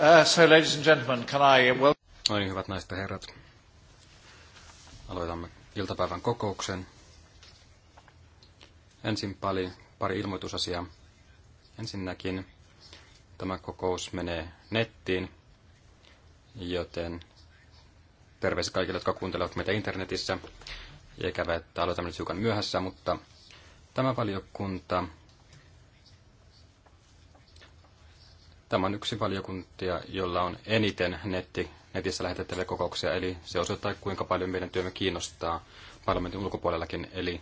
Uh, so, ladies and gentlemen, can I... Uh, no niin, hyvät naiset ja herrat. Aloitamme iltapäivän kokouksen. Ensin pari, pari ilmoitusasiaa. Ensinnäkin tämä kokous menee nettiin, joten terveisiä kaikille, jotka kuuntelevat meitä internetissä. Ja ikävä, että aloitamme nyt hiukan myöhässä, mutta tämä valiokunta Tämä on yksi valiokuntia, jolla on eniten netti, netissä lähetettäviä kokouksia, eli se osoittaa, kuinka paljon meidän työmme kiinnostaa parlamentin ulkopuolellakin, eli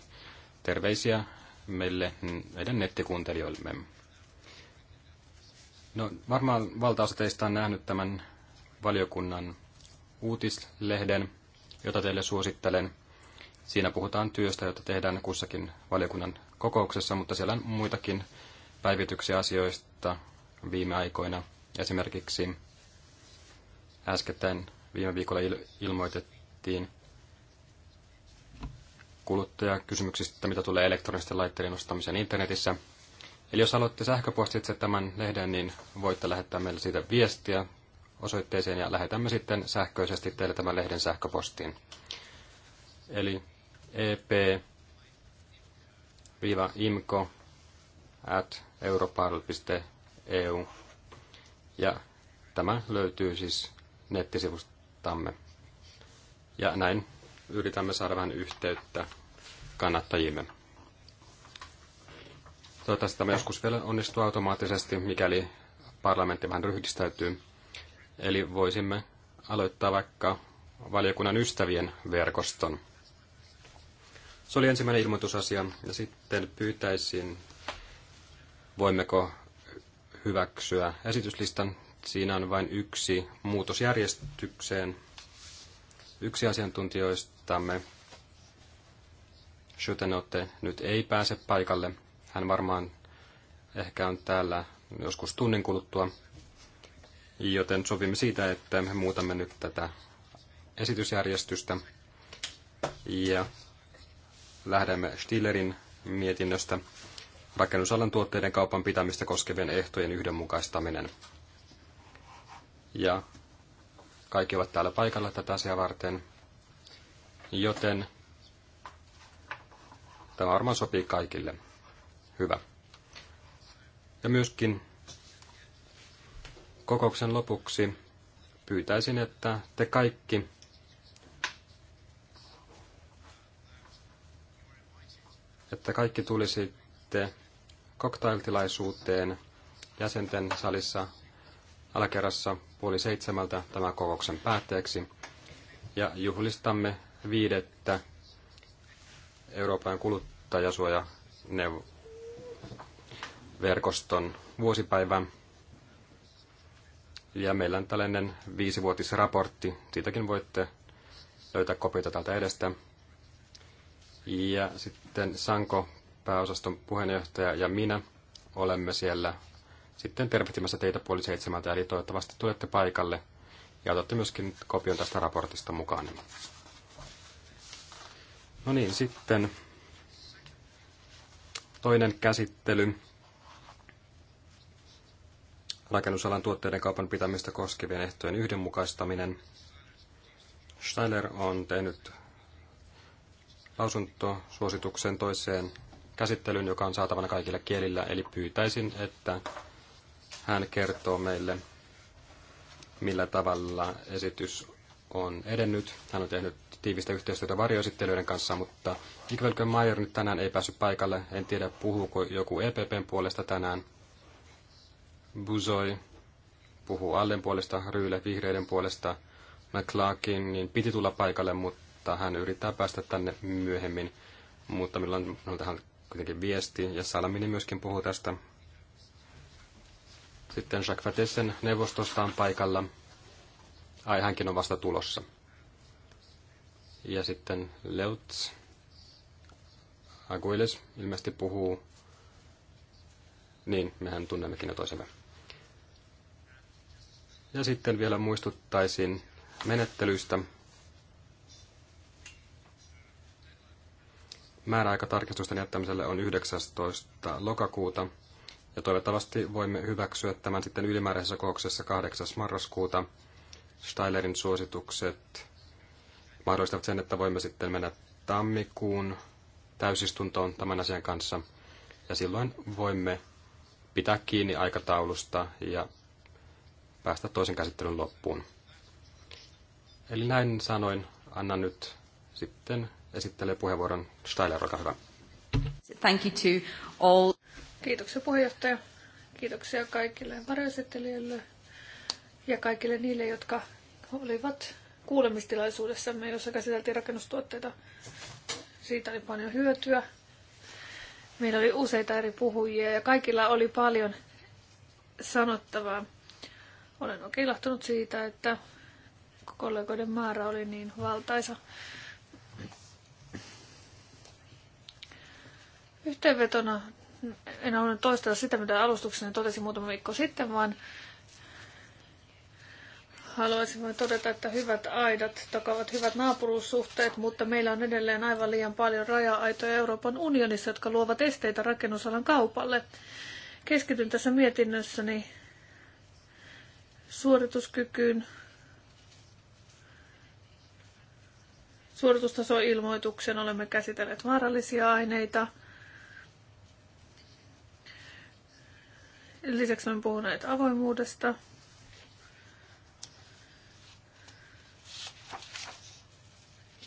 terveisiä meille, mm, meidän nettikuuntelijoillemme. No, varmaan valtaosa teistä on nähnyt tämän valiokunnan uutislehden, jota teille suosittelen. Siinä puhutaan työstä, jota tehdään kussakin valiokunnan kokouksessa, mutta siellä on muitakin päivityksiä asioista, viime aikoina. Esimerkiksi äskettäin viime viikolla il- ilmoitettiin kuluttajakysymyksistä, mitä tulee elektronisten laitteiden ostamiseen internetissä. Eli jos haluatte sähköpostitse tämän lehden, niin voitte lähettää meille siitä viestiä osoitteeseen ja lähetämme sitten sähköisesti teille tämän lehden sähköpostiin. Eli ep-imko at europarl.eu EU. Ja tämä löytyy siis nettisivustamme. Ja näin yritämme saada vähän yhteyttä kannattajimme. Toivottavasti tämä joskus vielä onnistuu automaattisesti, mikäli parlamentti vähän ryhdistäytyy. Eli voisimme aloittaa vaikka valiokunnan ystävien verkoston. Se oli ensimmäinen ilmoitusasia ja sitten pyytäisin, voimmeko hyväksyä esityslistan. Siinä on vain yksi muutosjärjestykseen Yksi asiantuntijoistamme, Schutenotte, nyt ei pääse paikalle. Hän varmaan ehkä on täällä joskus tunnin kuluttua. Joten sovimme siitä, että me muutamme nyt tätä esitysjärjestystä ja lähdemme Stillerin mietinnöstä rakennusalan tuotteiden kaupan pitämistä koskevien ehtojen yhdenmukaistaminen. Ja kaikki ovat täällä paikalla tätä asiaa varten, joten tämä varmaan sopii kaikille. Hyvä. Ja myöskin kokouksen lopuksi pyytäisin, että te kaikki että kaikki tulisitte koktailtilaisuuteen jäsenten salissa alakerrassa puoli seitsemältä tämän kokouksen päätteeksi ja juhlistamme viidettä Euroopan kuluttajasuojaverkoston vuosipäivän Ja meillä on tällainen viisivuotisraportti, siitäkin voitte löytää kopioita täältä edestä. Ja sitten Sanko pääosaston puheenjohtaja ja minä olemme siellä sitten tervehtimässä teitä puoli seitsemältä, eli toivottavasti tulette paikalle ja otatte myöskin kopion tästä raportista mukaan. No niin, sitten toinen käsittely rakennusalan tuotteiden kaupan pitämistä koskevien ehtojen yhdenmukaistaminen. Steiner on tehnyt lausuntosuosituksen toiseen käsittelyyn, joka on saatavana kaikilla kielillä. Eli pyytäisin, että hän kertoo meille, millä tavalla esitys on edennyt. Hän on tehnyt tiivistä yhteistyötä varjoesittelyiden kanssa, mutta Ikvelkö Mayer nyt tänään ei päässyt paikalle. En tiedä, puhuuko joku EPPn puolesta tänään. Buzoi puhuu Allen puolesta, Ryyle vihreiden puolesta. McClarkin niin piti tulla paikalle, mutta hän yrittää päästä tänne myöhemmin. Mutta milloin tähän kuitenkin viesti, ja Salaminen myöskin puhuu tästä. Sitten Jacques Vatessen neuvostosta on paikalla. Ai, hänkin on vasta tulossa. Ja sitten Leutz Aguiles ilmeisesti puhuu. Niin, mehän tunnemmekin jo toisemme. Ja sitten vielä muistuttaisin menettelystä. Määräaika tarkistusten jättämiselle on 19. lokakuuta ja toivottavasti voimme hyväksyä tämän sitten ylimääräisessä kokouksessa 8. marraskuuta. Steilerin suositukset mahdollistavat sen, että voimme sitten mennä tammikuun täysistuntoon tämän asian kanssa. Ja silloin voimme pitää kiinni aikataulusta ja päästä toisen käsittelyn loppuun. Eli näin sanoin, annan nyt sitten esittelee puheenvuoron. Steiler, olkaa hyvä. Thank you to all. Kiitoksia puheenjohtaja. Kiitoksia kaikille varaisettelijöille ja kaikille niille, jotka olivat kuulemistilaisuudessamme, jossa käsiteltiin rakennustuotteita. Siitä oli paljon hyötyä. Meillä oli useita eri puhujia ja kaikilla oli paljon sanottavaa. Olen oikein ilahtunut siitä, että kollegoiden määrä oli niin valtaisa. Yhteenvetona en halua toistaa sitä, mitä alustuksena totesin muutama viikko sitten, vaan haluaisin vain todeta, että hyvät aidat takavat hyvät naapuruussuhteet, mutta meillä on edelleen aivan liian paljon raja-aitoja Euroopan unionissa, jotka luovat esteitä rakennusalan kaupalle. Keskityn tässä mietinnössäni suorituskykyyn, suoritustasoilmoituksen olemme käsitelleet vaarallisia aineita – Lisäksi olemme puhuneet avoimuudesta.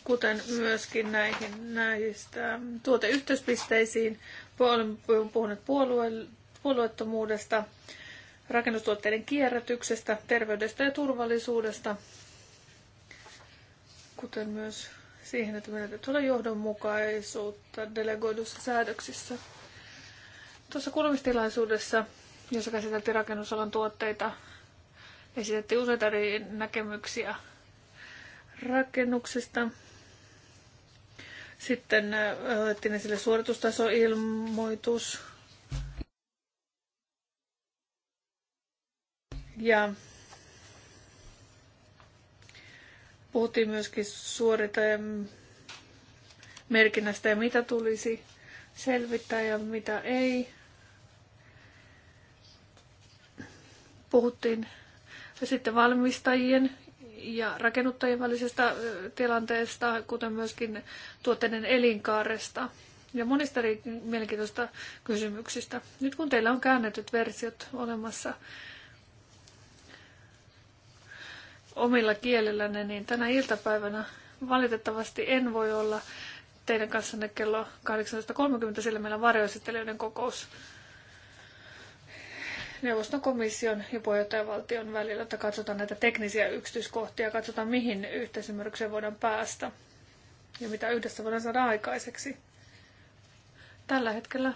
Kuten myöskin näihin, näistä tuoteyhteyspisteisiin. Olemme puhuneet puolue, puolueettomuudesta, rakennustuotteiden kierrätyksestä, terveydestä ja turvallisuudesta, kuten myös siihen, että meillä täytyy olla johdonmukaisuutta delegoidussa säädöksissä. Tuossa kuulemistilaisuudessa jossa käsiteltiin rakennusalan tuotteita. Esitettiin useita eri näkemyksiä rakennuksista. Sitten otettiin esille suoritustasoilmoitus. Ja puhuttiin myöskin suoritajan merkinnästä ja mitä tulisi selvittää ja mitä ei. Puhuttiin sitten valmistajien ja rakennuttajien välisestä tilanteesta, kuten myöskin tuotteiden elinkaaresta ja monista eri mielenkiintoista kysymyksistä. Nyt kun teillä on käännetyt versiot olemassa omilla kielillänne, niin tänä iltapäivänä valitettavasti en voi olla teidän kanssanne kello 18.30, sillä meillä on kokous neuvoston komission ja puheenjohtajavaltion välillä, että katsotaan näitä teknisiä yksityiskohtia, katsotaan mihin yhteisymmärrykseen voidaan päästä ja mitä yhdessä voidaan saada aikaiseksi. Tällä hetkellä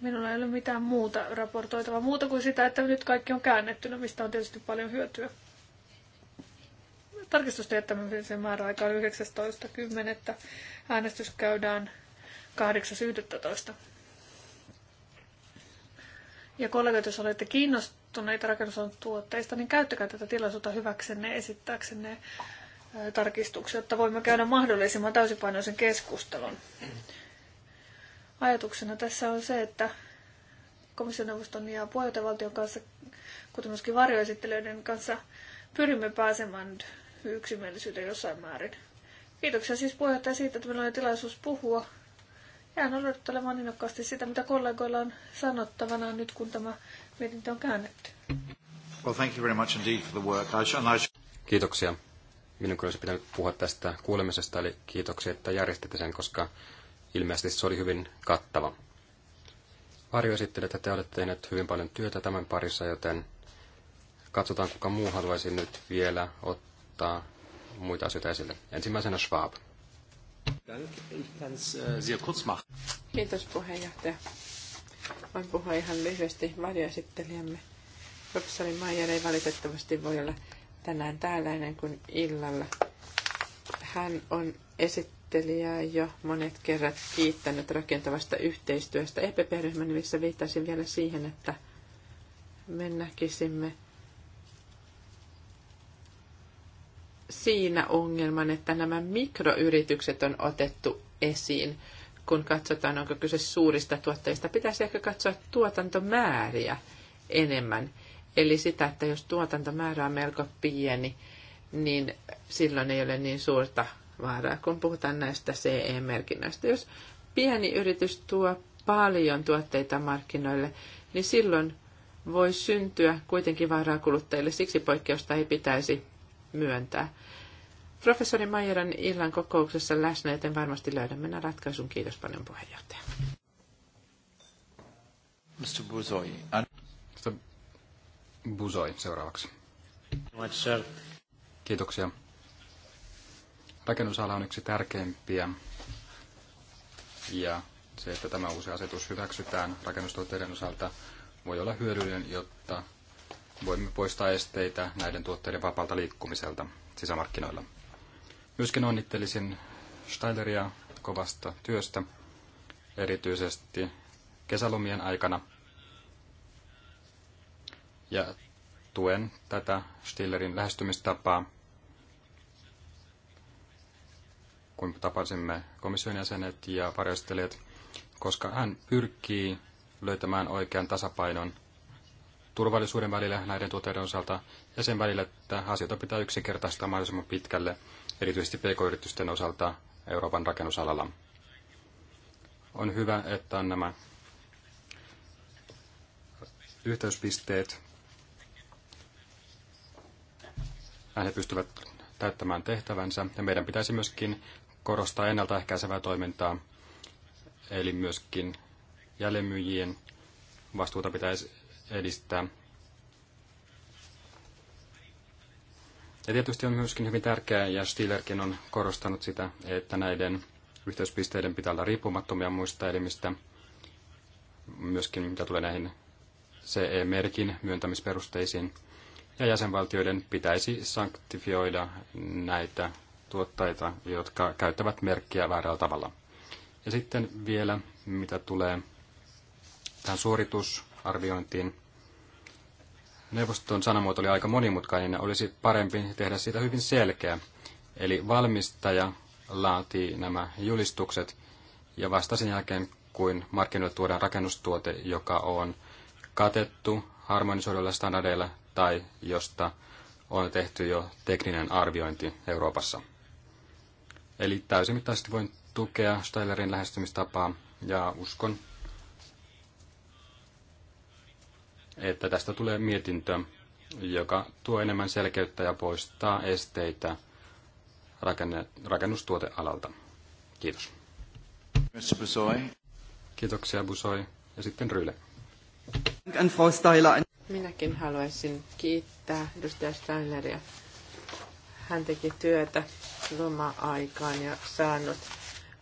minulla ei ole mitään muuta raportoitavaa, muuta kuin sitä, että nyt kaikki on käännettynä, mistä on tietysti paljon hyötyä. Tarkistusten jättämisen määräaika on 19.10. Äänestys käydään 8.11. Ja kollegat, jos olette kiinnostuneita rakennusalan tuotteista, niin käyttäkää tätä tilaisuutta hyväksenne esittääksenne tarkistuksia, jotta voimme käydä mahdollisimman täysipainoisen keskustelun. Ajatuksena tässä on se, että komissioneuvoston ja puheenjohtajavaltion kanssa, kuten myöskin varjoesittelijöiden kanssa, pyrimme pääsemään yksimielisyyteen jossain määrin. Kiitoksia siis puheenjohtaja siitä, että meillä oli tilaisuus puhua Jään odottelemaan innokkaasti sitä, mitä kollegoilla on sanottavana nyt, kun tämä mietintö on käännetty. Well, thank you very much indeed for the work. I shall, I shall... Kiitoksia. Minun olisi pitänyt puhua tästä kuulemisesta, eli kiitoksia, että järjestitte sen, koska ilmeisesti se oli hyvin kattava. Varjo esittelee, että te olette tehneet hyvin paljon työtä tämän parissa, joten katsotaan, kuka muu haluaisi nyt vielä ottaa muita asioita esille. Ensimmäisenä Schwab. Äh, Kiitos puheenjohtaja. Voin puhua ihan lyhyesti varjoesittelijämme. Professori Maijer ei valitettavasti voi olla tänään täällä ennen kuin illalla. Hän on esittelijä jo monet kerrat kiittänyt rakentavasta yhteistyöstä. EPP-ryhmän nimissä viittaisin vielä siihen, että me näkisimme – siinä ongelman, että nämä mikroyritykset on otettu esiin, kun katsotaan, onko kyse suurista tuotteista. Pitäisi ehkä katsoa tuotantomääriä enemmän. Eli sitä, että jos tuotantomäärä on melko pieni, niin silloin ei ole niin suurta vaaraa, kun puhutaan näistä CE-merkinnöistä. Jos pieni yritys tuo paljon tuotteita markkinoille, niin silloin voi syntyä kuitenkin vaaraa kuluttajille. Siksi poikkeusta ei pitäisi myöntää. Professori Maijeran illan kokouksessa läsnä, joten varmasti löydämme nämä ratkaisun. Kiitos paljon puheenjohtaja. Mr. Buzoi. Mr. Buzoi seuraavaksi. Kiitoksia. Rakennusala on yksi tärkeimpiä ja se, että tämä uusi asetus hyväksytään rakennustuotteiden osalta, voi olla hyödyllinen, jotta voimme poistaa esteitä näiden tuotteiden vapaalta liikkumiselta sisämarkkinoilla. Myöskin onnittelisin Steileria kovasta työstä, erityisesti kesälomien aikana. Ja tuen tätä Steilerin lähestymistapaa, kun tapasimme komission jäsenet ja varjostelijat, koska hän pyrkii löytämään oikean tasapainon turvallisuuden välillä näiden tuotteiden osalta ja sen välillä, että asioita pitää yksinkertaistaa mahdollisimman pitkälle, erityisesti pk-yritysten osalta Euroopan rakennusalalla. On hyvä, että on nämä yhteyspisteet. Näin he pystyvät täyttämään tehtävänsä ja meidän pitäisi myöskin korostaa ennaltaehkäisevää toimintaa, eli myöskin jälleenmyyjien vastuuta pitäisi edistää. Ja tietysti on myöskin hyvin tärkeää, ja Stillerkin on korostanut sitä, että näiden yhteyspisteiden pitää olla riippumattomia muista elimistä, myöskin mitä tulee näihin CE-merkin myöntämisperusteisiin. Ja jäsenvaltioiden pitäisi sanktifioida näitä tuottajia, jotka käyttävät merkkiä väärällä tavalla. Ja sitten vielä, mitä tulee tähän suoritusarviointiin neuvoston sanamuoto oli aika monimutkainen ja olisi parempi tehdä siitä hyvin selkeä. Eli valmistaja laatii nämä julistukset ja vasta sen jälkeen, kuin markkinoille tuodaan rakennustuote, joka on katettu harmonisoidulla standardeilla tai josta on tehty jo tekninen arviointi Euroopassa. Eli täysimittaisesti voin tukea Steilerin lähestymistapaa ja uskon, että tästä tulee mietintö, joka tuo enemmän selkeyttä ja poistaa esteitä rakennustuotealalta. Kiitos. Kiitoksia Busoi ja sitten Ryle. Minäkin haluaisin kiittää edustaja Steineria. Hän teki työtä loma-aikaan ja saanut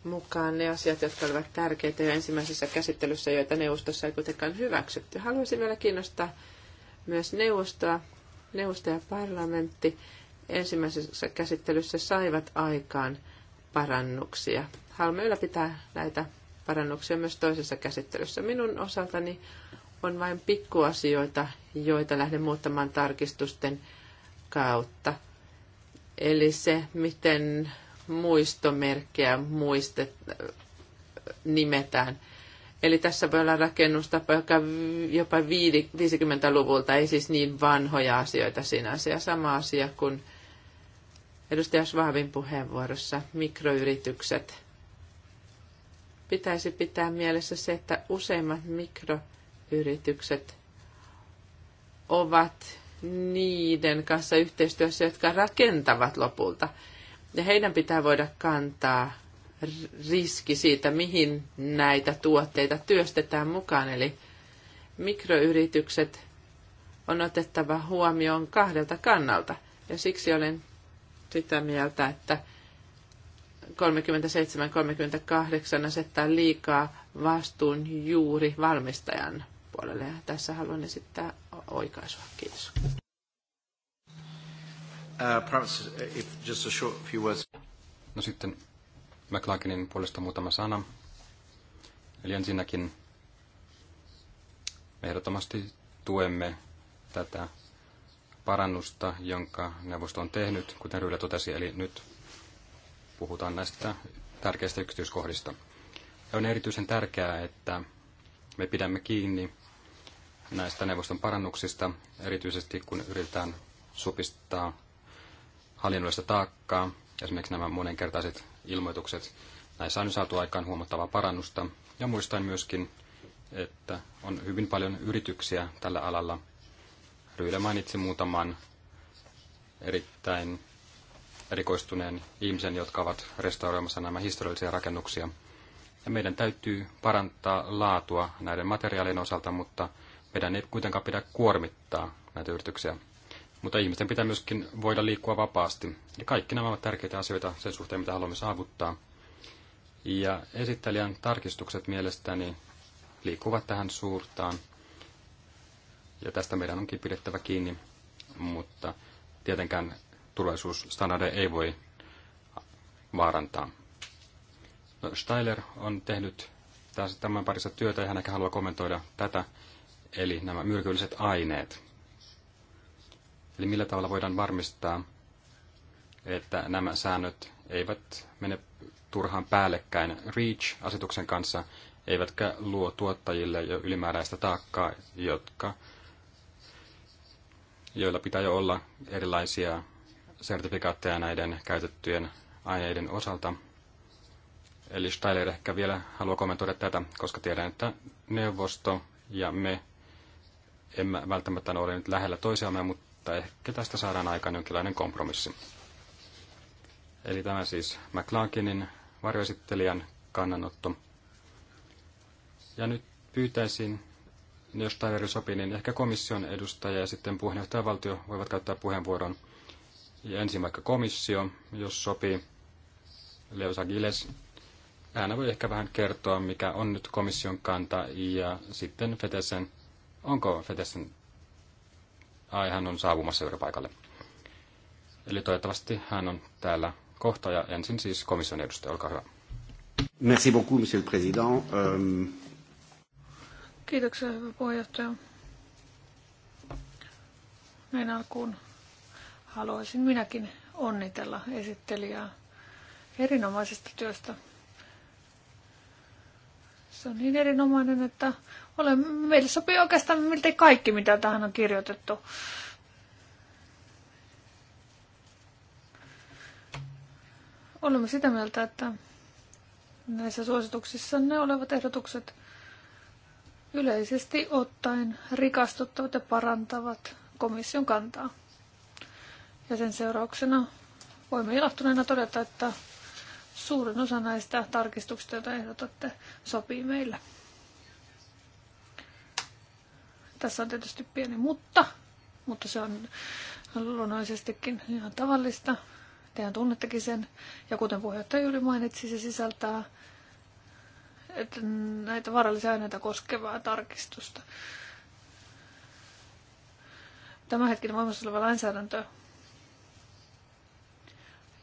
mukaan ne asiat, jotka olivat tärkeitä jo ensimmäisessä käsittelyssä, joita neuvostossa ei kuitenkaan hyväksytty. Haluaisin vielä kiinnostaa myös neuvostoa. Neuvosto ja parlamentti ensimmäisessä käsittelyssä saivat aikaan parannuksia. Haluamme ylläpitää näitä parannuksia myös toisessa käsittelyssä. Minun osaltani on vain pikkuasioita, joita lähden muuttamaan tarkistusten kautta. Eli se, miten muistomerkkejä muistet, nimetään. Eli tässä voi olla rakennustapa joka jopa 50-luvulta, ei siis niin vanhoja asioita sinänsä. Ja sama asia kuin edustaja Svahvin puheenvuorossa, mikroyritykset. Pitäisi pitää mielessä se, että useimmat mikroyritykset ovat niiden kanssa yhteistyössä, jotka rakentavat lopulta. Ja heidän pitää voida kantaa riski siitä, mihin näitä tuotteita työstetään mukaan. Eli mikroyritykset on otettava huomioon kahdelta kannalta. Ja siksi olen sitä mieltä, että 37-38 asettaa liikaa vastuun juuri valmistajan puolelle. Ja tässä haluan esittää oikaisua. Kiitos. Uh, perhaps uh, if just a short few words. No sitten McLaginin puolesta muutama sana. Eli ensinnäkin me ehdottomasti tuemme tätä parannusta, jonka neuvosto on tehnyt, kuten Ryylä totesi, eli nyt puhutaan näistä tärkeistä yksityiskohdista. Ja on erityisen tärkeää, että me pidämme kiinni näistä neuvoston parannuksista, erityisesti kun yritetään supistaa hallinnollista taakkaa, esimerkiksi nämä monenkertaiset ilmoitukset, näissä on saatu aikaan huomattavaa parannusta. Ja muistan myöskin, että on hyvin paljon yrityksiä tällä alalla. Ryylä mainitsi muutaman erittäin erikoistuneen ihmisen, jotka ovat restauroimassa nämä historiallisia rakennuksia. Ja meidän täytyy parantaa laatua näiden materiaalien osalta, mutta meidän ei kuitenkaan pidä kuormittaa näitä yrityksiä. Mutta ihmisten pitää myöskin voida liikkua vapaasti. Ja kaikki nämä ovat tärkeitä asioita sen suhteen, mitä haluamme saavuttaa. Ja esittelijän tarkistukset mielestäni liikkuvat tähän suurtaan. Ja tästä meidän onkin pidettävä kiinni. Mutta tietenkään turvallisuusstandardeja ei voi vaarantaa. No, Steiler on tehnyt tämän parissa työtä ja hän ehkä haluaa kommentoida tätä, eli nämä myrkylliset aineet. Eli millä tavalla voidaan varmistaa, että nämä säännöt eivät mene turhaan päällekkäin REACH-asetuksen kanssa, eivätkä luo tuottajille jo ylimääräistä taakkaa, jotka, joilla pitää jo olla erilaisia sertifikaatteja näiden käytettyjen aineiden osalta. Eli Steiler ehkä vielä haluaa kommentoida tätä, koska tiedän, että neuvosto ja me emme välttämättä ole nyt lähellä toisiamme, mutta mutta ehkä tästä saadaan aikaan jonkinlainen kompromissi. Eli tämä siis McLaakinin varjoesittelijän kannanotto. Ja nyt pyytäisin, niin jos Tyler sopii, niin ehkä komission edustaja ja sitten valtio voivat käyttää puheenvuoron. Ja ensin vaikka komissio, jos sopii. Leo Sagiles. Äänä voi ehkä vähän kertoa, mikä on nyt komission kanta, ja sitten Fetesen, onko Fetesen Ai, hän on saavumassa juuri paikalle. Eli toivottavasti hän on täällä kohta ja ensin siis komission edustaja, olkaa hyvä. Merci beaucoup, monsieur le président. Um... Kiitoksia, hyvä puheenjohtaja. Näin alkuun haluaisin minäkin onnitella esittelijää erinomaisesta työstä. Se on niin erinomainen, että ole meille sopii oikeastaan miltei kaikki, mitä tähän on kirjoitettu. Olemme sitä mieltä, että näissä suosituksissa ne olevat ehdotukset yleisesti ottaen rikastuttavat ja parantavat komission kantaa. Ja sen seurauksena voimme ilahtuneena todeta, että suurin osa näistä tarkistuksista, joita ehdotatte, sopii meille. Tässä on tietysti pieni mutta, mutta se on luonnollisestikin ihan tavallista. Tehän tunnettekin sen. Ja kuten puheenjohtaja juuri mainitsi, se sisältää että näitä vaarallisia aineita koskevaa tarkistusta. Tämä hetkinen voimassa oleva lainsäädäntö,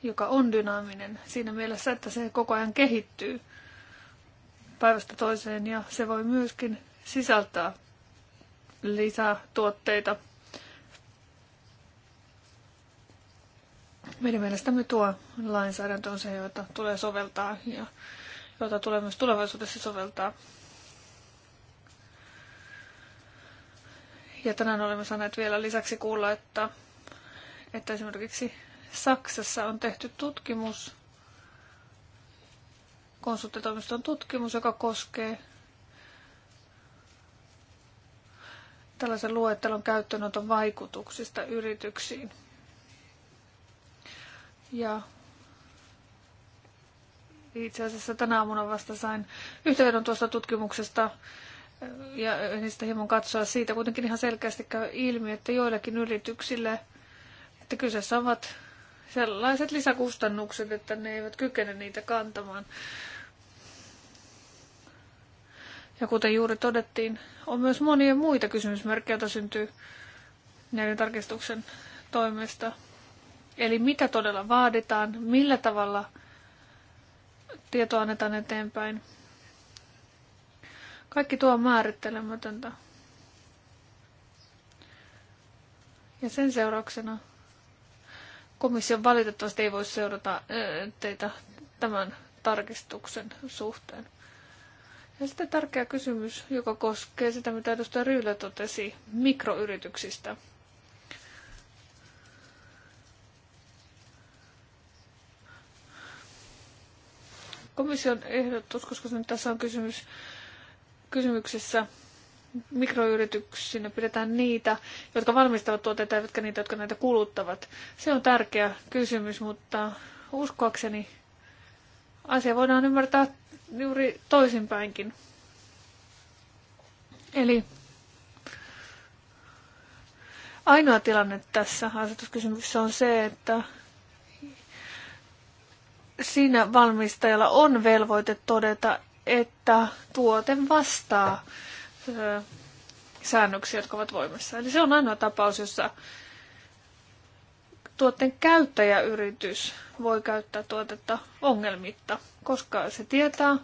joka on dynaaminen siinä mielessä, että se koko ajan kehittyy päivästä toiseen ja se voi myöskin sisältää lisätuotteita. Meidän mielestämme tuo lainsäädäntö on se, jota tulee soveltaa ja jota tulee myös tulevaisuudessa soveltaa. Ja tänään olemme saaneet vielä lisäksi kuulla, että, että esimerkiksi Saksassa on tehty tutkimus, konsulttitoimiston tutkimus, joka koskee tällaisen luettelon käyttöönoton vaikutuksista yrityksiin. Ja itse asiassa tänä aamuna vasta sain yhteyden tuosta tutkimuksesta eh, ja niistä hieman katsoa siitä. Kuitenkin ihan selkeästi käy ilmi, että joillekin yrityksille, että kyseessä ovat sellaiset lisäkustannukset, että ne eivät kykene niitä kantamaan. Ja kuten juuri todettiin, on myös monia muita kysymysmerkkejä, joita syntyy näiden tarkistuksen toimesta. Eli mitä todella vaaditaan, millä tavalla tietoa annetaan eteenpäin. Kaikki tuo on määrittelemätöntä. Ja sen seurauksena komissio valitettavasti ei voi seurata teitä tämän tarkistuksen suhteen. Ja sitten tärkeä kysymys, joka koskee sitä, mitä edustaja Ryylä totesi mikroyrityksistä. Komission ehdotus, koska nyt tässä on kysymys, kysymyksessä mikroyrityksinä pidetään niitä, jotka valmistavat tuotteita, eivätkä niitä, jotka näitä kuluttavat. Se on tärkeä kysymys, mutta uskoakseni asia voidaan ymmärtää juuri toisinpäinkin. Eli ainoa tilanne tässä asetuskysymyksessä on se, että siinä valmistajalla on velvoite todeta, että tuote vastaa säännöksiä, jotka ovat voimassa. Eli se on ainoa tapaus, jossa tuotteen käyttäjäyritys voi käyttää tuotetta ongelmitta, koska se tietää,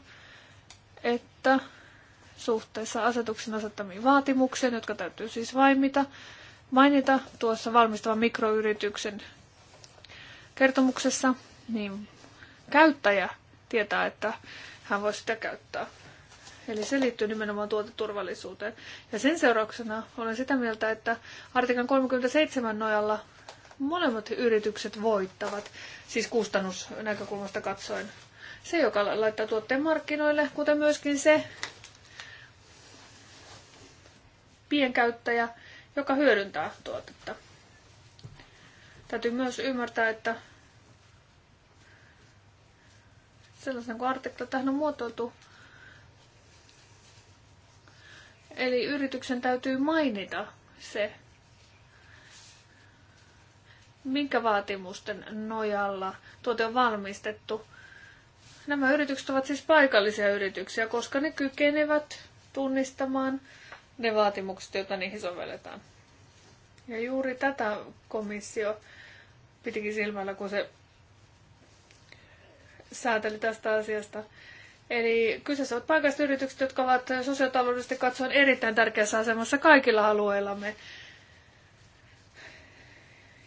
että suhteessa asetuksen asettamiin vaatimuksiin, jotka täytyy siis vaimita, mainita tuossa valmistavan mikroyrityksen kertomuksessa, niin käyttäjä tietää, että hän voi sitä käyttää. Eli se liittyy nimenomaan tuoteturvallisuuteen. Ja sen seurauksena olen sitä mieltä, että artiklan 37 nojalla Molemmat yritykset voittavat, siis kustannusnäkökulmasta katsoen. Se, joka laittaa tuotteen markkinoille, kuten myöskin se pienkäyttäjä, joka hyödyntää tuotetta. Täytyy myös ymmärtää, että sellaisen kuin artikla tähän on muotoiltu. Eli yrityksen täytyy mainita se, minkä vaatimusten nojalla tuote on valmistettu. Nämä yritykset ovat siis paikallisia yrityksiä, koska ne kykenevät tunnistamaan ne vaatimukset, joita niihin sovelletaan. Ja juuri tätä komissio pitikin silmällä, kun se sääteli tästä asiasta. Eli kyseessä ovat paikalliset yritykset, jotka ovat sosiaalitaloudellisesti katsoen erittäin tärkeässä asemassa kaikilla alueillamme.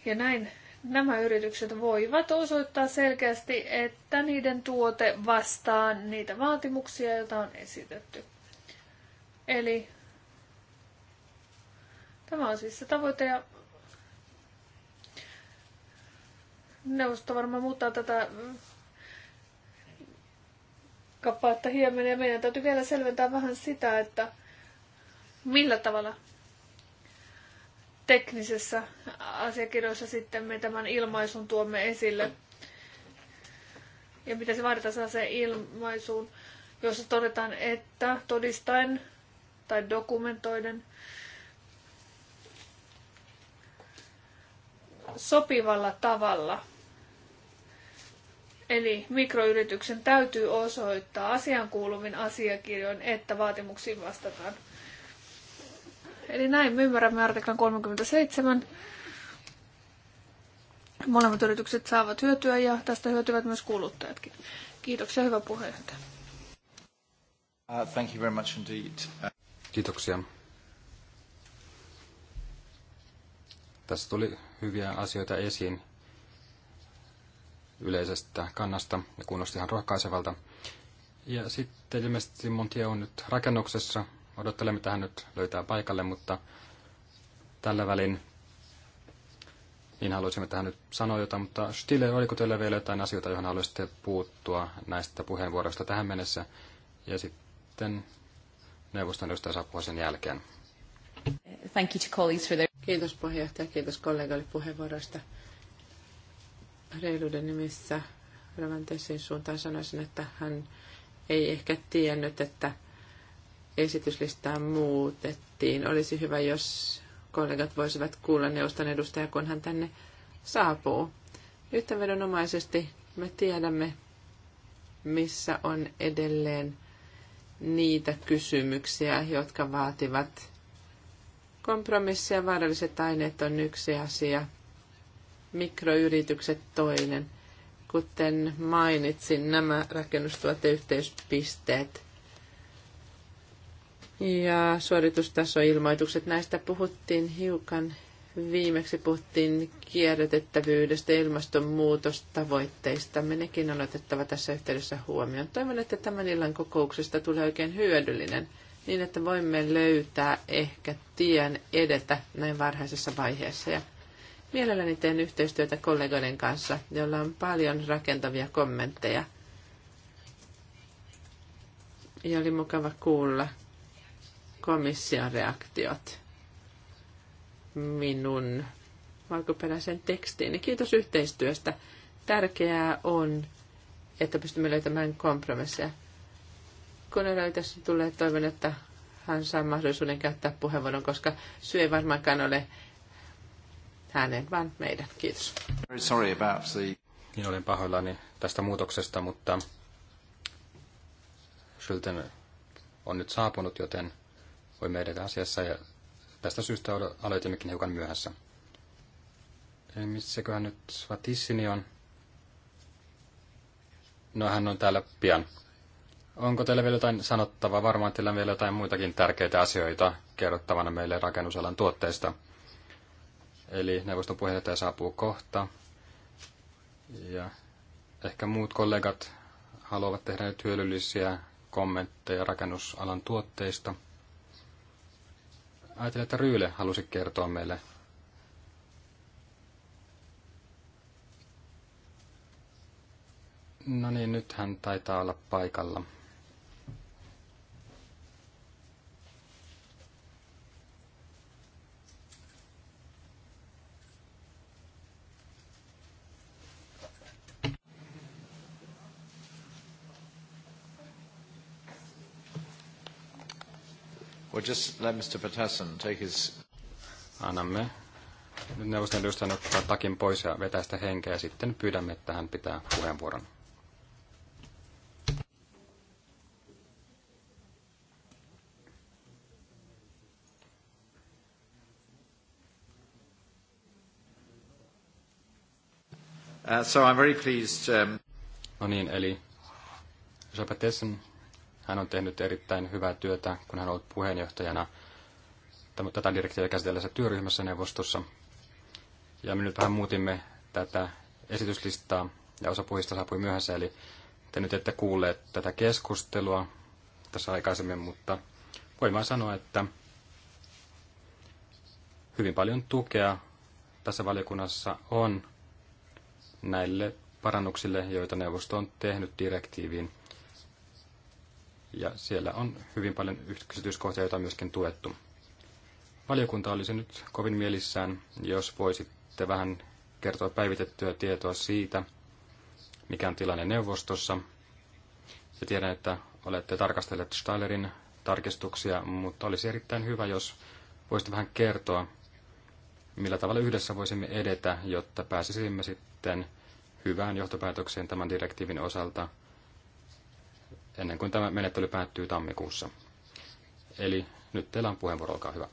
Ja näin nämä yritykset voivat osoittaa selkeästi, että niiden tuote vastaa niitä vaatimuksia, joita on esitetty. Eli tämä on siis se tavoite ja neuvosto varmaan muuttaa tätä kappaletta hieman ja meidän täytyy vielä selventää vähän sitä, että millä tavalla teknisessä asiakirjoissa sitten me tämän ilmaisun tuomme esille. Ja mitä se vaaditaan sellaiseen ilmaisuun, jossa todetaan, että todistaen tai dokumentoiden sopivalla tavalla. Eli mikroyrityksen täytyy osoittaa asiankuuluvin asiakirjoin, että vaatimuksiin vastataan. Eli näin me ymmärrämme artiklan 37. Molemmat yritykset saavat hyötyä ja tästä hyötyvät myös kuluttajatkin. Kiitoksia, hyvä puheenjohtaja. Uh, thank you very much indeed. Uh... Kiitoksia. Tässä tuli hyviä asioita esiin yleisestä kannasta ja kuulosti ihan rohkaisevalta. Ja sitten ilmeisesti Montia on nyt rakennuksessa, odottelemme tähän nyt löytää paikalle, mutta tällä välin niin haluaisimme tähän nyt sanoa jotain, mutta Stille, oliko teillä vielä jotain asioita, johon haluaisitte puuttua näistä puheenvuoroista tähän mennessä ja sitten neuvoston edustaja saapua sen jälkeen. Thank you to colleagues for their... Kiitos puheenjohtaja, kiitos kollegoille puheenvuoroista. Reiluuden nimissä Ravantessin suuntaan sanoisin, että hän ei ehkä tiennyt, että esityslistaa muutettiin. Olisi hyvä, jos kollegat voisivat kuulla neuvoston edustajaa, kun hän tänne saapuu. Yhtävedonomaisesti me tiedämme, missä on edelleen niitä kysymyksiä, jotka vaativat kompromissia. Vaaralliset aineet on yksi asia, mikroyritykset toinen. Kuten mainitsin, nämä rakennustuoteyhteyspisteet – ja suoritustasoilmoitukset. Näistä puhuttiin hiukan viimeksi puhuttiin kierrätettävyydestä ja ilmastonmuutostavoitteista. Nekin on otettava tässä yhteydessä huomioon. Toivon, että tämän illan kokouksesta tulee oikein hyödyllinen, niin että voimme löytää ehkä tien edetä näin varhaisessa vaiheessa. Ja mielelläni teen yhteistyötä kollegoiden kanssa, joilla on paljon rakentavia kommentteja. Ja oli mukava kuulla komission reaktiot minun alkuperäisen tekstiin. Kiitos yhteistyöstä. Tärkeää on, että pystymme löytämään kompromisseja. Kun Eloi tässä tulee, toivon, että hän saa mahdollisuuden käyttää puheenvuoron, koska syy ei varmaankaan ole hänen, vaan meidän. Kiitos. Sorry about the... Niin olen pahoillani tästä muutoksesta, mutta Schulten on nyt saapunut, joten voimme edetä asiassa ja tästä syystä aloitimmekin hiukan myöhässä. missäköhän nyt Svatissini on? No hän on täällä pian. Onko teillä vielä jotain sanottavaa? Varmaan teillä on vielä jotain muitakin tärkeitä asioita kerrottavana meille rakennusalan tuotteista. Eli neuvoston puheenjohtaja saapuu kohta. Ja ehkä muut kollegat haluavat tehdä nyt hyödyllisiä kommentteja rakennusalan tuotteista – Ajattelin, että Ryyle halusi kertoa meille. No niin, nyt hän taitaa olla paikalla. We'll just let Mr. Patterson take his... Annamme neuvoston edustajan ottaa takin pois ja vetää sitä henkeä ja sitten pyydämme, että hän pitää puheenvuoron. Uh, so I'm very pleased, um... No niin, eli Jean hän on tehnyt erittäin hyvää työtä, kun hän on ollut puheenjohtajana tätä direktiiviä käsitellessä työryhmässä neuvostossa. Ja me nyt vähän muutimme tätä esityslistaa, ja osa puhista saapui myöhässä, eli te nyt ette kuulleet tätä keskustelua tässä aikaisemmin, mutta voin vain sanoa, että hyvin paljon tukea tässä valiokunnassa on näille parannuksille, joita neuvosto on tehnyt direktiiviin ja siellä on hyvin paljon yksityiskohtia, joita on myöskin tuettu. Valiokunta olisi nyt kovin mielissään, jos voisitte vähän kertoa päivitettyä tietoa siitä, mikä on tilanne neuvostossa. Ja tiedän, että olette tarkastelleet Steilerin tarkistuksia, mutta olisi erittäin hyvä, jos voisitte vähän kertoa, millä tavalla yhdessä voisimme edetä, jotta pääsisimme sitten hyvään johtopäätökseen tämän direktiivin osalta – ennen kuin tämä menettely päättyy tammikuussa. Eli nyt teillä on puheenvuoro, olkaa hyvä.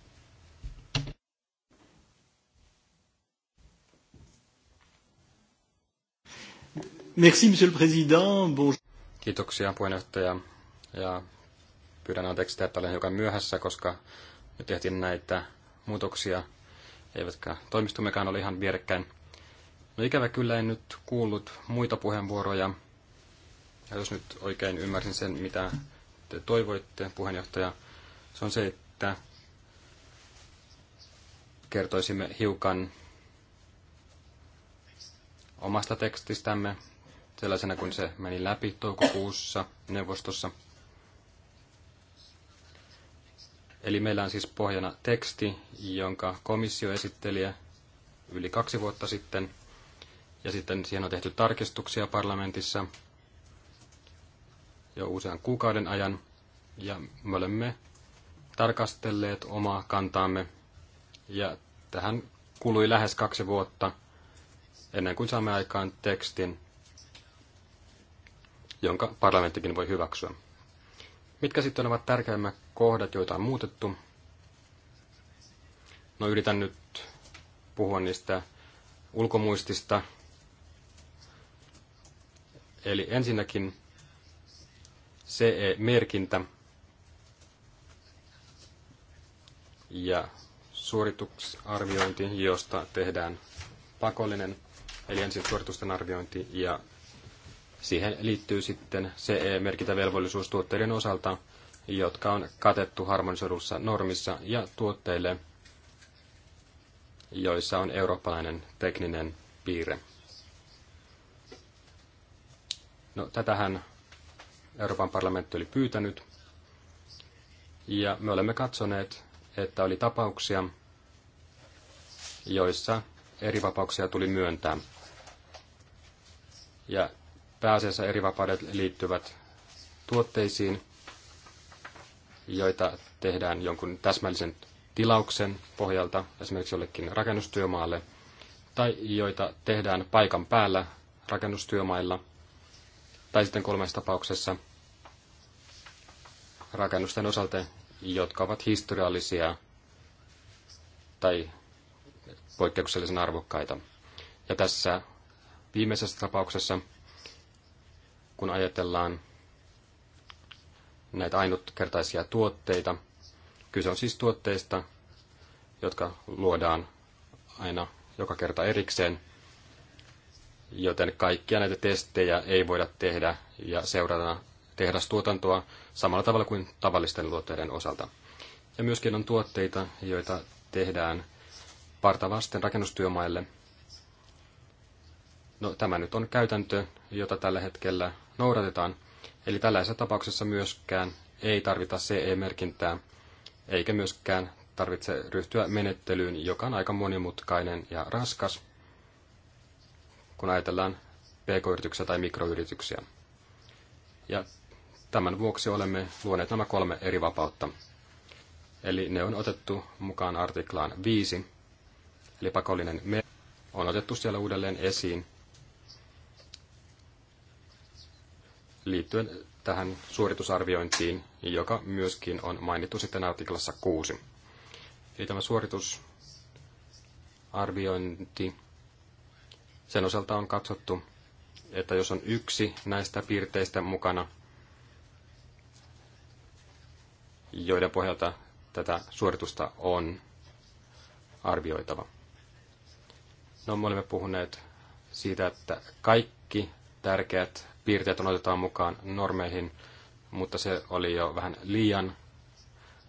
Merci, monsieur le président. Bon... Kiitoksia puheenjohtaja ja pyydän anteeksi, että olen hiukan myöhässä, koska nyt tehtiin näitä muutoksia, eivätkä toimistummekaan ole ihan vierekkäin. No ikävä kyllä en nyt kuullut muita puheenvuoroja ja jos nyt oikein ymmärsin sen, mitä te toivoitte, puheenjohtaja, se on se, että kertoisimme hiukan omasta tekstistämme sellaisena kuin se meni läpi toukokuussa neuvostossa. Eli meillä on siis pohjana teksti, jonka komissio esitteli yli kaksi vuotta sitten, ja sitten siihen on tehty tarkistuksia parlamentissa, jo usean kuukauden ajan, ja me olemme tarkastelleet omaa kantaamme, ja tähän kului lähes kaksi vuotta ennen kuin saamme aikaan tekstin, jonka parlamenttikin voi hyväksyä. Mitkä sitten ovat tärkeimmät kohdat, joita on muutettu? No yritän nyt puhua niistä ulkomuistista. Eli ensinnäkin CE-merkintä ja suoritusarviointi, josta tehdään pakollinen, eli ensin suoritusten arviointi ja siihen liittyy sitten CE-merkintävelvollisuus tuotteiden osalta, jotka on katettu harmonisoidussa normissa ja tuotteille, joissa on eurooppalainen tekninen piirre. No, tätähän Euroopan parlamentti oli pyytänyt. Ja me olemme katsoneet, että oli tapauksia, joissa eri vapauksia tuli myöntää. Ja pääasiassa eri vapaudet liittyvät tuotteisiin, joita tehdään jonkun täsmällisen tilauksen pohjalta esimerkiksi jollekin rakennustyömaalle, tai joita tehdään paikan päällä rakennustyömailla – tai sitten kolmessa tapauksessa rakennusten osalta, jotka ovat historiallisia tai poikkeuksellisen arvokkaita. Ja tässä viimeisessä tapauksessa, kun ajatellaan näitä ainutkertaisia tuotteita, kyse on siis tuotteista, jotka luodaan aina joka kerta erikseen – joten kaikkia näitä testejä ei voida tehdä ja seurata tehdastuotantoa samalla tavalla kuin tavallisten tuotteiden osalta. Ja myöskin on tuotteita, joita tehdään partavasten rakennustyömaille. No, tämä nyt on käytäntö, jota tällä hetkellä noudatetaan. Eli tällaisessa tapauksessa myöskään ei tarvita CE-merkintää, eikä myöskään tarvitse ryhtyä menettelyyn, joka on aika monimutkainen ja raskas – kun ajatellaan pk-yrityksiä tai mikroyrityksiä. Ja tämän vuoksi olemme luoneet nämä kolme eri vapautta. Eli ne on otettu mukaan artiklaan 5, eli pakollinen me on otettu siellä uudelleen esiin liittyen tähän suoritusarviointiin, joka myöskin on mainittu sitten artiklassa 6. Eli tämä suoritusarviointi sen osalta on katsottu, että jos on yksi näistä piirteistä mukana, joiden pohjalta tätä suoritusta on arvioitava. No, me olemme puhuneet siitä, että kaikki tärkeät piirteet on otetaan mukaan normeihin, mutta se oli jo vähän liian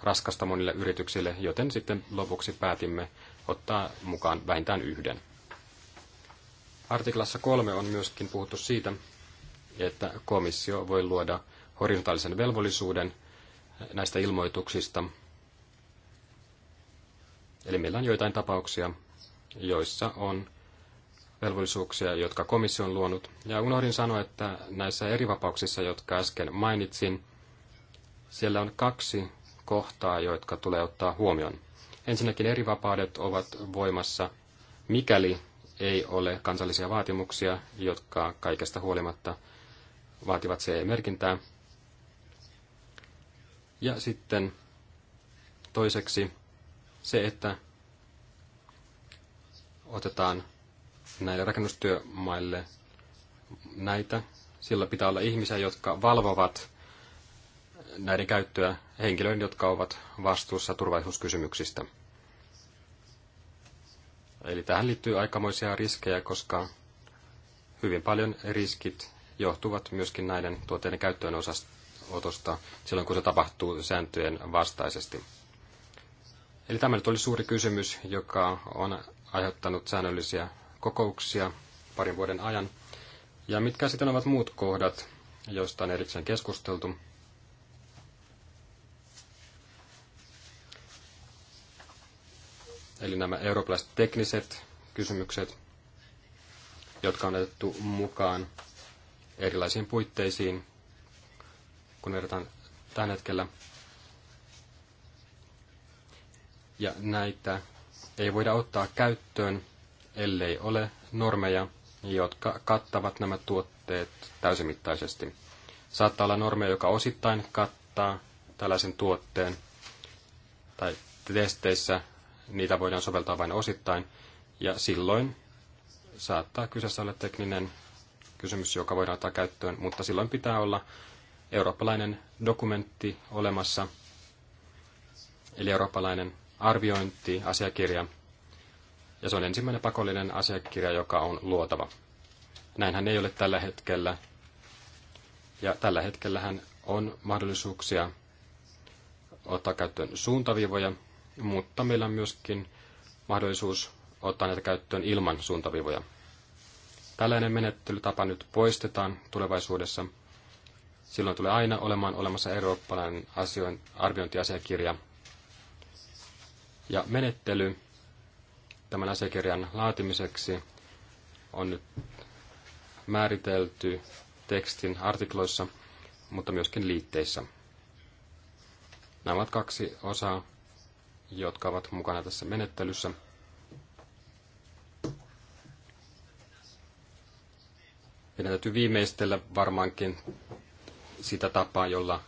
raskasta monille yrityksille, joten sitten lopuksi päätimme ottaa mukaan vähintään yhden. Artiklassa kolme on myöskin puhuttu siitä, että komissio voi luoda horisontaalisen velvollisuuden näistä ilmoituksista. Eli meillä on joitain tapauksia, joissa on velvollisuuksia, jotka komissio on luonut. Ja unohdin sanoa, että näissä eri vapauksissa, jotka äsken mainitsin, siellä on kaksi kohtaa, jotka tulee ottaa huomioon. Ensinnäkin eri vapaudet ovat voimassa, mikäli ei ole kansallisia vaatimuksia, jotka kaikesta huolimatta vaativat CE-merkintää. Ja sitten toiseksi se, että otetaan näille rakennustyömaille näitä. Sillä pitää olla ihmisiä, jotka valvovat näiden käyttöä henkilöiden, jotka ovat vastuussa turvallisuuskysymyksistä. Eli tähän liittyy aikamoisia riskejä, koska hyvin paljon riskit johtuvat myöskin näiden tuotteiden otosta silloin, kun se tapahtuu sääntöjen vastaisesti. Eli tämä nyt oli suuri kysymys, joka on aiheuttanut säännöllisiä kokouksia parin vuoden ajan. Ja mitkä sitten ovat muut kohdat, joista on erikseen keskusteltu? Eli nämä eurooppalaiset tekniset kysymykset, jotka on otettu mukaan erilaisiin puitteisiin, kun verrataan tällä hetkellä. Ja näitä ei voida ottaa käyttöön, ellei ole normeja, jotka kattavat nämä tuotteet täysimittaisesti. Saattaa olla normeja, joka osittain kattaa tällaisen tuotteen, tai testeissä niitä voidaan soveltaa vain osittain, ja silloin saattaa kyseessä olla tekninen kysymys, joka voidaan ottaa käyttöön, mutta silloin pitää olla eurooppalainen dokumentti olemassa, eli eurooppalainen arviointi, asiakirja, ja se on ensimmäinen pakollinen asiakirja, joka on luotava. Näinhän ei ole tällä hetkellä, ja tällä hetkellähän on mahdollisuuksia ottaa käyttöön suuntaviivoja, mutta meillä on myöskin mahdollisuus ottaa näitä käyttöön ilman suuntavivoja. Tällainen menettelytapa nyt poistetaan tulevaisuudessa. Silloin tulee aina olemaan olemassa eurooppalainen asioin, arviointiasiakirja. Ja menettely tämän asiakirjan laatimiseksi on nyt määritelty tekstin artikloissa, mutta myöskin liitteissä. Nämä ovat kaksi osaa jotka ovat mukana tässä menettelyssä. Meidän täytyy viimeistellä varmaankin sitä tapaa, jolla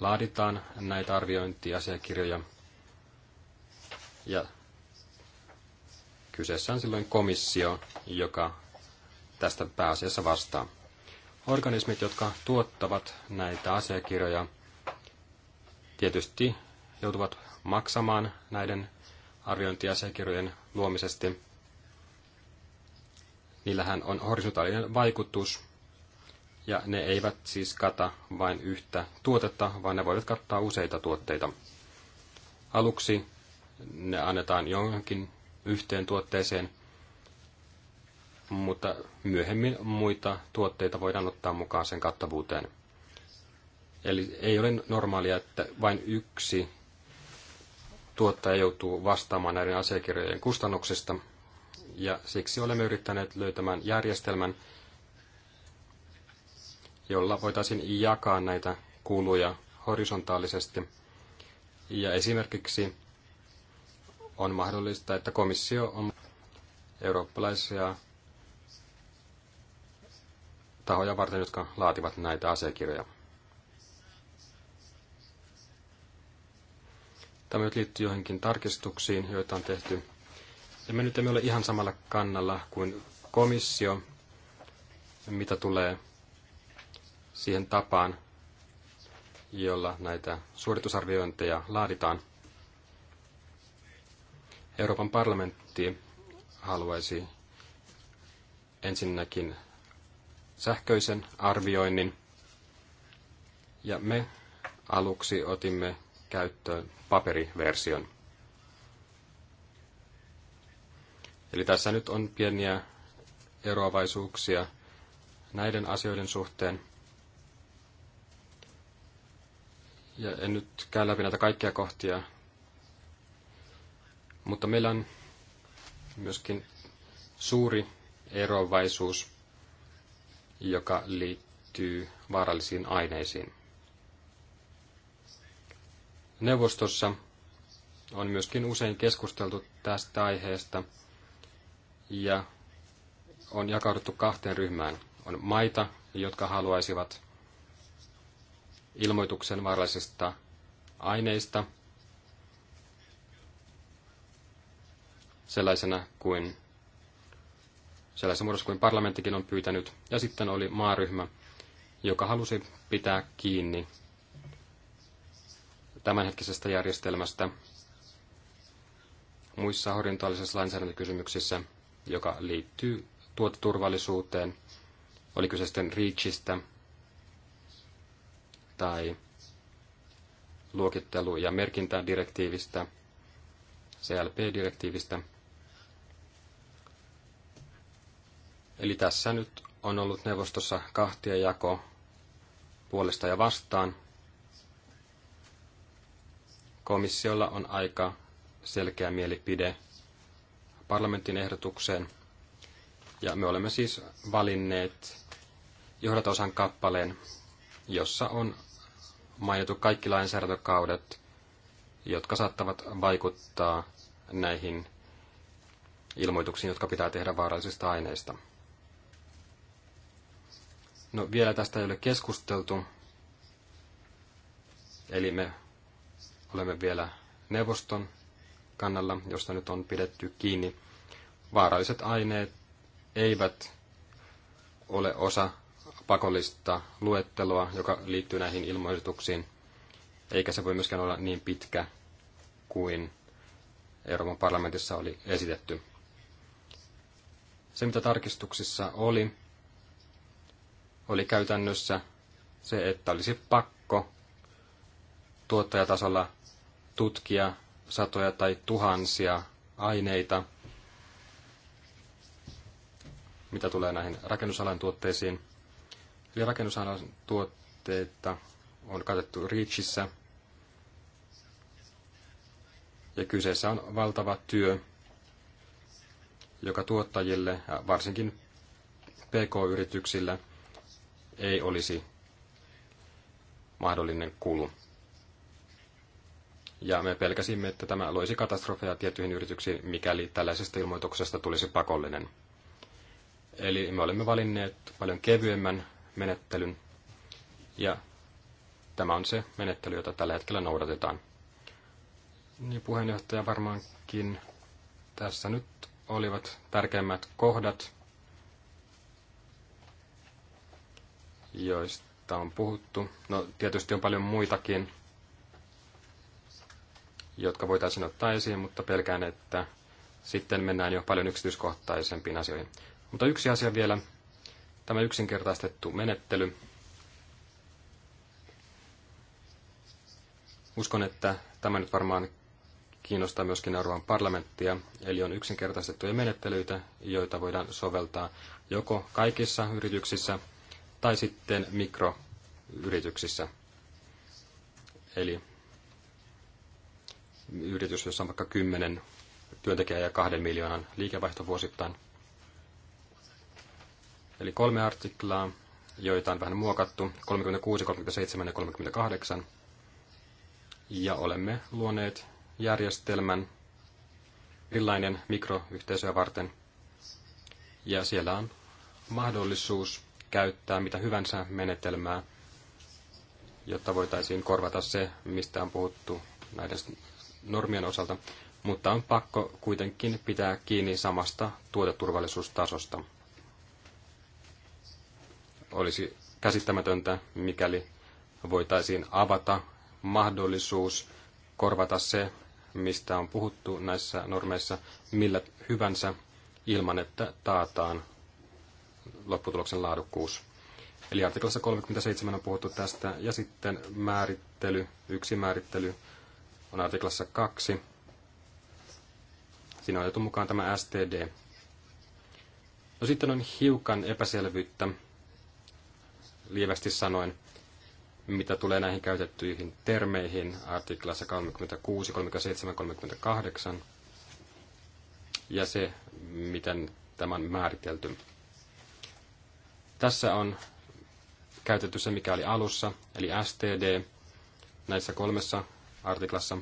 laaditaan näitä arviointiasiakirjoja. Ja kyseessä on silloin komissio, joka tästä pääasiassa vastaa. Organismit, jotka tuottavat näitä asiakirjoja, tietysti joutuvat maksamaan näiden arviointiasiakirjojen luomisesti. Niillähän on horisontaalinen vaikutus, ja ne eivät siis kata vain yhtä tuotetta, vaan ne voivat kattaa useita tuotteita. Aluksi ne annetaan johonkin yhteen tuotteeseen, mutta myöhemmin muita tuotteita voidaan ottaa mukaan sen kattavuuteen. Eli ei ole normaalia, että vain yksi tuottaja joutuu vastaamaan näiden asiakirjojen kustannuksista, ja siksi olemme yrittäneet löytämään järjestelmän, jolla voitaisiin jakaa näitä kuluja horisontaalisesti. Ja esimerkiksi on mahdollista, että komissio on eurooppalaisia tahoja varten, jotka laativat näitä asiakirjoja. Tämä nyt liittyy johonkin tarkistuksiin, joita on tehty. Ja me nyt emme ole ihan samalla kannalla kuin komissio, mitä tulee siihen tapaan, jolla näitä suoritusarviointeja laaditaan. Euroopan parlamentti haluaisi ensinnäkin sähköisen arvioinnin. Ja me aluksi otimme käyttöön paperiversion. Eli tässä nyt on pieniä eroavaisuuksia näiden asioiden suhteen. Ja en nyt käy läpi näitä kaikkia kohtia, mutta meillä on myöskin suuri eroavaisuus, joka liittyy vaarallisiin aineisiin. Neuvostossa on myöskin usein keskusteltu tästä aiheesta ja on jakauduttu kahteen ryhmään. On maita, jotka haluaisivat ilmoituksen vaarallisista aineista sellaisena kuin sellaisessa muodossa kuin parlamenttikin on pyytänyt. Ja sitten oli maaryhmä, joka halusi pitää kiinni tämänhetkisestä järjestelmästä muissa horisontaalisissa lainsäädäntökysymyksissä, joka liittyy tuoteturvallisuuteen, oli kyse sitten REACHistä tai luokittelu- ja merkintädirektiivistä, CLP-direktiivistä. Eli tässä nyt on ollut neuvostossa kahtia jako puolesta ja vastaan, Komissiolla on aika selkeä mielipide parlamentin ehdotukseen. Ja me olemme siis valinneet johdatosan kappaleen, jossa on mainittu kaikki lainsäädäntökaudet, jotka saattavat vaikuttaa näihin ilmoituksiin, jotka pitää tehdä vaarallisista aineista. No vielä tästä ei ole keskusteltu, eli me olemme vielä neuvoston kannalla, josta nyt on pidetty kiinni. Vaaralliset aineet eivät ole osa pakollista luetteloa, joka liittyy näihin ilmoituksiin, eikä se voi myöskään olla niin pitkä kuin Euroopan parlamentissa oli esitetty. Se, mitä tarkistuksissa oli, oli käytännössä se, että olisi pakko tuottajatasolla tutkia satoja tai tuhansia aineita, mitä tulee näihin rakennusalan tuotteisiin. Eli rakennusalan tuotteita on katettu REACHissä, ja kyseessä on valtava työ, joka tuottajille, varsinkin PK-yrityksillä, ei olisi mahdollinen kulu ja me pelkäsimme, että tämä loisi katastrofeja tiettyihin yrityksiin, mikäli tällaisesta ilmoituksesta tulisi pakollinen. Eli me olemme valinneet paljon kevyemmän menettelyn, ja tämä on se menettely, jota tällä hetkellä noudatetaan. Niin puheenjohtaja varmaankin tässä nyt olivat tärkeimmät kohdat, joista on puhuttu. No tietysti on paljon muitakin jotka voitaisiin ottaa esiin, mutta pelkään, että sitten mennään jo paljon yksityiskohtaisempiin asioihin. Mutta yksi asia vielä, tämä yksinkertaistettu menettely. Uskon, että tämä nyt varmaan kiinnostaa myöskin Euroopan parlamenttia, eli on yksinkertaistettuja menettelyitä, joita voidaan soveltaa joko kaikissa yrityksissä tai sitten mikroyrityksissä. Eli yritys, jossa on vaikka kymmenen työntekijää ja kahden miljoonan liikevaihto vuosittain. Eli kolme artiklaa, joita on vähän muokattu, 36, 37 ja 38. Ja olemme luoneet järjestelmän erilainen mikroyhteisöä varten. Ja siellä on mahdollisuus käyttää mitä hyvänsä menetelmää, jotta voitaisiin korvata se, mistä on puhuttu näiden normien osalta, mutta on pakko kuitenkin pitää kiinni samasta tuoteturvallisuustasosta. Olisi käsittämätöntä, mikäli voitaisiin avata mahdollisuus korvata se, mistä on puhuttu näissä normeissa, millä hyvänsä ilman, että taataan lopputuloksen laadukkuus. Eli artiklassa 37 on puhuttu tästä, ja sitten määrittely, yksi määrittely on artiklassa 2. Siinä on otettu mukaan tämä STD. No sitten on hiukan epäselvyyttä, lievästi sanoen, mitä tulee näihin käytettyihin termeihin artiklassa 36, 37, 38 ja se, miten tämä on määritelty. Tässä on käytetty se, mikä oli alussa, eli STD näissä kolmessa artiklassa.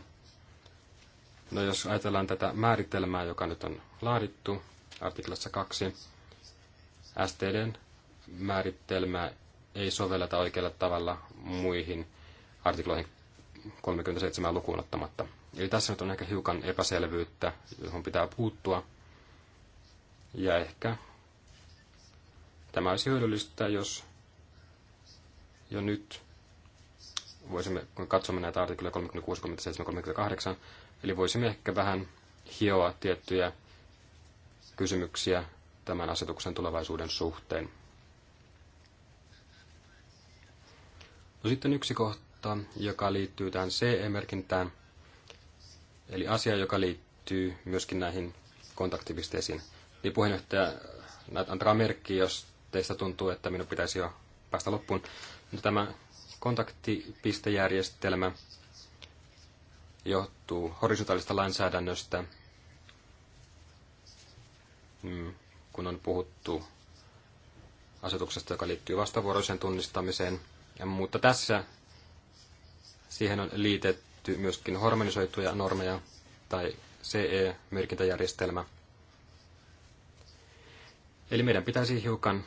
No jos ajatellaan tätä määritelmää, joka nyt on laadittu artiklassa 2, STDn määritelmä ei sovelleta oikealla tavalla muihin artikloihin 37 lukuun ottamatta. Eli tässä nyt on ehkä hiukan epäselvyyttä, johon pitää puuttua. Ja ehkä tämä olisi hyödyllistä, jos jo nyt voisimme, kun katsomme näitä artikloja 36, 37, 38, eli voisimme ehkä vähän hioa tiettyjä kysymyksiä tämän asetuksen tulevaisuuden suhteen. No sitten yksi kohta, joka liittyy tähän CE-merkintään, eli asia, joka liittyy myöskin näihin kontaktipisteisiin. Niin puheenjohtaja, antakaa merkki, jos teistä tuntuu, että minun pitäisi jo päästä loppuun. No, tämä kontaktipistejärjestelmä johtuu horisontaalista lainsäädännöstä, mm, kun on puhuttu asetuksesta, joka liittyy vastavuoroiseen tunnistamiseen. Ja, mutta tässä siihen on liitetty myöskin harmonisoituja normeja tai CE-merkintäjärjestelmä. Eli meidän pitäisi hiukan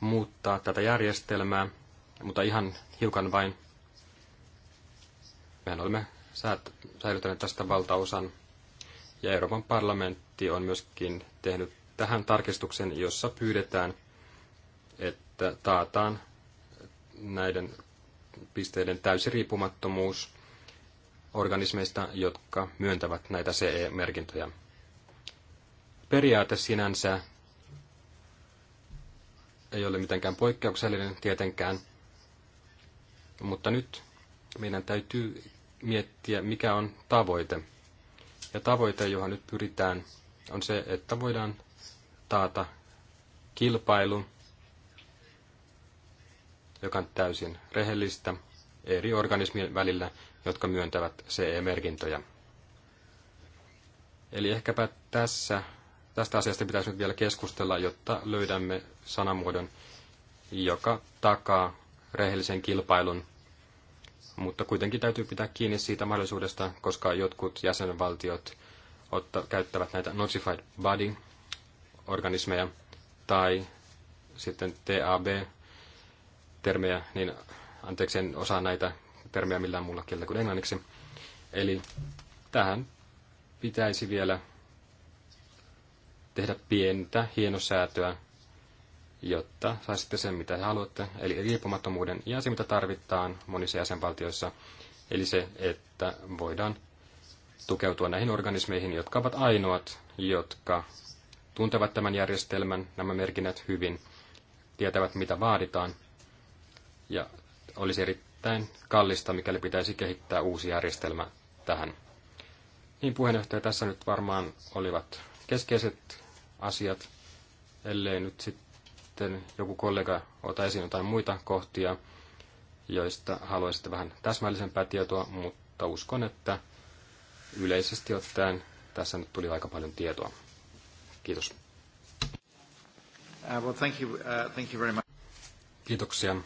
muuttaa tätä järjestelmää mutta ihan hiukan vain. Mehän olemme säilyttäneet tästä valtaosan, ja Euroopan parlamentti on myöskin tehnyt tähän tarkistuksen, jossa pyydetään, että taataan näiden pisteiden täysi riippumattomuus organismeista, jotka myöntävät näitä CE-merkintöjä. Periaate sinänsä ei ole mitenkään poikkeuksellinen tietenkään – mutta nyt meidän täytyy miettiä, mikä on tavoite. Ja tavoite, johon nyt pyritään, on se, että voidaan taata kilpailu, joka on täysin rehellistä eri organismien välillä, jotka myöntävät CE-merkintöjä. Eli ehkäpä tässä, tästä asiasta pitäisi nyt vielä keskustella, jotta löydämme sanamuodon, joka takaa rehellisen kilpailun, mutta kuitenkin täytyy pitää kiinni siitä mahdollisuudesta, koska jotkut jäsenvaltiot otta, käyttävät näitä notified body-organismeja tai sitten TAB-termejä, niin anteeksi en osaa näitä termejä millään muulla kielellä kuin englanniksi. Eli tähän pitäisi vielä tehdä pientä hienosäätöä jotta saisitte sen, mitä haluatte, eli riippumattomuuden ja se, mitä tarvitaan monissa jäsenvaltioissa, eli se, että voidaan tukeutua näihin organismeihin, jotka ovat ainoat, jotka tuntevat tämän järjestelmän, nämä merkinnät hyvin, tietävät, mitä vaaditaan, ja olisi erittäin kallista, mikäli pitäisi kehittää uusi järjestelmä tähän. Niin puheenjohtaja, tässä nyt varmaan olivat keskeiset asiat, ellei nyt sitten sitten joku kollega ota esiin jotain muita kohtia, joista haluaisitte vähän täsmällisempää tietoa, mutta uskon, että yleisesti ottaen tässä nyt tuli aika paljon tietoa. Kiitos. Uh, well, thank you, uh, thank you very much. Kiitoksia.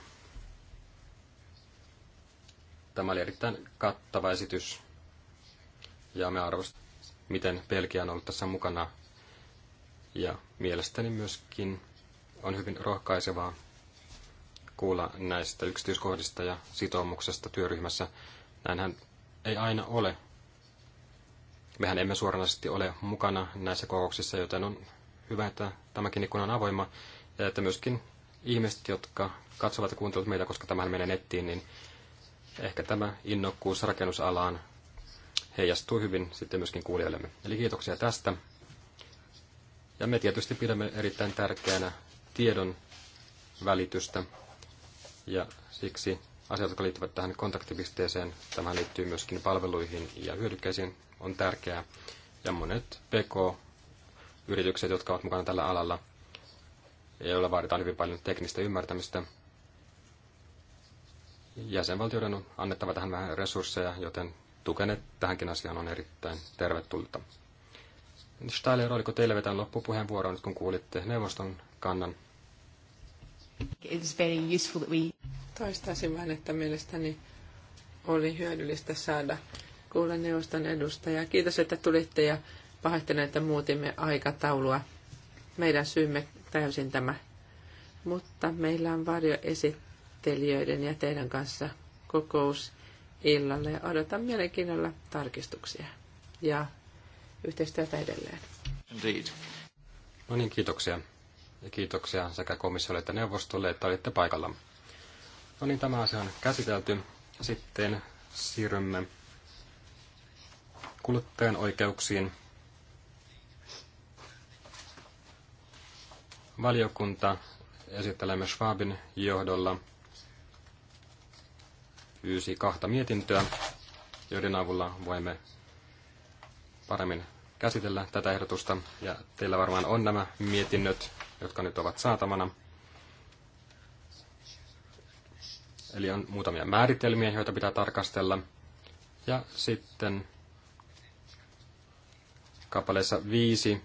Tämä oli erittäin kattava esitys ja me arvostamme, miten Belgia on ollut tässä mukana ja mielestäni myöskin on hyvin rohkaisevaa kuulla näistä yksityiskohdista ja sitoumuksesta työryhmässä. Näinhän ei aina ole. Mehän emme suoranaisesti ole mukana näissä kokouksissa, joten on hyvä, että tämäkin ikkuna on avoima ja että myöskin ihmiset, jotka katsovat ja kuuntelevat meitä, koska tämähän menee nettiin, niin ehkä tämä innokkuus rakennusalaan heijastuu hyvin sitten myöskin kuulijoillemme. Eli kiitoksia tästä. Ja me tietysti pidämme erittäin tärkeänä tiedon välitystä ja siksi asiat, jotka liittyvät tähän kontaktipisteeseen, tämä liittyy myöskin palveluihin ja hyödykkeisiin, on tärkeää. Ja monet PK-yritykset, jotka ovat mukana tällä alalla ei joilla vaaditaan hyvin paljon teknistä ymmärtämistä, jäsenvaltioiden on annettava tähän vähän resursseja, joten tukene tähänkin asiaan on erittäin tervetullutta. Steiler, oliko teille vetään loppupuheenvuoroa nyt, kun kuulitte neuvoston kannan? It's very useful that we... Toistaisin vain, että mielestäni oli hyödyllistä saada kuulla neuvoston edustajaa. Kiitos, että tulitte ja pahoittelen, että muutimme aikataulua. Meidän syymme täysin tämä. Mutta meillä on esittelijöiden ja teidän kanssa kokous illalle ja odotan mielenkiinnolla tarkistuksia ja yhteistyötä edelleen. Indeed. No niin, kiitoksia ja kiitoksia sekä komissiolle että neuvostolle, että olitte paikalla. No niin, tämä asia on käsitelty. Sitten siirrymme kuluttajan oikeuksiin. Valiokunta esittelemme Schwabin johdolla pyysi kahta mietintöä, joiden avulla voimme paremmin käsitellä tätä ehdotusta, ja teillä varmaan on nämä mietinnöt, jotka nyt ovat saatavana. Eli on muutamia määritelmiä, joita pitää tarkastella. Ja sitten kappaleessa viisi,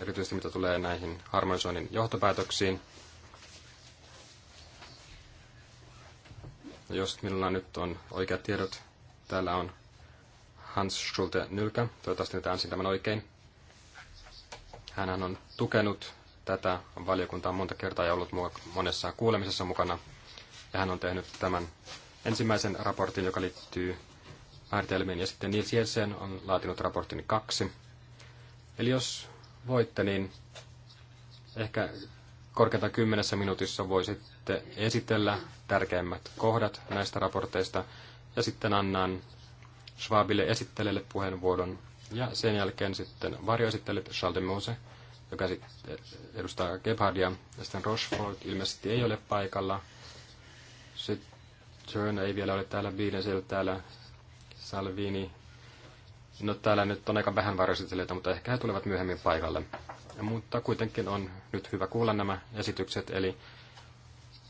erityisesti mitä tulee näihin harmonisoinnin johtopäätöksiin. Jos minulla nyt on oikeat tiedot, täällä on Hans Schulte Nylkä. Toivottavasti nyt äänsin tämän oikein. Hän on tukenut tätä valiokuntaa monta kertaa ja ollut monessa kuulemisessa mukana. Ja hän on tehnyt tämän ensimmäisen raportin, joka liittyy määritelmiin. Ja sitten Nils Jensen on laatinut raportin kaksi. Eli jos voitte, niin ehkä korkeata kymmenessä minuutissa voisitte esitellä tärkeimmät kohdat näistä raporteista. Ja sitten annan Schwabille esittelijälle puheenvuoron ja sen jälkeen sitten varjoesittelijät Charles de Mose, joka edustaa Gebhardia, ja sitten Rochefort ilmeisesti ei ole paikalla. Sitten Turn ei vielä ole täällä, Biden siellä täällä, Salvini. No täällä nyt on aika vähän varjoesittelijöitä, mutta ehkä he tulevat myöhemmin paikalle. Ja, mutta kuitenkin on nyt hyvä kuulla nämä esitykset, eli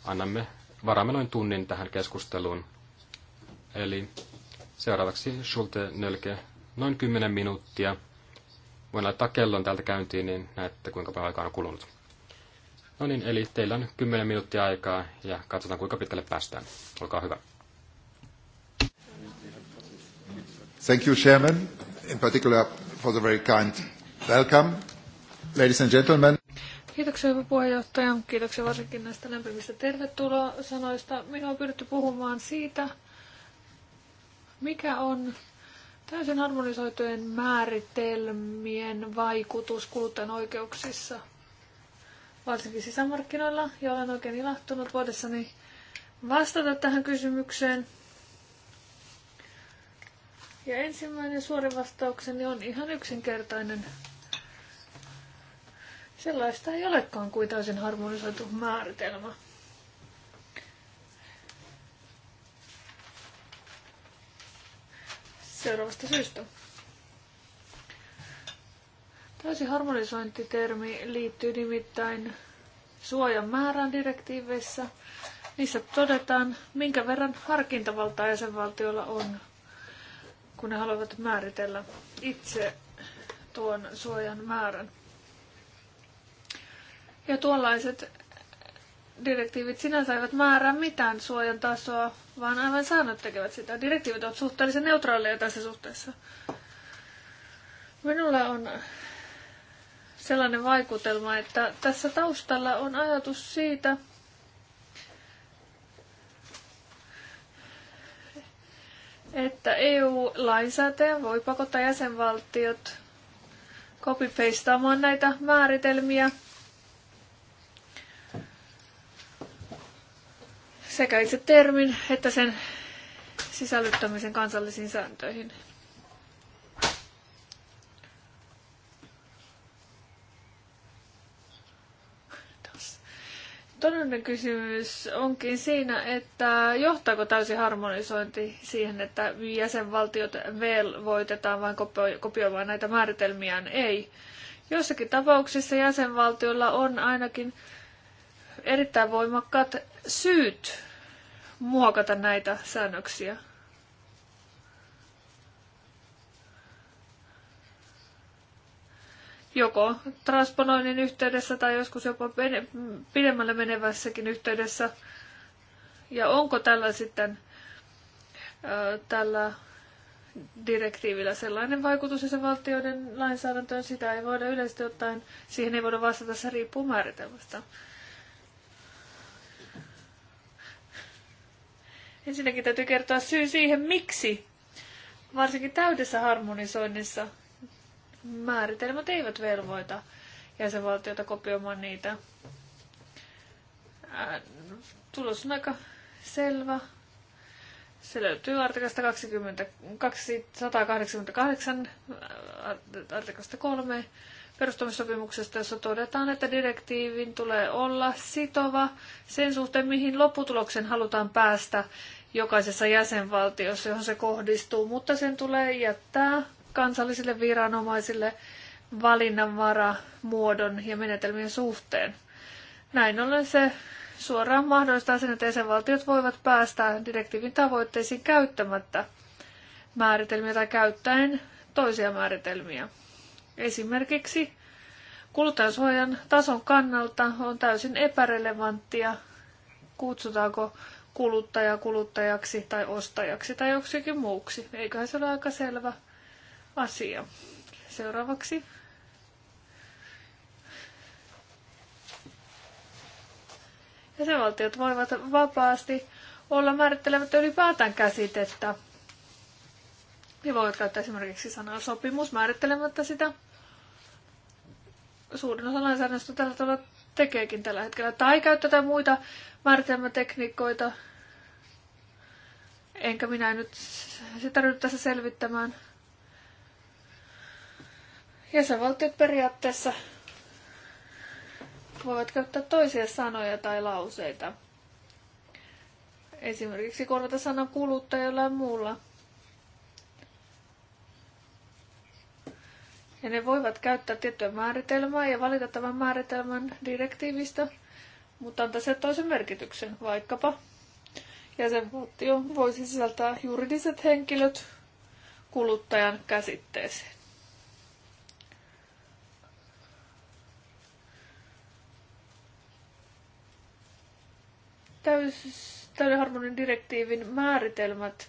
annamme, varamme noin tunnin tähän keskusteluun. Eli Seuraavaksi Schulte Nölke, noin 10 minuuttia. Voin laittaa kellon täältä käyntiin, niin näette kuinka paljon aikaa on kulunut. No niin, eli teillä on 10 minuuttia aikaa ja katsotaan kuinka pitkälle päästään. Olkaa hyvä. Thank you, Chairman, in particular for the very kind welcome. Ladies and gentlemen. Kiitoksia hyvä puheenjohtaja. Kiitoksia varsinkin näistä lämpimistä tervetuloa sanoista. Minua on pyritty puhumaan siitä, mikä on täysin harmonisoitujen määritelmien vaikutus kuluttajan oikeuksissa, varsinkin sisämarkkinoilla, ja olen oikein ilahtunut vuodessani vastata tähän kysymykseen. Ja ensimmäinen suori vastaukseni on ihan yksinkertainen. Sellaista ei olekaan kuin täysin harmonisoitu määritelmä. seuraavasta syystä. Täysi harmonisointitermi liittyy nimittäin suojan määrään direktiiveissä. Niissä todetaan, minkä verran harkintavaltaa jäsenvaltiolla on, kun ne haluavat määritellä itse tuon suojan määrän. Ja tuollaiset direktiivit sinänsä eivät määrää mitään suojan tasoa, vaan aivan säännöt tekevät sitä. Direktiivit ovat suhteellisen neutraaleja tässä suhteessa. Minulla on sellainen vaikutelma, että tässä taustalla on ajatus siitä, että EU-lainsäätäjä voi pakottaa jäsenvaltiot copy-pastaamaan näitä määritelmiä – sekä itse termin että sen sisällyttämisen kansallisiin sääntöihin. Todellinen kysymys onkin siinä, että johtaako täysi harmonisointi siihen, että jäsenvaltiot velvoitetaan vain kopioimaan näitä määritelmiään? Ei. Joissakin tapauksissa jäsenvaltioilla on ainakin erittäin voimakkaat syyt muokata näitä säännöksiä. Joko transponoinnin yhteydessä tai joskus jopa pidemmälle menevässäkin yhteydessä. Ja onko tällä sitten tällä direktiivillä sellainen vaikutus valtioiden lainsäädäntöön, sitä ei voida yleisesti ottaen, siihen ei voida vastata, se riippuu määritelmästä. Ensinnäkin täytyy kertoa syy siihen, miksi varsinkin täydessä harmonisoinnissa määritelmät eivät velvoita jäsenvaltiota kopioimaan niitä. Tulos on aika selvä. Se löytyy artikasta 20, 288, artikasta 3 perustamissopimuksesta, jossa todetaan, että direktiivin tulee olla sitova sen suhteen, mihin lopputuloksen halutaan päästä jokaisessa jäsenvaltiossa, johon se kohdistuu, mutta sen tulee jättää kansallisille viranomaisille valinnanvara muodon ja menetelmien suhteen. Näin ollen se suoraan mahdollistaa sen, että jäsenvaltiot voivat päästä direktiivin tavoitteisiin käyttämättä määritelmiä tai käyttäen toisia määritelmiä. Esimerkiksi kuluttajansuojan tason kannalta on täysin epärelevanttia, kutsutaanko kuluttaja kuluttajaksi tai ostajaksi tai joksikin muuksi. Eiköhän se ole aika selvä asia. Seuraavaksi jäsenvaltiot voivat vapaasti olla määrittelemättä ylipäätään käsitettä ja voi käyttää esimerkiksi sanaa sopimus määrittelemättä sitä. Suurin osa lainsäädännöstä tällä tavalla tekeekin tällä hetkellä. Tai käyttää muita määritelmätekniikoita. Enkä minä nyt sitä ryhdy tässä selvittämään. Jäsenvaltiot periaatteessa voivat käyttää toisia sanoja tai lauseita. Esimerkiksi korvata sanan kuluttaja jollain muulla Ja ne voivat käyttää tiettyä määritelmää ja valita tämän määritelmän direktiivistä, mutta antaa se toisen merkityksen. Vaikkapa jäsenvaltio voisi sisältää juridiset henkilöt kuluttajan käsitteeseen. Täys, täydenharmonin direktiivin määritelmät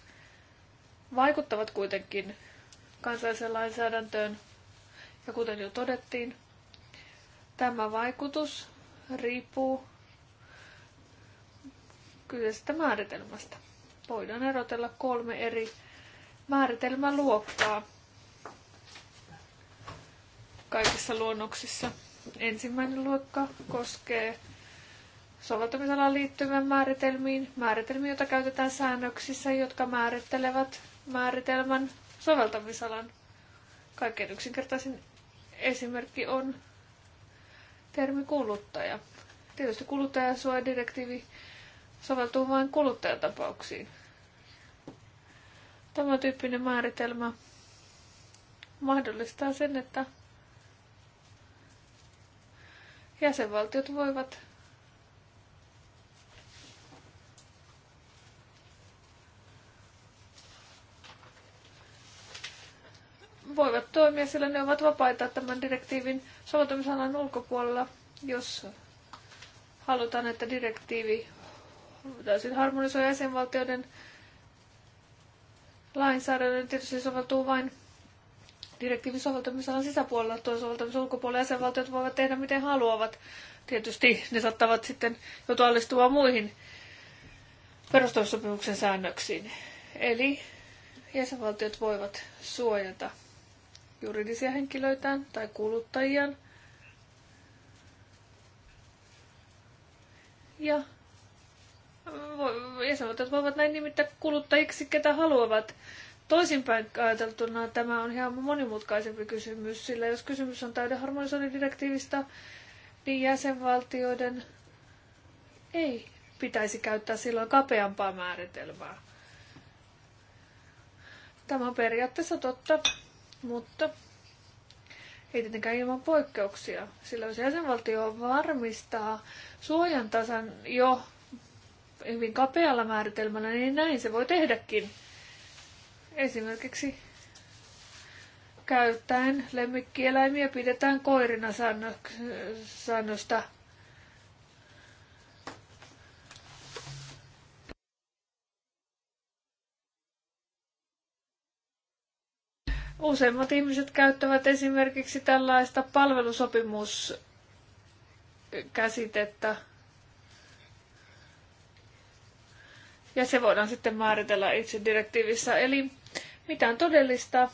vaikuttavat kuitenkin kansalliseen lainsäädäntöön ja kuten jo todettiin, tämä vaikutus riippuu kyseisestä määritelmästä. Voidaan erotella kolme eri määritelmäluokkaa kaikissa luonnoksissa. Ensimmäinen luokka koskee soveltamisalaan liittyvän määritelmiin, määritelmiä, joita käytetään säännöksissä, jotka määrittelevät määritelmän soveltamisalan. Kaikkein yksinkertaisin esimerkki on termi kuluttaja. Tietysti kuluttajasuojadirektiivi soveltuu vain kuluttajatapauksiin. Tämä tyyppinen määritelmä mahdollistaa sen, että jäsenvaltiot voivat voivat toimia, sillä ne ovat vapaita tämän direktiivin soveltamisalan ulkopuolella, jos halutaan, että direktiivi täysin harmonisoi jäsenvaltioiden lainsäädännön tietysti soveltuu vain direktiivin soveltamisalan sisäpuolella. Tuo soveltamisen ulkopuolella jäsenvaltiot voivat tehdä miten haluavat. Tietysti ne saattavat sitten joutua alistumaan muihin perustussopimuksen säännöksiin. Eli jäsenvaltiot voivat suojata juridisia henkilöitään tai kuluttajiaan. Ja jäsenvaltiot voivat näin nimittää kuluttajiksi, ketä haluavat. Toisinpäin ajateltuna tämä on ihan monimutkaisempi kysymys, sillä jos kysymys on täyden harmonisoinnin direktiivistä, niin jäsenvaltioiden ei pitäisi käyttää silloin kapeampaa määritelmää. Tämä on periaatteessa totta mutta ei tietenkään ilman poikkeuksia, sillä jos jäsenvaltio varmistaa suojan tasan jo hyvin kapealla määritelmällä, niin näin se voi tehdäkin. Esimerkiksi käyttäen lemmikkieläimiä pidetään koirina säännöstä Useimmat ihmiset käyttävät esimerkiksi tällaista palvelusopimuskäsitettä. Ja se voidaan sitten määritellä itse direktiivissä. Eli mitään todellista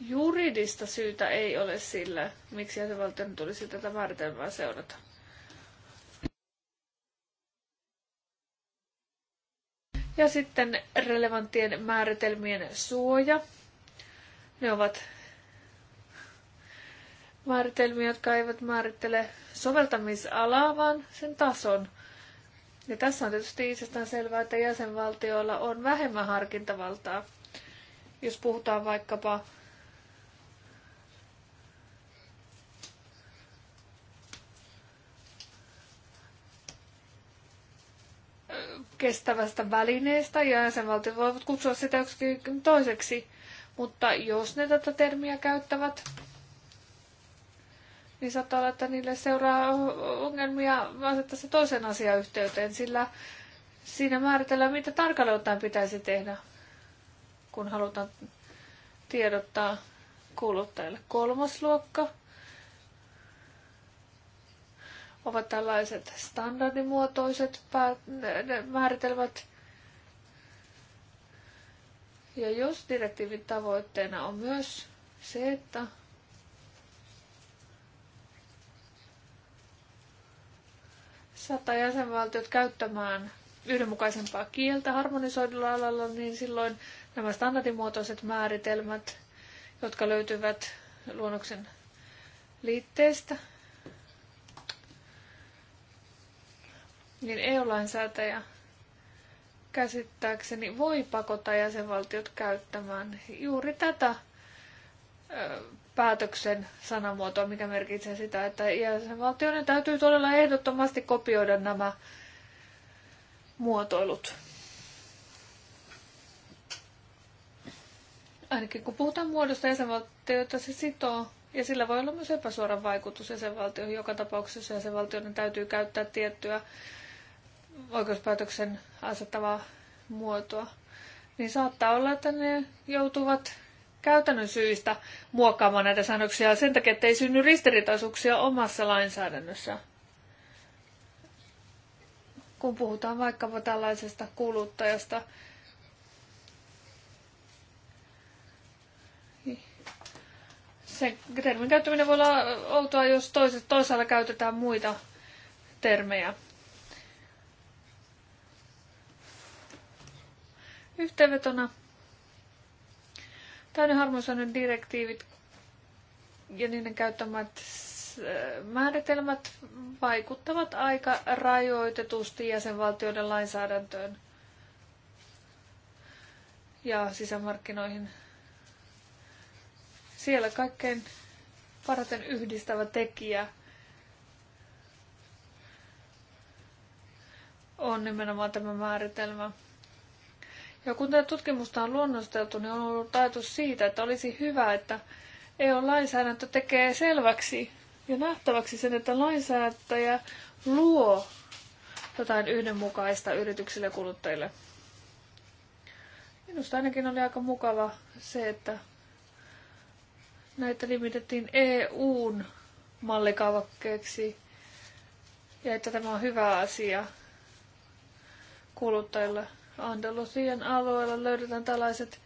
juridista syytä ei ole sillä, miksi jäsenvaltion tulisi tätä määritelmää seurata. Ja sitten relevanttien määritelmien suoja. Ne ovat määritelmiä, jotka eivät määrittele soveltamisalaa, vaan sen tason. Ja tässä on tietysti itsestään selvää, että jäsenvaltioilla on vähemmän harkintavaltaa. Jos puhutaan vaikkapa kestävästä välineestä ja jäsenvaltiot voivat kutsua sitä joksikin toiseksi. Mutta jos ne tätä termiä käyttävät, niin saattaa olla, että niille seuraa ongelmia se toisen asian yhteyteen, sillä siinä määritellään, mitä tarkalleen ottaen pitäisi tehdä, kun halutaan tiedottaa kuluttajille. Kolmas luokka ovat tällaiset standardimuotoiset määritelmät. Ja jos direktiivin tavoitteena on myös se, että sata jäsenvaltiot käyttämään yhdenmukaisempaa kieltä harmonisoidulla alalla, niin silloin nämä standardimuotoiset määritelmät, jotka löytyvät luonnoksen liitteestä, niin EU-lainsäätäjä käsittääkseni voi pakottaa jäsenvaltiot käyttämään juuri tätä päätöksen sanamuotoa, mikä merkitsee sitä, että jäsenvaltioiden täytyy todella ehdottomasti kopioida nämä muotoilut. Ainakin kun puhutaan muodosta jäsenvaltioita, se sitoo ja sillä voi olla myös epäsuora vaikutus jäsenvaltioihin. Joka tapauksessa jäsenvaltioiden täytyy käyttää tiettyä oikeuspäätöksen asettavaa muotoa, niin saattaa olla, että ne joutuvat käytännön syistä muokkaamaan näitä säännöksiä sen takia, että ei synny ristiriitaisuuksia omassa lainsäädännössä. Kun puhutaan vaikkapa tällaisesta kuluttajasta, se termin käyttäminen voi olla outoa, jos toiset, toisaalla käytetään muita termejä. Yhteenvetona täyden harmonisoinnin direktiivit ja niiden käyttämät äh, määritelmät vaikuttavat aika rajoitetusti jäsenvaltioiden lainsäädäntöön ja sisämarkkinoihin. Siellä kaikkein parhaiten yhdistävä tekijä on nimenomaan tämä määritelmä. Ja kun tämä tutkimusta on luonnosteltu, niin on ollut ajatus siitä, että olisi hyvä, että EU-lainsäädäntö tekee selväksi ja nähtäväksi sen, että lainsäätäjä luo jotain yhdenmukaista yrityksille ja kuluttajille. Minusta ainakin oli aika mukava se, että näitä nimitettiin EUn mallikaavakkeeksi ja että tämä on hyvä asia kuluttajille. Andalusian alueella löydetään tällaiset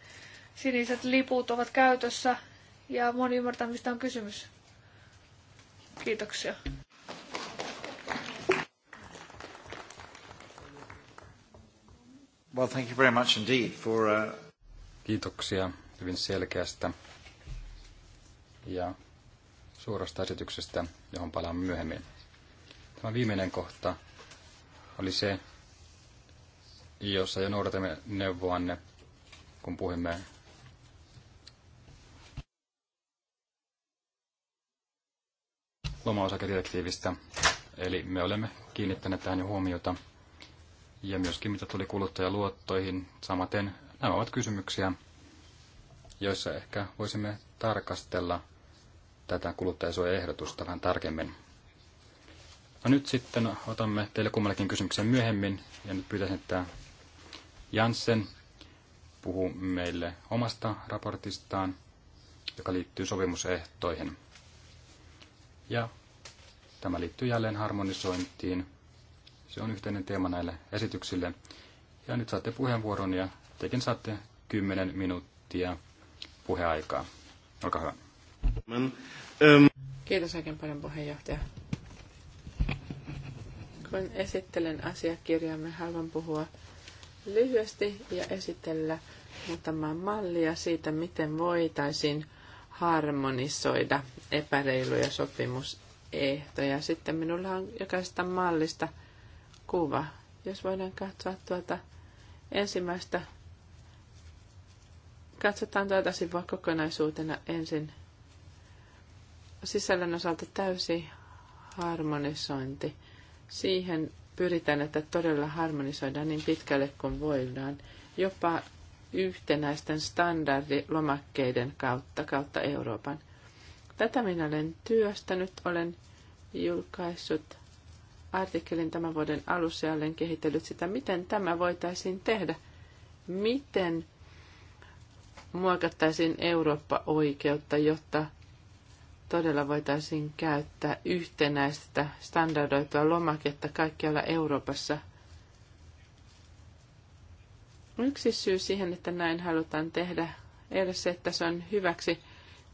siniset liput ovat käytössä ja moni ymmärtää, mistä on kysymys. Kiitoksia. Well, thank you very much indeed for, uh... Kiitoksia hyvin selkeästä ja suorasta esityksestä, johon palaan myöhemmin. Tämä viimeinen kohta oli se, jossa jo noudatamme neuvoanne, kun puhumme lomaosakedirektiivistä. Eli me olemme kiinnittäneet tähän jo huomiota. Ja myöskin mitä tuli kuluttajaluottoihin, samaten nämä ovat kysymyksiä, joissa ehkä voisimme tarkastella tätä kuluttajasuojaehdotusta vähän tarkemmin. No nyt sitten otamme teille kummallekin kysymyksen myöhemmin, ja nyt pyytäisin, että Janssen puhuu meille omasta raportistaan, joka liittyy sopimusehtoihin. Ja tämä liittyy jälleen harmonisointiin. Se on yhteinen teema näille esityksille. Ja nyt saatte puheenvuoron ja tekin saatte 10 minuuttia puheaikaa. Olkaa hyvä. Kiitos oikein paljon puheenjohtaja. Kun esittelen asiakirjaa, me haluan puhua lyhyesti ja esitellä muutamaa mallia siitä, miten voitaisiin harmonisoida epäreiluja sopimusehtoja. Sitten minulla on jokaisesta mallista kuva. Jos voidaan katsoa tuota ensimmäistä, katsotaan tuota sivua kokonaisuutena ensin. Sisällön osalta täysi harmonisointi. Siihen pyritään, että todella harmonisoidaan niin pitkälle kuin voidaan, jopa yhtenäisten standardilomakkeiden kautta, kautta Euroopan. Tätä minä olen työstänyt, olen julkaissut artikkelin tämän vuoden alussa ja olen kehitellyt sitä, miten tämä voitaisiin tehdä, miten muokattaisiin Eurooppa-oikeutta, jotta todella voitaisiin käyttää yhtenäistä standardoitua lomaketta kaikkialla Euroopassa. Yksi syy siihen, että näin halutaan tehdä, ei ole se, että se on hyväksi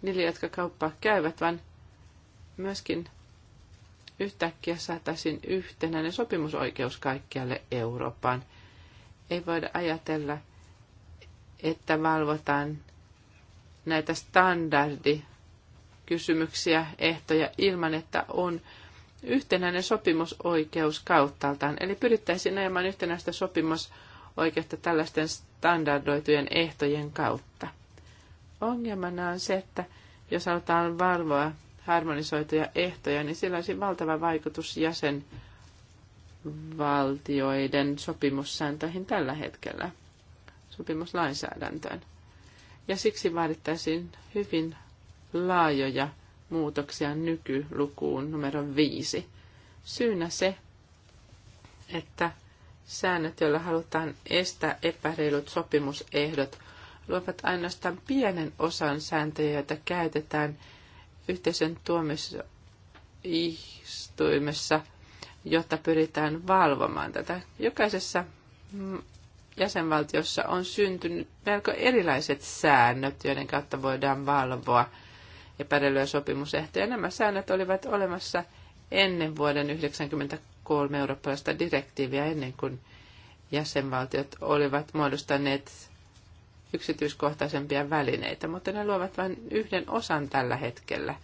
niille, jotka kauppaa käyvät, vaan myöskin yhtäkkiä saataisiin yhtenäinen sopimusoikeus kaikkialle Eurooppaan. Ei voida ajatella, että valvotaan näitä standardi kysymyksiä, ehtoja ilman, että on yhtenäinen sopimusoikeus kauttaaltaan. Eli pyrittäisiin ajamaan yhtenäistä sopimusoikeutta tällaisten standardoitujen ehtojen kautta. Ongelmana on se, että jos halutaan valvoa harmonisoituja ehtoja, niin sillä olisi valtava vaikutus jäsenvaltioiden sopimussääntöihin tällä hetkellä, sopimuslainsäädäntöön. Ja siksi vaadittaisiin hyvin laajoja muutoksia nykylukuun numero viisi. Syynä se, että säännöt, joilla halutaan estää epäreilut sopimusehdot, luovat ainoastaan pienen osan sääntöjä, joita käytetään yhteisön tuomioistuimessa, jotta pyritään valvomaan tätä. Jokaisessa mm, jäsenvaltiossa on syntynyt melko erilaiset säännöt, joiden kautta voidaan valvoa epäreilyä sopimusehtoja. Nämä säännöt olivat olemassa ennen vuoden 1993 eurooppalaista direktiiviä, ennen kuin jäsenvaltiot olivat muodostaneet yksityiskohtaisempia välineitä, mutta ne luovat vain yhden osan tällä hetkellä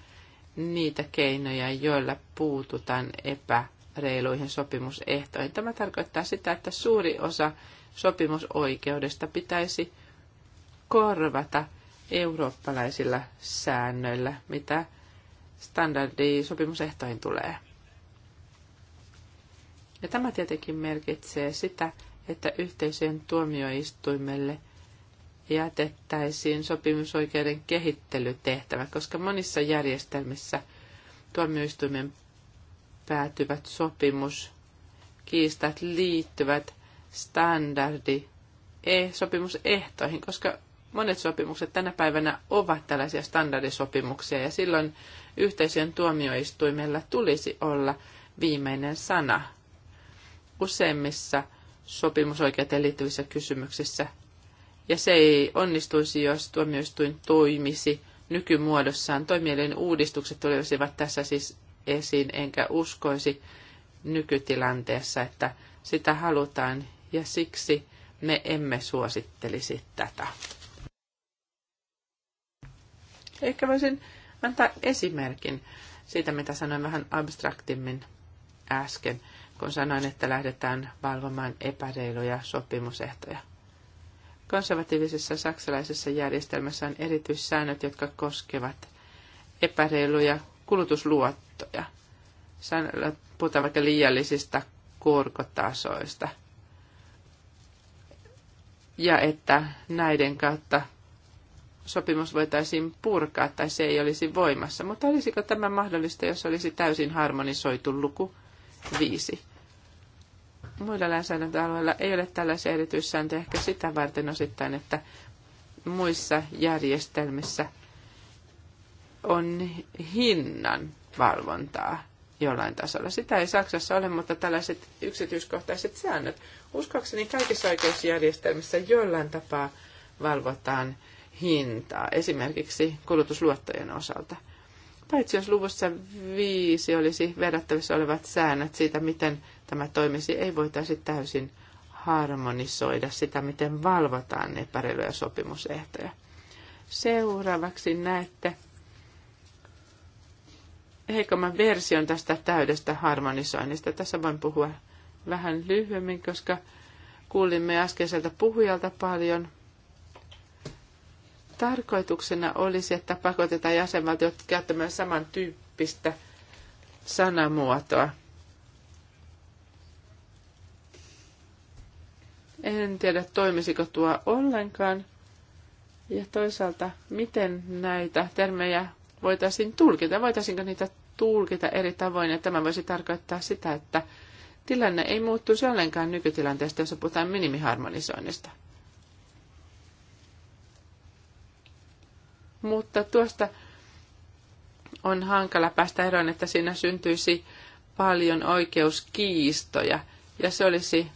niitä keinoja, joilla puututaan epäreiluihin sopimusehtoihin. Tämä tarkoittaa sitä, että suuri osa sopimusoikeudesta pitäisi korvata eurooppalaisilla säännöillä, mitä standardisopimusehtoihin tulee. Ja tämä tietenkin merkitsee sitä, että yhteisöjen tuomioistuimelle jätettäisiin sopimusoikeuden kehittelytehtävä, koska monissa järjestelmissä tuomioistuimen päätyvät sopimuskiistat liittyvät standardi e-, sopimusehtoihin, koska Monet sopimukset tänä päivänä ovat tällaisia standardisopimuksia ja silloin yhteisön tuomioistuimella tulisi olla viimeinen sana useimmissa sopimusoikeuteen liittyvissä kysymyksissä. Ja se ei onnistuisi, jos tuomioistuin toimisi nykymuodossaan. Toimielin uudistukset tulisivat tässä siis esiin, enkä uskoisi nykytilanteessa, että sitä halutaan ja siksi me emme suosittelisi tätä. Ehkä voisin antaa esimerkin siitä, mitä sanoin vähän abstraktimmin äsken, kun sanoin, että lähdetään valvomaan epäreiluja sopimusehtoja. Konservatiivisessa saksalaisessa järjestelmässä on erityissäännöt, jotka koskevat epäreiluja kulutusluottoja. puhutaan vaikka liiallisista korkotasoista. Ja että näiden kautta sopimus voitaisiin purkaa tai se ei olisi voimassa. Mutta olisiko tämä mahdollista, jos olisi täysin harmonisoitu luku 5? Muilla lainsäädäntöalueilla ei ole tällaisia erityissääntöjä ehkä sitä varten osittain, että muissa järjestelmissä on hinnan valvontaa jollain tasolla. Sitä ei Saksassa ole, mutta tällaiset yksityiskohtaiset säännöt. Uskoakseni kaikissa oikeusjärjestelmissä jollain tapaa valvotaan hintaa, esimerkiksi kulutusluottojen osalta. Paitsi jos luvussa viisi olisi verrattavissa olevat säännöt siitä, miten tämä toimisi, ei voitaisi täysin harmonisoida sitä, miten valvotaan epäreiluja sopimusehtoja. Seuraavaksi näette heikomman version tästä täydestä harmonisoinnista. Tässä voin puhua vähän lyhyemmin, koska kuulimme äskeiseltä puhujalta paljon – tarkoituksena olisi, että pakotetaan jäsenvaltiot käyttämään samantyyppistä sanamuotoa. En tiedä, toimisiko tuo ollenkaan. Ja toisaalta, miten näitä termejä voitaisiin tulkita? Voitaisinko niitä tulkita eri tavoin? Ja tämä voisi tarkoittaa sitä, että tilanne ei muuttuisi ollenkaan nykytilanteesta, jos puhutaan minimiharmonisoinnista. mutta tuosta on hankala päästä eroon, että siinä syntyisi paljon oikeuskiistoja ja se olisi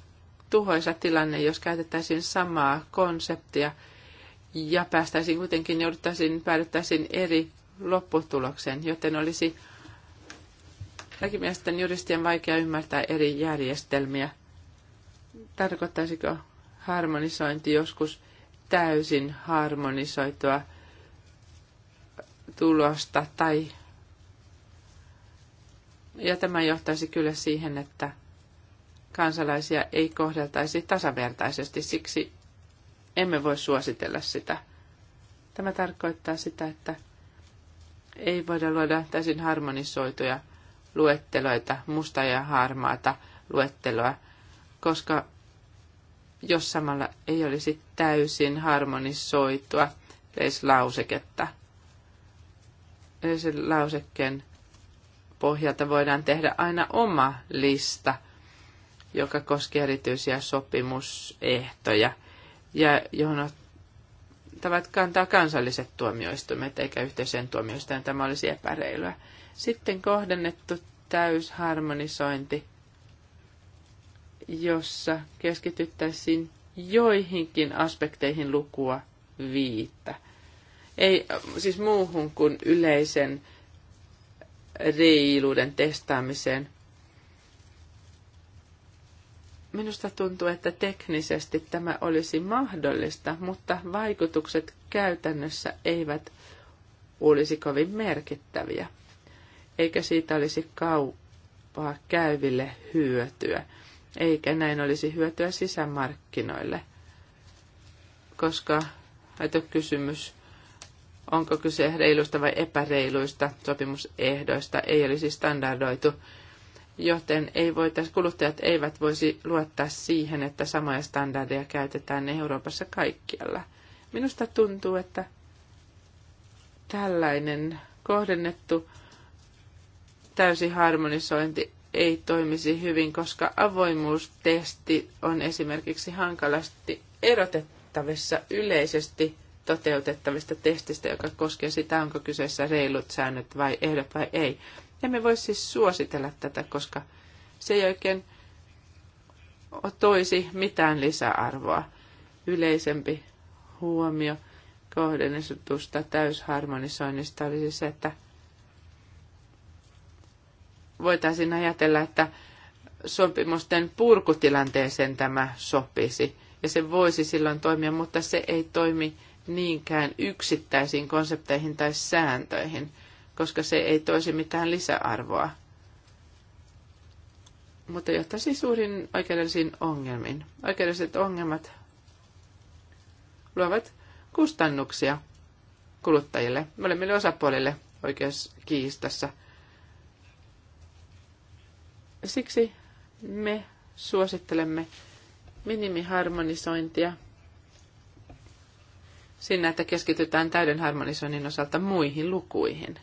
tuhoisa tilanne, jos käytettäisiin samaa konseptia ja päästäisiin kuitenkin, jouduttaisiin, päädyttäisiin eri lopputulokseen, joten olisi lakimiesten juristien vaikea ymmärtää eri järjestelmiä. Tarkoittaisiko harmonisointi joskus täysin harmonisoitua tulosta tai ja tämä johtaisi kyllä siihen, että kansalaisia ei kohdeltaisi tasavertaisesti, siksi emme voi suositella sitä. Tämä tarkoittaa sitä, että ei voida luoda täysin harmonisoituja luetteloita, musta ja harmaata luetteloa, koska jos samalla ei olisi täysin harmonisoitua lauseketta – sen lausekkeen pohjalta voidaan tehdä aina oma lista, joka koskee erityisiä sopimusehtoja ja johon ottavat kantaa kansalliset tuomioistuimet eikä yhteiseen tuomioistuimeen. Tämä olisi epäreilyä. Sitten kohdennettu täysharmonisointi, jossa keskityttäisiin joihinkin aspekteihin lukua viittä – ei, siis muuhun kuin yleisen reiluuden testaamiseen. Minusta tuntuu, että teknisesti tämä olisi mahdollista, mutta vaikutukset käytännössä eivät olisi kovin merkittäviä, eikä siitä olisi kauppaa käyville hyötyä, eikä näin olisi hyötyä sisämarkkinoille, koska aito kysymys onko kyse reiluista vai epäreiluista sopimusehdoista, ei olisi siis standardoitu, joten ei voitais, kuluttajat eivät voisi luottaa siihen, että samoja standardeja käytetään Euroopassa kaikkialla. Minusta tuntuu, että tällainen kohdennettu täysi harmonisointi ei toimisi hyvin, koska avoimuustesti on esimerkiksi hankalasti erotettavissa yleisesti – toteutettavista testistä, joka koskee sitä, onko kyseessä reilut säännöt vai ehdot vai ei. Emme voi siis suositella tätä, koska se ei oikein toisi mitään lisäarvoa. Yleisempi huomio kohdennetusta täysharmonisoinnista olisi se, että voitaisiin ajatella, että sopimusten purkutilanteeseen tämä sopisi ja se voisi silloin toimia, mutta se ei toimi niinkään yksittäisiin konsepteihin tai sääntöihin, koska se ei toisi mitään lisäarvoa, mutta johtaisi suurin oikeudellisiin ongelmiin. Oikeudelliset ongelmat luovat kustannuksia kuluttajille, molemmille osapuolille oikeuskiistassa. Siksi me suosittelemme minimiharmonisointia – Sinne, että keskitytään täyden harmonisoinnin osalta muihin lukuihin.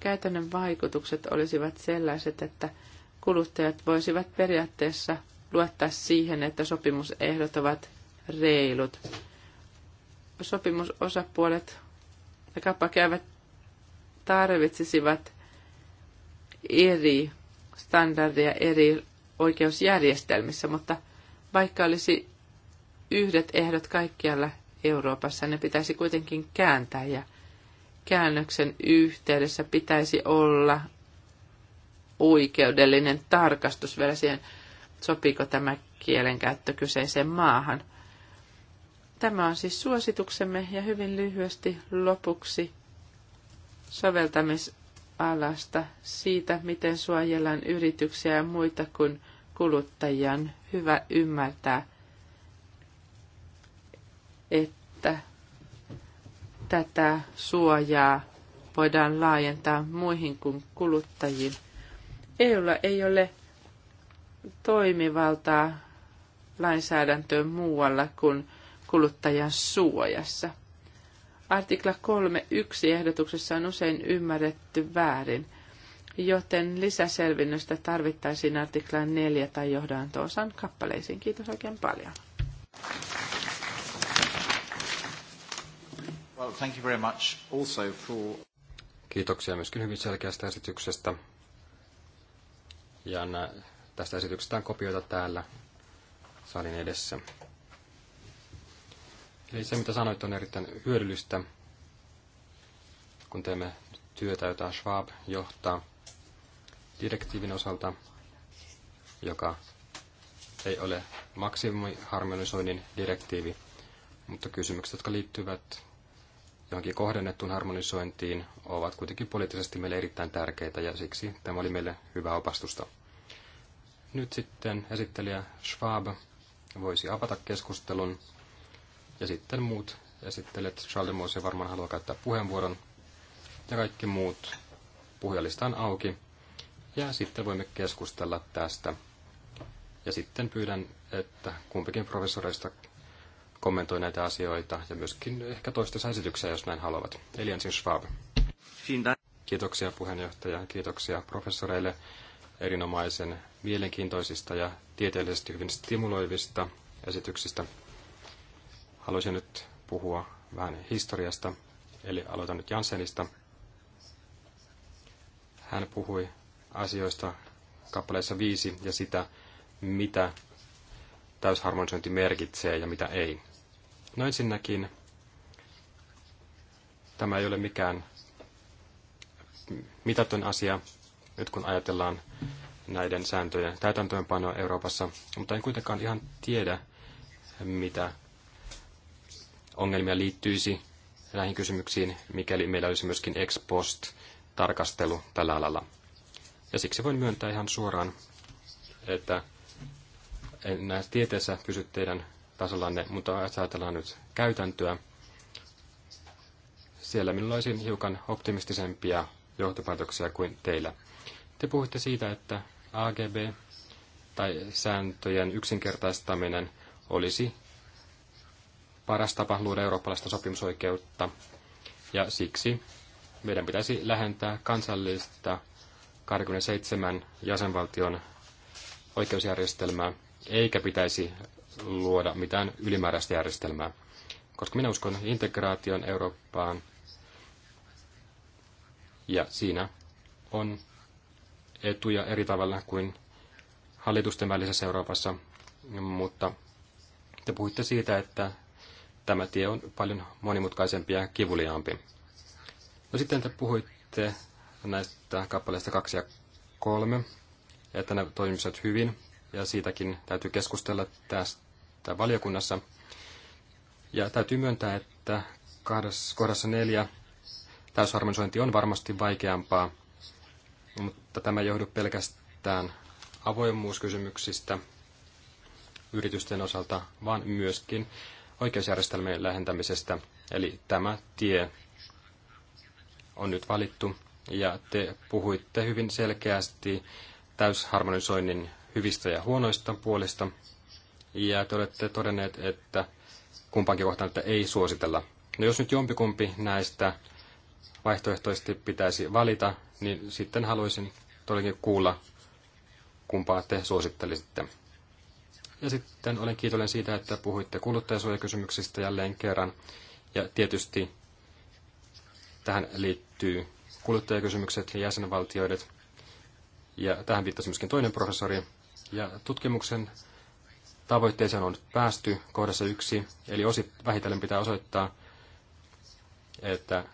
Käytännön vaikutukset olisivat sellaiset, että kuluttajat voisivat periaatteessa luottaa siihen, että sopimusehdot ovat reilut. Sopimusosapuolet ja kauppakäyvät tarvitsisivat eri standardeja eri oikeusjärjestelmissä, mutta vaikka olisi yhdet ehdot kaikkialla Euroopassa. Ne pitäisi kuitenkin kääntää ja käännöksen yhteydessä pitäisi olla oikeudellinen tarkastus vielä siihen, sopiiko tämä kielenkäyttö kyseiseen maahan. Tämä on siis suosituksemme ja hyvin lyhyesti lopuksi soveltamisalasta siitä, miten suojellaan yrityksiä ja muita kuin kuluttajan hyvä ymmärtää että tätä suojaa voidaan laajentaa muihin kuin kuluttajiin. EUlla ei ole toimivaltaa lainsäädäntöön muualla kuin kuluttajan suojassa. Artikla 3.1 ehdotuksessa on usein ymmärretty väärin, joten lisäselvinnöstä tarvittaisiin artiklaan 4 tai johdanto-osan kappaleisiin. Kiitos oikein paljon. Well, thank you very much also for... Kiitoksia myöskin hyvin selkeästä esityksestä. Ja tästä esityksestä on kopioita täällä salin edessä. Eli se, mitä sanoit, on erittäin hyödyllistä, kun teemme työtä, jota Schwab johtaa direktiivin osalta, joka ei ole maksimiharmonisoinnin direktiivi, mutta kysymykset, jotka liittyvät johonkin kohdennettuun harmonisointiin ovat kuitenkin poliittisesti meille erittäin tärkeitä ja siksi tämä oli meille hyvää opastusta. Nyt sitten esittelijä Schwab voisi avata keskustelun ja sitten muut esittelijät. Schaldemose varmaan haluaa käyttää puheenvuoron ja kaikki muut puhujalistaan auki. Ja sitten voimme keskustella tästä. Ja sitten pyydän, että kumpikin professoreista kommentoi näitä asioita ja myöskin ehkä toistensa esityksiä, jos näin haluavat. Eli ensin Schwab. Kiitoksia puheenjohtaja, kiitoksia professoreille erinomaisen mielenkiintoisista ja tieteellisesti hyvin stimuloivista esityksistä. Haluaisin nyt puhua vähän historiasta, eli aloitan nyt Jansenista. Hän puhui asioista kappaleessa viisi ja sitä, mitä täysharmonisointi merkitsee ja mitä ei. No ensinnäkin tämä ei ole mikään mitätön asia, nyt kun ajatellaan näiden sääntöjen täytäntöönpanoa Euroopassa, mutta en kuitenkaan ihan tiedä, mitä ongelmia liittyisi näihin kysymyksiin, mikäli meillä olisi myöskin ex post tarkastelu tällä alalla. Ja siksi voin myöntää ihan suoraan, että en näe tieteessä pysy teidän ne, mutta ajatellaan nyt käytäntöä, siellä minulla olisi hiukan optimistisempia johtopäätöksiä kuin teillä. Te puhuitte siitä, että AGB tai sääntöjen yksinkertaistaminen olisi paras tapa luoda eurooppalaista sopimusoikeutta, ja siksi meidän pitäisi lähentää kansallista 27 jäsenvaltion oikeusjärjestelmää, eikä pitäisi luoda mitään ylimääräistä järjestelmää, koska minä uskon integraation Eurooppaan ja siinä on etuja eri tavalla kuin hallitusten välisessä Euroopassa, mutta te puhuitte siitä, että tämä tie on paljon monimutkaisempi ja kivuliaampi. No sitten te puhuitte näistä kappaleista kaksi ja kolme, että ne toimisivat hyvin ja siitäkin täytyy keskustella tästä valiokunnassa. Ja täytyy myöntää, että kohdassa neljä täysharmonisointi on varmasti vaikeampaa, mutta tämä ei johdu pelkästään avoimuuskysymyksistä yritysten osalta, vaan myöskin oikeusjärjestelmien lähentämisestä. Eli tämä tie on nyt valittu, ja te puhuitte hyvin selkeästi täysharmonisoinnin hyvistä ja huonoista puolista. Ja te olette todenneet, että kumpankin kohtaan että ei suositella. No jos nyt jompikumpi näistä vaihtoehtoisesti pitäisi valita, niin sitten haluaisin todellakin kuulla, kumpaa te suosittelisitte. Ja sitten olen kiitollinen siitä, että puhuitte kuluttajasuojakysymyksistä jälleen kerran. Ja tietysti tähän liittyy kuluttajakysymykset ja jäsenvaltioidet. Ja tähän viittasi myöskin toinen professori, ja tutkimuksen tavoitteeseen on nyt päästy kohdassa yksi, eli osi vähitellen pitää osoittaa, että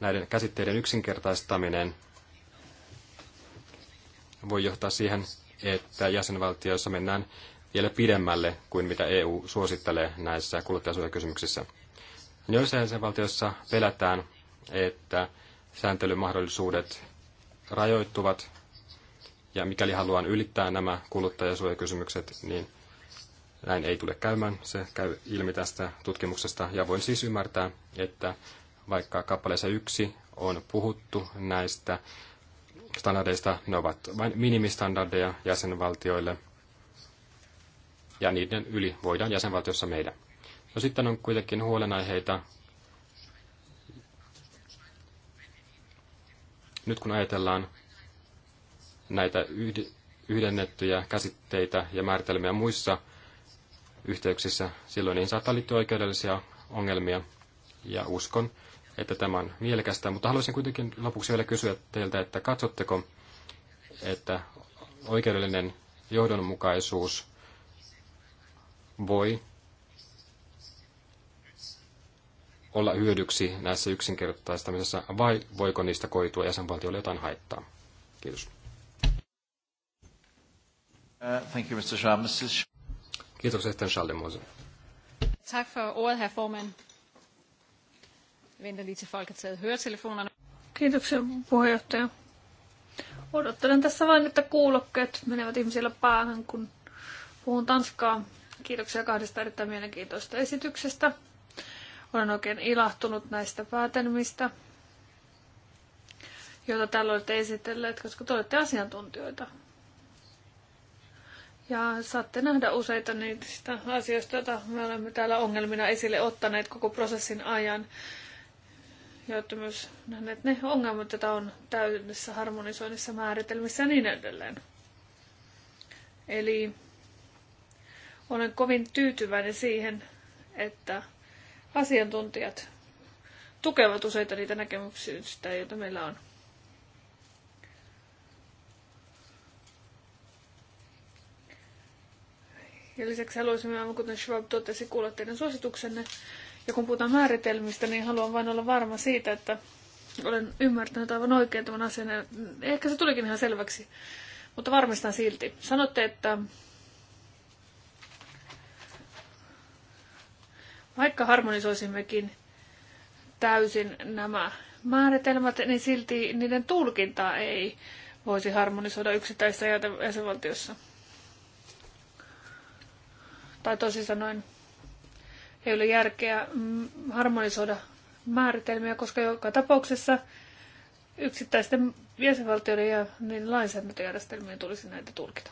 näiden käsitteiden yksinkertaistaminen voi johtaa siihen, että jäsenvaltioissa mennään vielä pidemmälle kuin mitä EU suosittelee näissä kuluttajasuojakysymyksissä. Joissa jäsenvaltioissa pelätään, että sääntelymahdollisuudet rajoittuvat ja mikäli haluan ylittää nämä kuluttajasuojakysymykset, niin näin ei tule käymään. Se käy ilmi tästä tutkimuksesta. Ja voin siis ymmärtää, että vaikka kappaleessa yksi on puhuttu näistä standardeista, ne ovat vain minimistandardeja jäsenvaltioille, ja niiden yli voidaan jäsenvaltiossa meidän. No sitten on kuitenkin huolenaiheita. Nyt kun ajatellaan näitä yhdennettyjä käsitteitä ja määritelmiä muissa yhteyksissä, silloin niihin saattaa liittyä oikeudellisia ongelmia. Ja uskon, että tämä on mielekästä. Mutta haluaisin kuitenkin lopuksi vielä kysyä teiltä, että katsotteko, että oikeudellinen johdonmukaisuus voi olla hyödyksi näissä yksinkertaistamisessa vai voiko niistä koitua jäsenvaltiolle jotain haittaa? Kiitos. Uh, thank you, Mr. Shah. Mrs. Kiitos sitten Schaldemose. Tak for ordet, herr formand. Venter lige til folk att säga hörtelefonerna. Kiitoksia, puheenjohtaja. Odottelen tässä vain, että kuulokkeet menevät ihmisillä päähän, kun puhun tanskaa. Kiitoksia kahdesta erittäin mielenkiintoista esityksestä. Olen oikein ilahtunut näistä päätelmistä, joita täällä olette esitelleet, koska te olette asiantuntijoita. Ja saatte nähdä useita niistä asioista, joita me olemme täällä ongelmina esille ottaneet koko prosessin ajan. Ja olette myös nähneet ne ongelmat, joita on täydessä harmonisoinnissa, määritelmissä ja niin edelleen. Eli olen kovin tyytyväinen siihen, että asiantuntijat tukevat useita niitä näkemyksiä, joita meillä on. Ja lisäksi haluaisimme, aivan kuten Schwab totesi, kuulla teidän suosituksenne. Ja kun puhutaan määritelmistä, niin haluan vain olla varma siitä, että olen ymmärtänyt aivan oikein tämän asian. Ehkä se tulikin ihan selväksi, mutta varmistan silti. Sanotte, että vaikka harmonisoisimmekin täysin nämä määritelmät, niin silti niiden tulkintaa ei voisi harmonisoida yksittäisessä jäsenvaltiossa. Tai toisin sanoen, ei ole järkeä mm, harmonisoida määritelmiä, koska joka tapauksessa yksittäisten jäsenvaltioiden ja niin lainsäädäntöjärjestelmien tulisi näitä tulkita.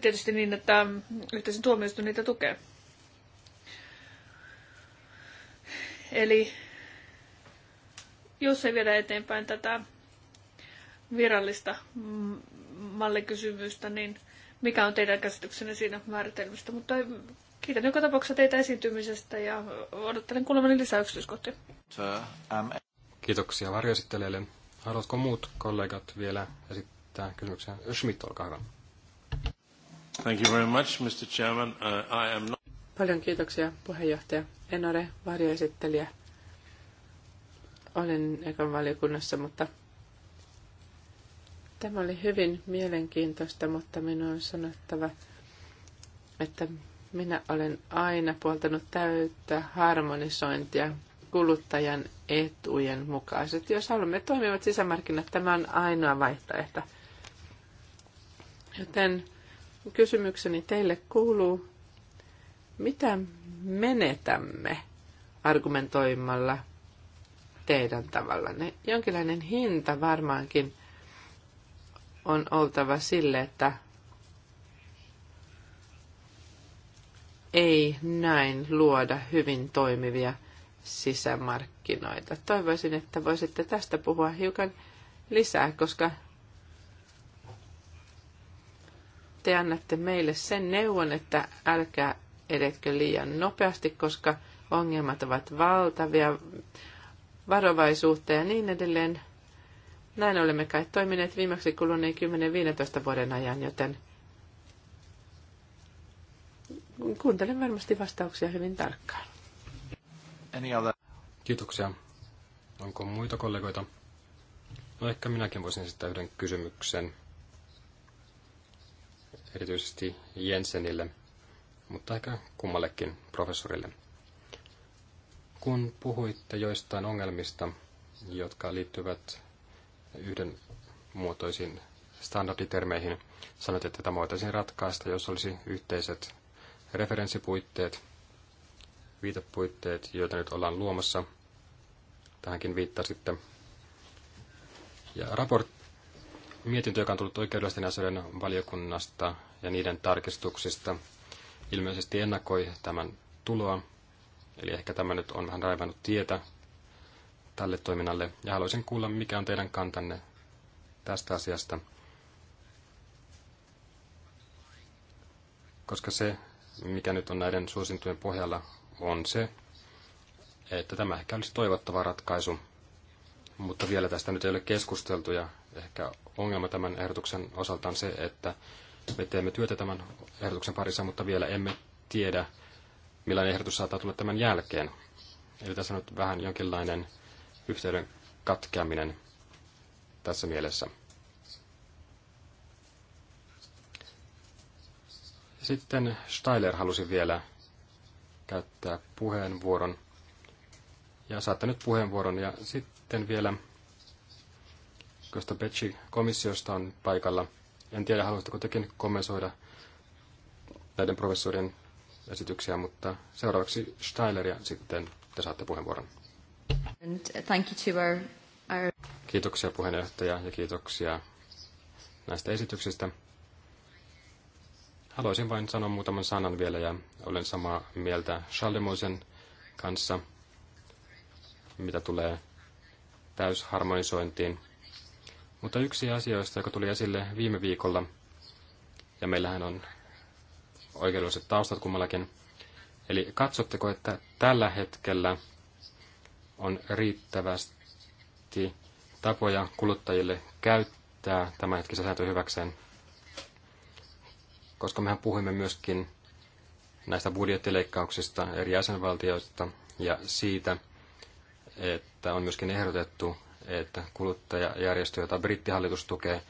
Tietysti niin, että yhteisen tuomioistuin niitä tukee. Eli jos ei viedä eteenpäin tätä virallista mallikysymystä, niin mikä on teidän käsityksenne siinä määritelmistä. Mutta kiitän joka tapauksessa teitä esiintymisestä ja odottelen kuulemani lisää yksityiskohtia. Kiitoksia varjoesittelijälle. Haluatko muut kollegat vielä esittää kysymyksiä? Schmidt, olkaa hyvä. Thank you very much, Mr. Chairman. Uh, I am not... Paljon kiitoksia, puheenjohtaja. En ole varjoesittelijä. Olen ekan valiokunnassa, mutta Tämä oli hyvin mielenkiintoista, mutta minun on sanottava, että minä olen aina puoltanut täyttä harmonisointia kuluttajan etujen mukaiset. Jos haluamme toimivat sisämarkkinat, tämä on ainoa vaihtoehto. Joten kysymykseni teille kuuluu, mitä menetämme argumentoimalla teidän tavallanne? Jonkinlainen hinta varmaankin on oltava sille, että ei näin luoda hyvin toimivia sisämarkkinoita. Toivoisin, että voisitte tästä puhua hiukan lisää, koska te annatte meille sen neuvon, että älkää edetkö liian nopeasti, koska ongelmat ovat valtavia, varovaisuutta ja niin edelleen. Näin olemme kai toimineet viimeksi kuluneen 10-15 vuoden ajan, joten kuuntelen varmasti vastauksia hyvin tarkkaan. Kiitoksia. Onko muita kollegoita? No ehkä minäkin voisin esittää yhden kysymyksen, erityisesti Jensenille, mutta ehkä kummallekin professorille. Kun puhuitte joistain ongelmista, jotka liittyvät yhden muotoisiin standarditermeihin. Sanoit, että tämä voitaisiin ratkaista, jos olisi yhteiset referenssipuitteet, viitepuitteet, joita nyt ollaan luomassa. Tähänkin viittaa sitten Ja raport, mietintö, joka on tullut oikeudellisten asioiden valiokunnasta ja niiden tarkistuksista, ilmeisesti ennakoi tämän tuloa. Eli ehkä tämä nyt on vähän raivannut tietä tälle toiminnalle ja haluaisin kuulla, mikä on teidän kantanne tästä asiasta. Koska se, mikä nyt on näiden suosintojen pohjalla, on se, että tämä ehkä olisi toivottava ratkaisu, mutta vielä tästä nyt ei ole keskusteltu ja ehkä ongelma tämän ehdotuksen osalta on se, että me teemme työtä tämän ehdotuksen parissa, mutta vielä emme tiedä, millainen ehdotus saattaa tulla tämän jälkeen. Eli tässä on nyt vähän jonkinlainen yhteyden katkeaminen tässä mielessä. Sitten Steiler halusi vielä käyttää puheenvuoron. Ja saatte nyt puheenvuoron. Ja sitten vielä koska Betsi komissiosta on paikalla. En tiedä, haluatteko tekin kommentoida näiden professorien esityksiä, mutta seuraavaksi Steiler ja sitten te saatte puheenvuoron. Kiitoksia puheenjohtaja ja kiitoksia näistä esityksistä. Haluaisin vain sanoa muutaman sanan vielä ja olen samaa mieltä Charlemoisen kanssa, mitä tulee täysharmonisointiin. Mutta yksi asioista, joka tuli esille viime viikolla, ja meillähän on oikeudelliset taustat kummallakin, eli katsotteko, että tällä hetkellä – on riittävästi tapoja kuluttajille käyttää hetkisen sääntöjä hyväkseen, koska mehän puhuimme myöskin näistä budjettileikkauksista eri jäsenvaltioista ja siitä, että on myöskin ehdotettu, että kuluttajajärjestö, jota brittihallitus tukee,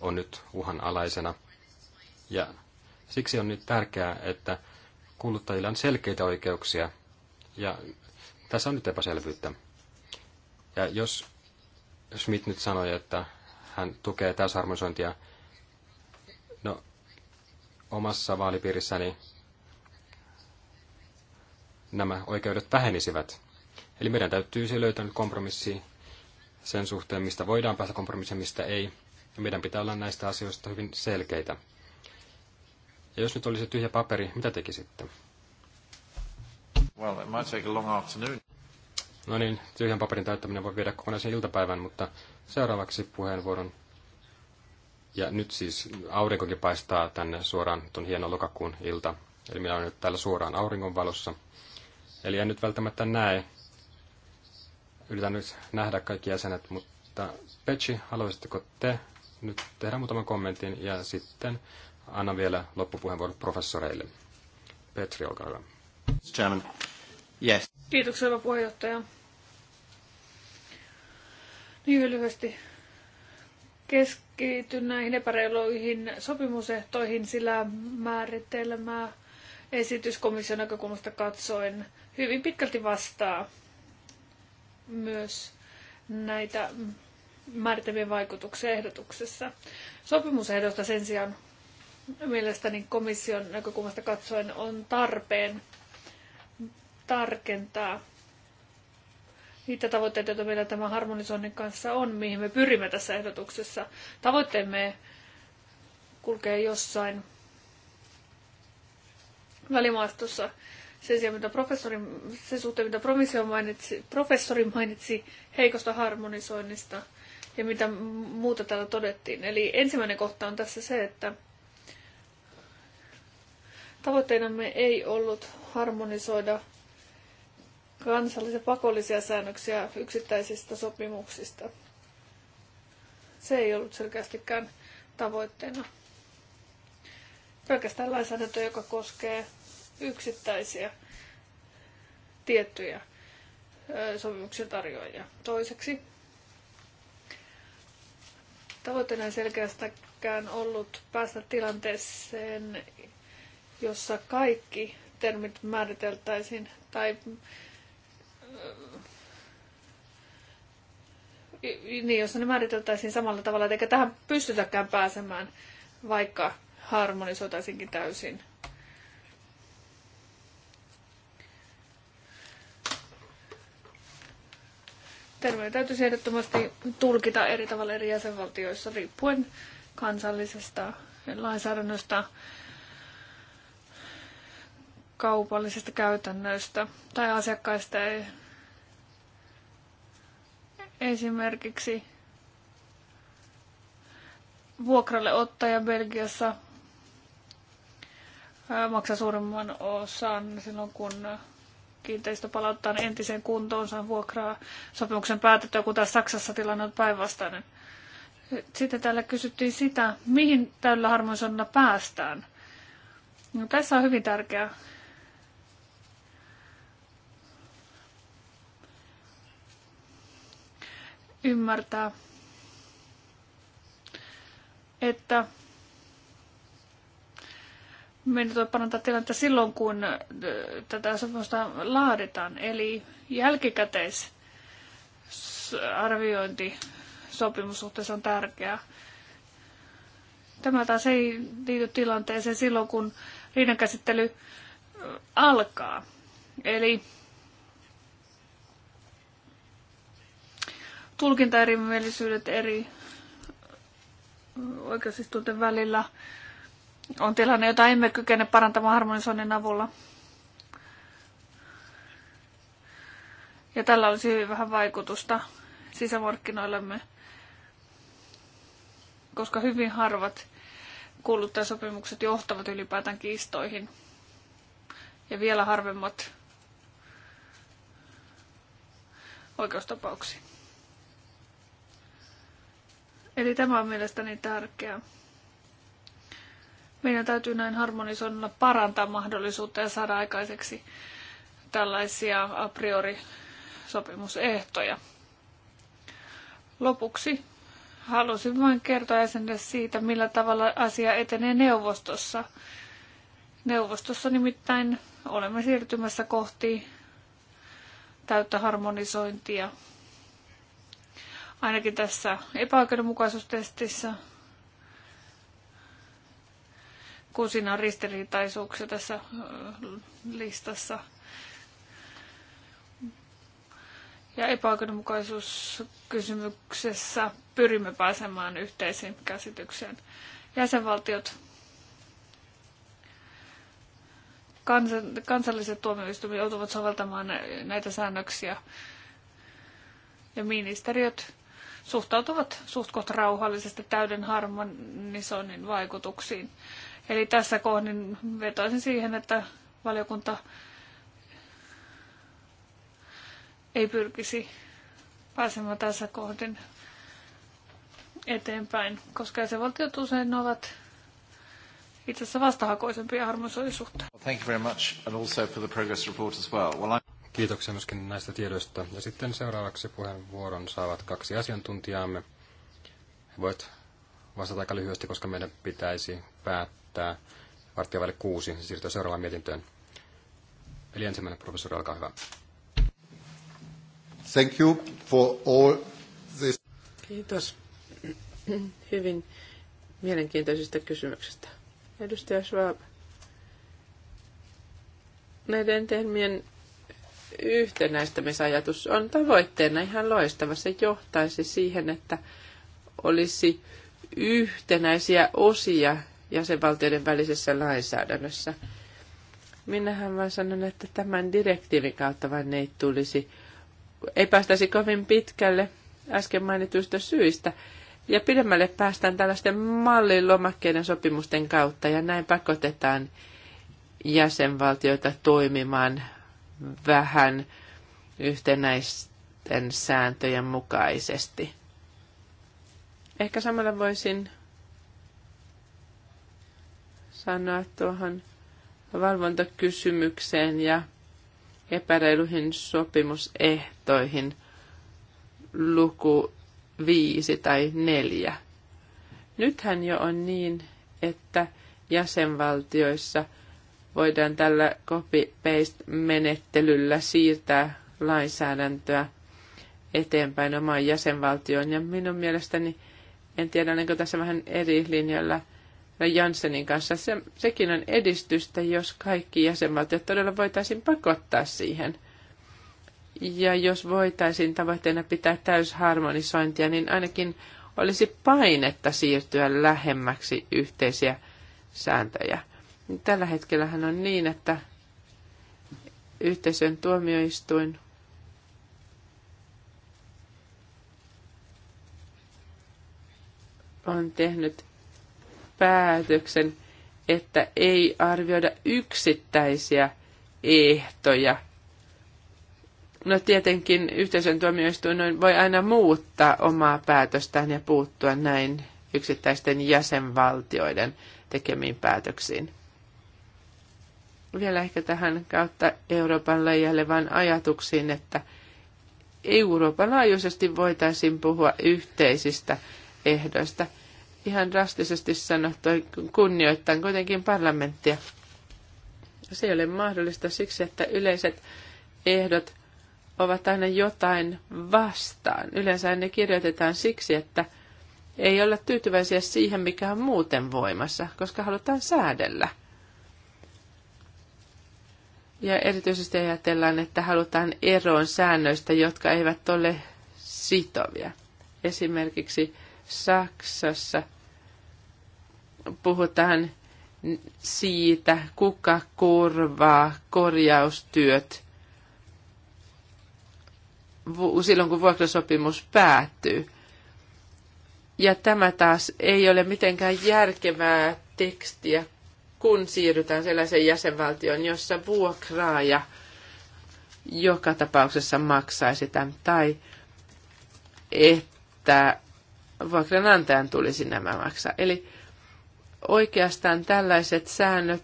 on nyt uhanalaisena. Ja siksi on nyt tärkeää, että kuluttajilla on selkeitä oikeuksia ja tässä on nyt epäselvyyttä. Ja jos Schmidt nyt sanoi, että hän tukee täysharmonisointia, no omassa vaalipiirissäni nämä oikeudet vähenisivät. Eli meidän täytyy siis löytää nyt kompromissi sen suhteen, mistä voidaan päästä kompromissiin, mistä ei. Ja meidän pitää olla näistä asioista hyvin selkeitä. Ja jos nyt olisi tyhjä paperi, mitä tekisitte? sitten? Well, it might take a long afternoon. No niin, tyhjän paperin täyttäminen voi viedä kokonaisen iltapäivän, mutta seuraavaksi puheenvuoron. Ja nyt siis aurinkokin paistaa tänne suoraan tuon hieno lokakuun ilta. Eli minä olen nyt täällä suoraan auringon valossa. Eli en nyt välttämättä näe. Yritän nyt nähdä kaikki jäsenet, mutta Petsi, haluaisitteko te nyt tehdä muutaman kommentin ja sitten annan vielä loppupuheenvuoron professoreille. Petri, olkaa hyvä. Chairman. Yes. Kiitoksia, hyvä puheenjohtaja. Niin lyhyesti keskityn näihin epäreiluihin sopimusehtoihin, sillä määritelmää esityskomission näkökulmasta katsoen hyvin pitkälti vastaa myös näitä määritelmien vaikutuksia ehdotuksessa. Sopimusehdosta sen sijaan mielestäni komission näkökulmasta katsoen on tarpeen tarkentaa niitä tavoitteita, joita meillä tämän harmonisoinnin kanssa on, mihin me pyrimme tässä ehdotuksessa. Tavoitteemme kulkee jossain välimaastossa sen sijaan, mitä professori, se, suhteen, mitä professori mainitsi, professori mainitsi heikosta harmonisoinnista ja mitä muuta täällä todettiin. Eli ensimmäinen kohta on tässä se, että tavoitteenamme ei ollut harmonisoida kansallisia pakollisia säännöksiä yksittäisistä sopimuksista. Se ei ollut selkeästikään tavoitteena. Pelkästään lainsäädäntö, joka koskee yksittäisiä tiettyjä sopimuksen tarjoajia. Toiseksi tavoitteena ei selkeästikään ollut päästä tilanteeseen, jossa kaikki termit määriteltäisiin tai niin jos ne määriteltäisiin samalla tavalla, eikä tähän pystytäkään pääsemään, vaikka harmonisoitaisinkin täysin. Terveyden täytyisi ehdottomasti tulkita eri tavalla eri jäsenvaltioissa riippuen kansallisesta lainsäädännöstä, kaupallisesta käytännöstä tai asiakkaista Esimerkiksi vuokralle ottaja Belgiassa maksaa suurimman osan silloin, kun kiinteistö palauttaa entiseen kuntoonsa vuokraa sopimuksen päätettyä, kun taas Saksassa tilanne on päinvastainen. Sitten täällä kysyttiin sitä, mihin täydellä harmonisoinnilla päästään. No, tässä on hyvin tärkeää ymmärtää, että meidän tulee parantaa tilannetta silloin, kun äh, tätä sopimusta laaditaan. Eli jälkikäteisarviointi sopimussuhteessa on tärkeää. Tämä taas ei liity tilanteeseen silloin, kun riidankäsittely äh, alkaa. Eli tulkintaerimielisyydet eri oikeusistuinten välillä on tilanne, jota emme kykene parantamaan harmonisoinnin avulla. Ja tällä olisi hyvin vähän vaikutusta sisämarkkinoillemme, koska hyvin harvat kuluttajasopimukset johtavat ylipäätään kiistoihin. Ja vielä harvemmat oikeustapauksiin. Eli tämä on mielestäni tärkeää. Meidän täytyy näin harmonisoinnilla parantaa mahdollisuutta ja saada aikaiseksi tällaisia a priori sopimusehtoja. Lopuksi halusin vain kertoa jäsenille siitä, millä tavalla asia etenee neuvostossa. Neuvostossa nimittäin olemme siirtymässä kohti täyttä harmonisointia ainakin tässä epäoikeudenmukaisuustestissä, kun siinä on ristiriitaisuuksia tässä listassa. Ja epäoikeudenmukaisuuskysymyksessä pyrimme pääsemään yhteisiin käsitykseen. Jäsenvaltiot, kansalliset tuomioistuimet joutuvat soveltamaan näitä säännöksiä ja ministeriöt suhtautuvat suht rauhallisesti täyden harmonisoinnin vaikutuksiin. Eli tässä kohdin vetoisin siihen, että valiokunta ei pyrkisi pääsemään tässä kohdin eteenpäin, koska jäsenvaltiot usein ovat itse asiassa vastahakoisempia harmonisointisuhteen. Well, thank you very much and also for the progress report as well. well Kiitoksia myöskin näistä tiedoista. Ja sitten seuraavaksi puheenvuoron saavat kaksi asiantuntijaamme. Voit vastata aika lyhyesti, koska meidän pitäisi päättää varttia kuusi ja siirtyä seuraavaan mietintöön. Eli ensimmäinen professori, olkaa hyvä. Thank you for all this. Kiitos hyvin mielenkiintoisista kysymyksistä. Edustaja Schwab, näiden termien yhtenäistämisajatus on tavoitteena ihan loistava. Se johtaisi siihen, että olisi yhtenäisiä osia jäsenvaltioiden välisessä lainsäädännössä. Minähän vain sanon, että tämän direktiivin kautta vain ei tulisi, ei päästäisi kovin pitkälle äsken mainituista syistä. Ja pidemmälle päästään tällaisten mallilomakkeiden sopimusten kautta ja näin pakotetaan jäsenvaltioita toimimaan vähän yhtenäisten sääntöjen mukaisesti. Ehkä samalla voisin sanoa tuohon valvontakysymykseen ja epäreiluihin sopimusehtoihin luku viisi tai neljä. Nythän jo on niin, että jäsenvaltioissa – voidaan tällä copy-paste-menettelyllä siirtää lainsäädäntöä eteenpäin omaan jäsenvaltioon. Ja minun mielestäni, en tiedä olenko tässä vähän eri linjalla Janssenin kanssa, se, sekin on edistystä, jos kaikki jäsenvaltiot todella voitaisiin pakottaa siihen. Ja jos voitaisiin tavoitteena pitää täysharmonisointia, niin ainakin olisi painetta siirtyä lähemmäksi yhteisiä sääntöjä. Tällä hetkellä hän on niin, että yhteisön tuomioistuin on tehnyt päätöksen, että ei arvioida yksittäisiä ehtoja. No tietenkin yhteisön tuomioistuin voi aina muuttaa omaa päätöstään ja puuttua näin yksittäisten jäsenvaltioiden tekemiin päätöksiin vielä ehkä tähän kautta Euroopan leijailevan ajatuksiin, että Euroopan laajuisesti voitaisiin puhua yhteisistä ehdoista. Ihan drastisesti sanottu, kunnioittan kuitenkin parlamenttia. Se ei ole mahdollista siksi, että yleiset ehdot ovat aina jotain vastaan. Yleensä ne kirjoitetaan siksi, että ei olla tyytyväisiä siihen, mikä on muuten voimassa, koska halutaan säädellä – ja erityisesti ajatellaan, että halutaan eroon säännöistä, jotka eivät ole sitovia. Esimerkiksi Saksassa puhutaan siitä, kuka korvaa korjaustyöt silloin, kun vuokrasopimus päättyy. Ja tämä taas ei ole mitenkään järkevää tekstiä kun siirrytään sellaiseen jäsenvaltioon, jossa vuokraaja joka tapauksessa maksaisi tämän, tai että vuokranantajan tulisi nämä maksaa. Eli oikeastaan tällaiset säännöt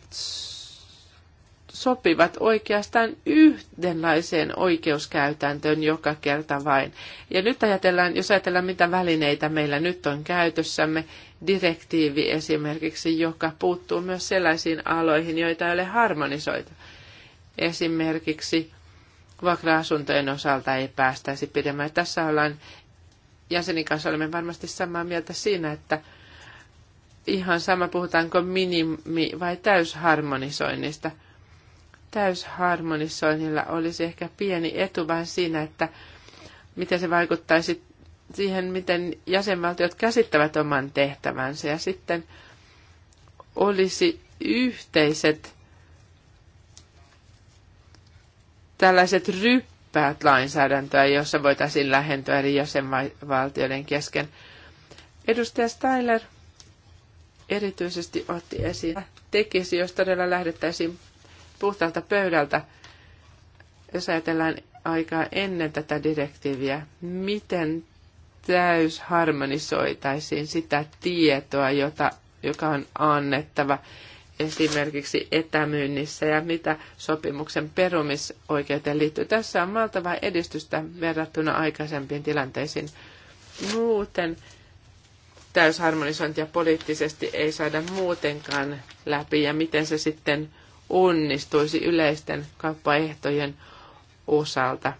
sopivat oikeastaan yhdenlaiseen oikeuskäytäntöön joka kerta vain. Ja nyt ajatellaan, jos ajatellaan mitä välineitä meillä nyt on käytössämme, direktiivi esimerkiksi, joka puuttuu myös sellaisiin aloihin, joita ei ole harmonisoitu. Esimerkiksi vuokra-asuntojen osalta ei päästäisi pidemmään. Tässä ollaan jäsenin kanssa olemme varmasti samaa mieltä siinä, että ihan sama puhutaanko minimi- vai täysharmonisoinnista – täysharmonisoinnilla olisi ehkä pieni etu vain siinä, että miten se vaikuttaisi siihen, miten jäsenvaltiot käsittävät oman tehtävänsä ja sitten olisi yhteiset tällaiset ryppäät lainsäädäntöä, jossa voitaisiin lähentyä eri jäsenvaltioiden kesken. Edustaja Steiler erityisesti otti esiin tekisi, jos todella lähdettäisiin puhtaalta pöydältä, jos ajatellaan aikaa ennen tätä direktiiviä, miten täysharmonisoitaisiin sitä tietoa, jota, joka on annettava esimerkiksi etämyynnissä ja mitä sopimuksen perumisoikeuteen liittyy. Tässä on valtava edistystä verrattuna aikaisempiin tilanteisiin. Muuten täysharmonisointia poliittisesti ei saada muutenkaan läpi ja miten se sitten onnistuisi yleisten kauppaehtojen osalta.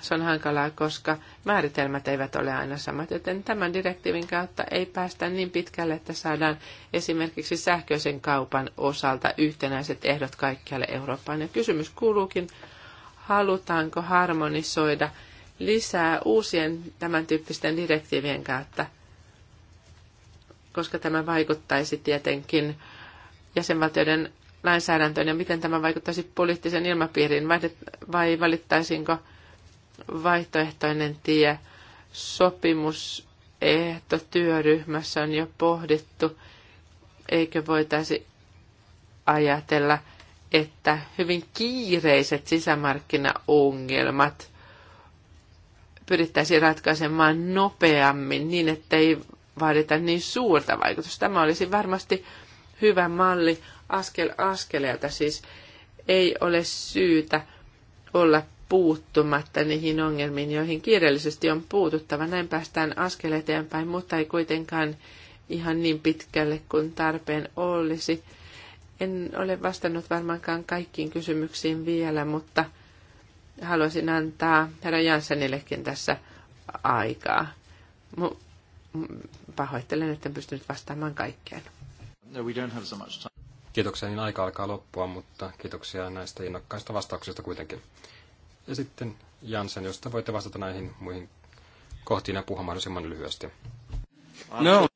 Se on hankalaa, koska määritelmät eivät ole aina samat, joten tämän direktiivin kautta ei päästä niin pitkälle, että saadaan esimerkiksi sähköisen kaupan osalta yhtenäiset ehdot kaikkialle Eurooppaan. Ja kysymys kuuluukin, halutaanko harmonisoida lisää uusien tämän tyyppisten direktiivien kautta, koska tämä vaikuttaisi tietenkin jäsenvaltioiden lainsäädäntöön ja miten tämä vaikuttaisi poliittisen ilmapiiriin vai valittaisinko vaihtoehtoinen tie. Sopimusehto työryhmässä on jo pohdittu, eikö voitaisi ajatella, että hyvin kiireiset sisämarkkinaongelmat pyrittäisiin ratkaisemaan nopeammin niin, ettei vaadita niin suurta vaikutusta. Tämä olisi varmasti hyvä malli askel askeleelta, siis ei ole syytä olla puuttumatta niihin ongelmiin, joihin kiireellisesti on puututtava. Näin päästään askel eteenpäin, mutta ei kuitenkaan ihan niin pitkälle kuin tarpeen olisi. En ole vastannut varmaankaan kaikkiin kysymyksiin vielä, mutta haluaisin antaa herra Janssenillekin tässä aikaa. Mu- pahoittelen, että en pystynyt vastaamaan kaikkeen. No, we don't have so much time. Kiitoksia, niin aika alkaa loppua, mutta kiitoksia näistä innokkaista vastauksista kuitenkin. Ja sitten Jansen, josta voitte vastata näihin muihin kohtiin ja puhua mahdollisimman lyhyesti. No.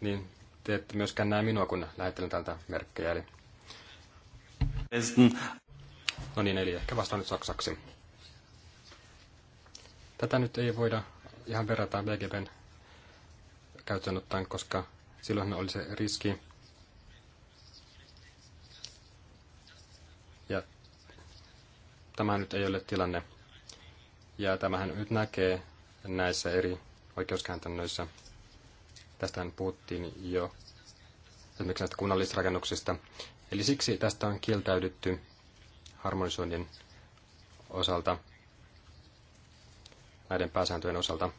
Niin, te ette myöskään näe minua, kun lähettelen täältä merkkejä, eli... No niin, eli ehkä vastaan nyt saksaksi. Tätä nyt ei voida ihan verrata BGBn käyttöön ottaen, koska silloinhan oli se riski. Ja tämä nyt ei ole tilanne. Ja tämähän nyt näkee näissä eri oikeuskäytännöissä. Tästähän puhuttiin jo esimerkiksi näistä kunnallisrakennuksista. Eli siksi tästä on kieltäydytty harmonisoinnin osalta, näiden pääsääntöjen osalta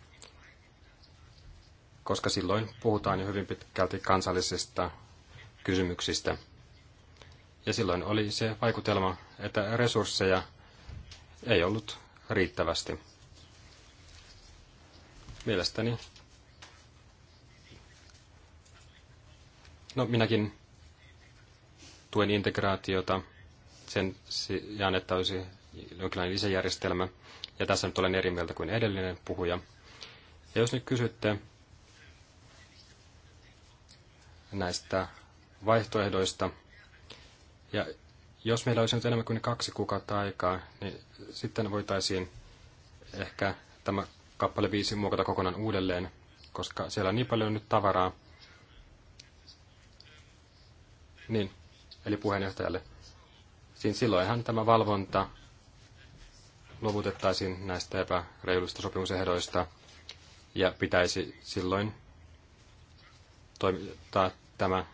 koska silloin puhutaan jo hyvin pitkälti kansallisista kysymyksistä. Ja silloin oli se vaikutelma, että resursseja ei ollut riittävästi. Mielestäni. No minäkin tuen integraatiota sen sijaan, että olisi jonkinlainen lisäjärjestelmä. Ja tässä nyt olen eri mieltä kuin edellinen puhuja. Ja jos nyt kysytte, näistä vaihtoehdoista. Ja jos meillä olisi nyt enemmän kuin kaksi kuukautta aikaa, niin sitten voitaisiin ehkä tämä kappale viisi muokata kokonaan uudelleen, koska siellä on niin paljon nyt tavaraa. Niin, eli puheenjohtajalle. Siin silloinhan tämä valvonta luovutettaisiin näistä epäreiluista sopimusehdoista ja pitäisi silloin toimittaa tämä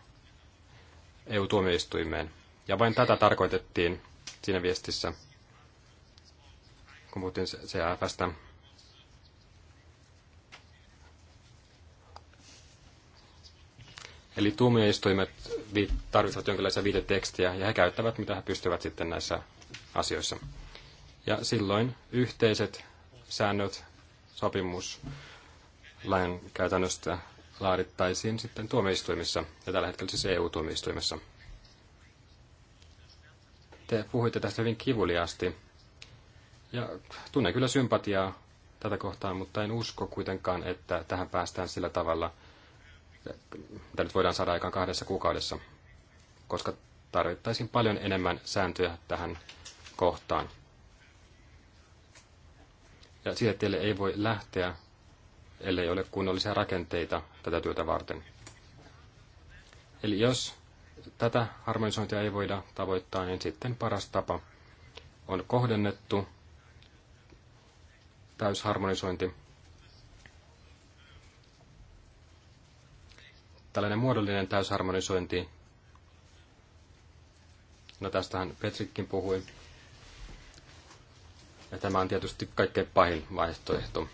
EU-tuomioistuimeen. Ja vain tätä tarkoitettiin siinä viestissä, kun puhuttiin CAFstä. Eli tuomioistuimet tarvitsevat jonkinlaisia viitetekstiä ja he käyttävät mitä he pystyvät sitten näissä asioissa. Ja silloin yhteiset säännöt sopimus, lain käytännöstä laadittaisiin sitten tuomioistuimissa ja tällä hetkellä siis EU-tuomioistuimessa. Te puhuitte tästä hyvin kivuliasti ja tunnen kyllä sympatiaa tätä kohtaan, mutta en usko kuitenkaan, että tähän päästään sillä tavalla, mitä nyt voidaan saada aikaan kahdessa kuukaudessa, koska tarvittaisiin paljon enemmän sääntöjä tähän kohtaan. Ja sille tielle ei voi lähteä, ellei ole kunnollisia rakenteita tätä työtä varten. Eli jos tätä harmonisointia ei voida tavoittaa, niin sitten paras tapa on kohdennettu täysharmonisointi. Tällainen muodollinen täysharmonisointi, no tästähän Petrikkin puhui, ja tämä on tietysti kaikkein pahin vaihtoehto.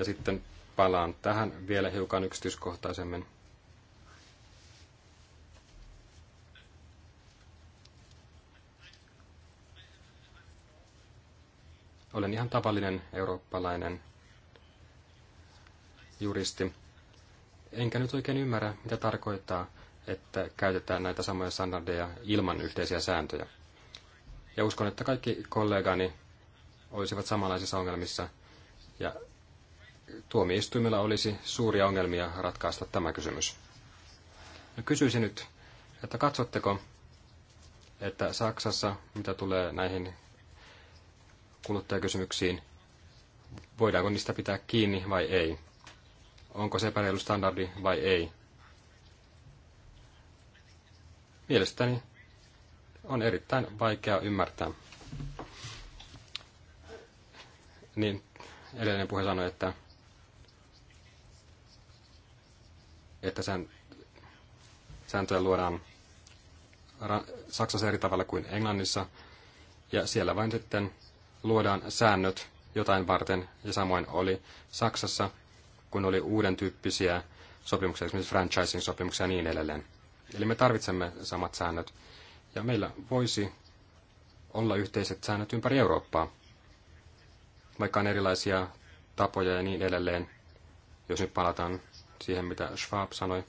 Ja sitten palaan tähän vielä hiukan yksityiskohtaisemmin. Olen ihan tavallinen eurooppalainen juristi, enkä nyt oikein ymmärrä, mitä tarkoittaa, että käytetään näitä samoja standardeja ilman yhteisiä sääntöjä. Ja uskon, että kaikki kollegani olisivat samanlaisissa ongelmissa, ja tuomioistuimella olisi suuria ongelmia ratkaista tämä kysymys. No kysyisin nyt, että katsotteko, että Saksassa, mitä tulee näihin kuluttajakysymyksiin, voidaanko niistä pitää kiinni vai ei? Onko se epäreilu standardi vai ei? Mielestäni on erittäin vaikea ymmärtää. Niin edellinen puhe sanoi, että että sen sääntöjä luodaan Saksassa eri tavalla kuin Englannissa, ja siellä vain sitten luodaan säännöt jotain varten, ja samoin oli Saksassa, kun oli uuden tyyppisiä sopimuksia, esimerkiksi franchising-sopimuksia ja niin edelleen. Eli me tarvitsemme samat säännöt, ja meillä voisi olla yhteiset säännöt ympäri Eurooppaa, vaikka on erilaisia tapoja ja niin edelleen, jos nyt palataan siihen, mitä Schwab sanoi.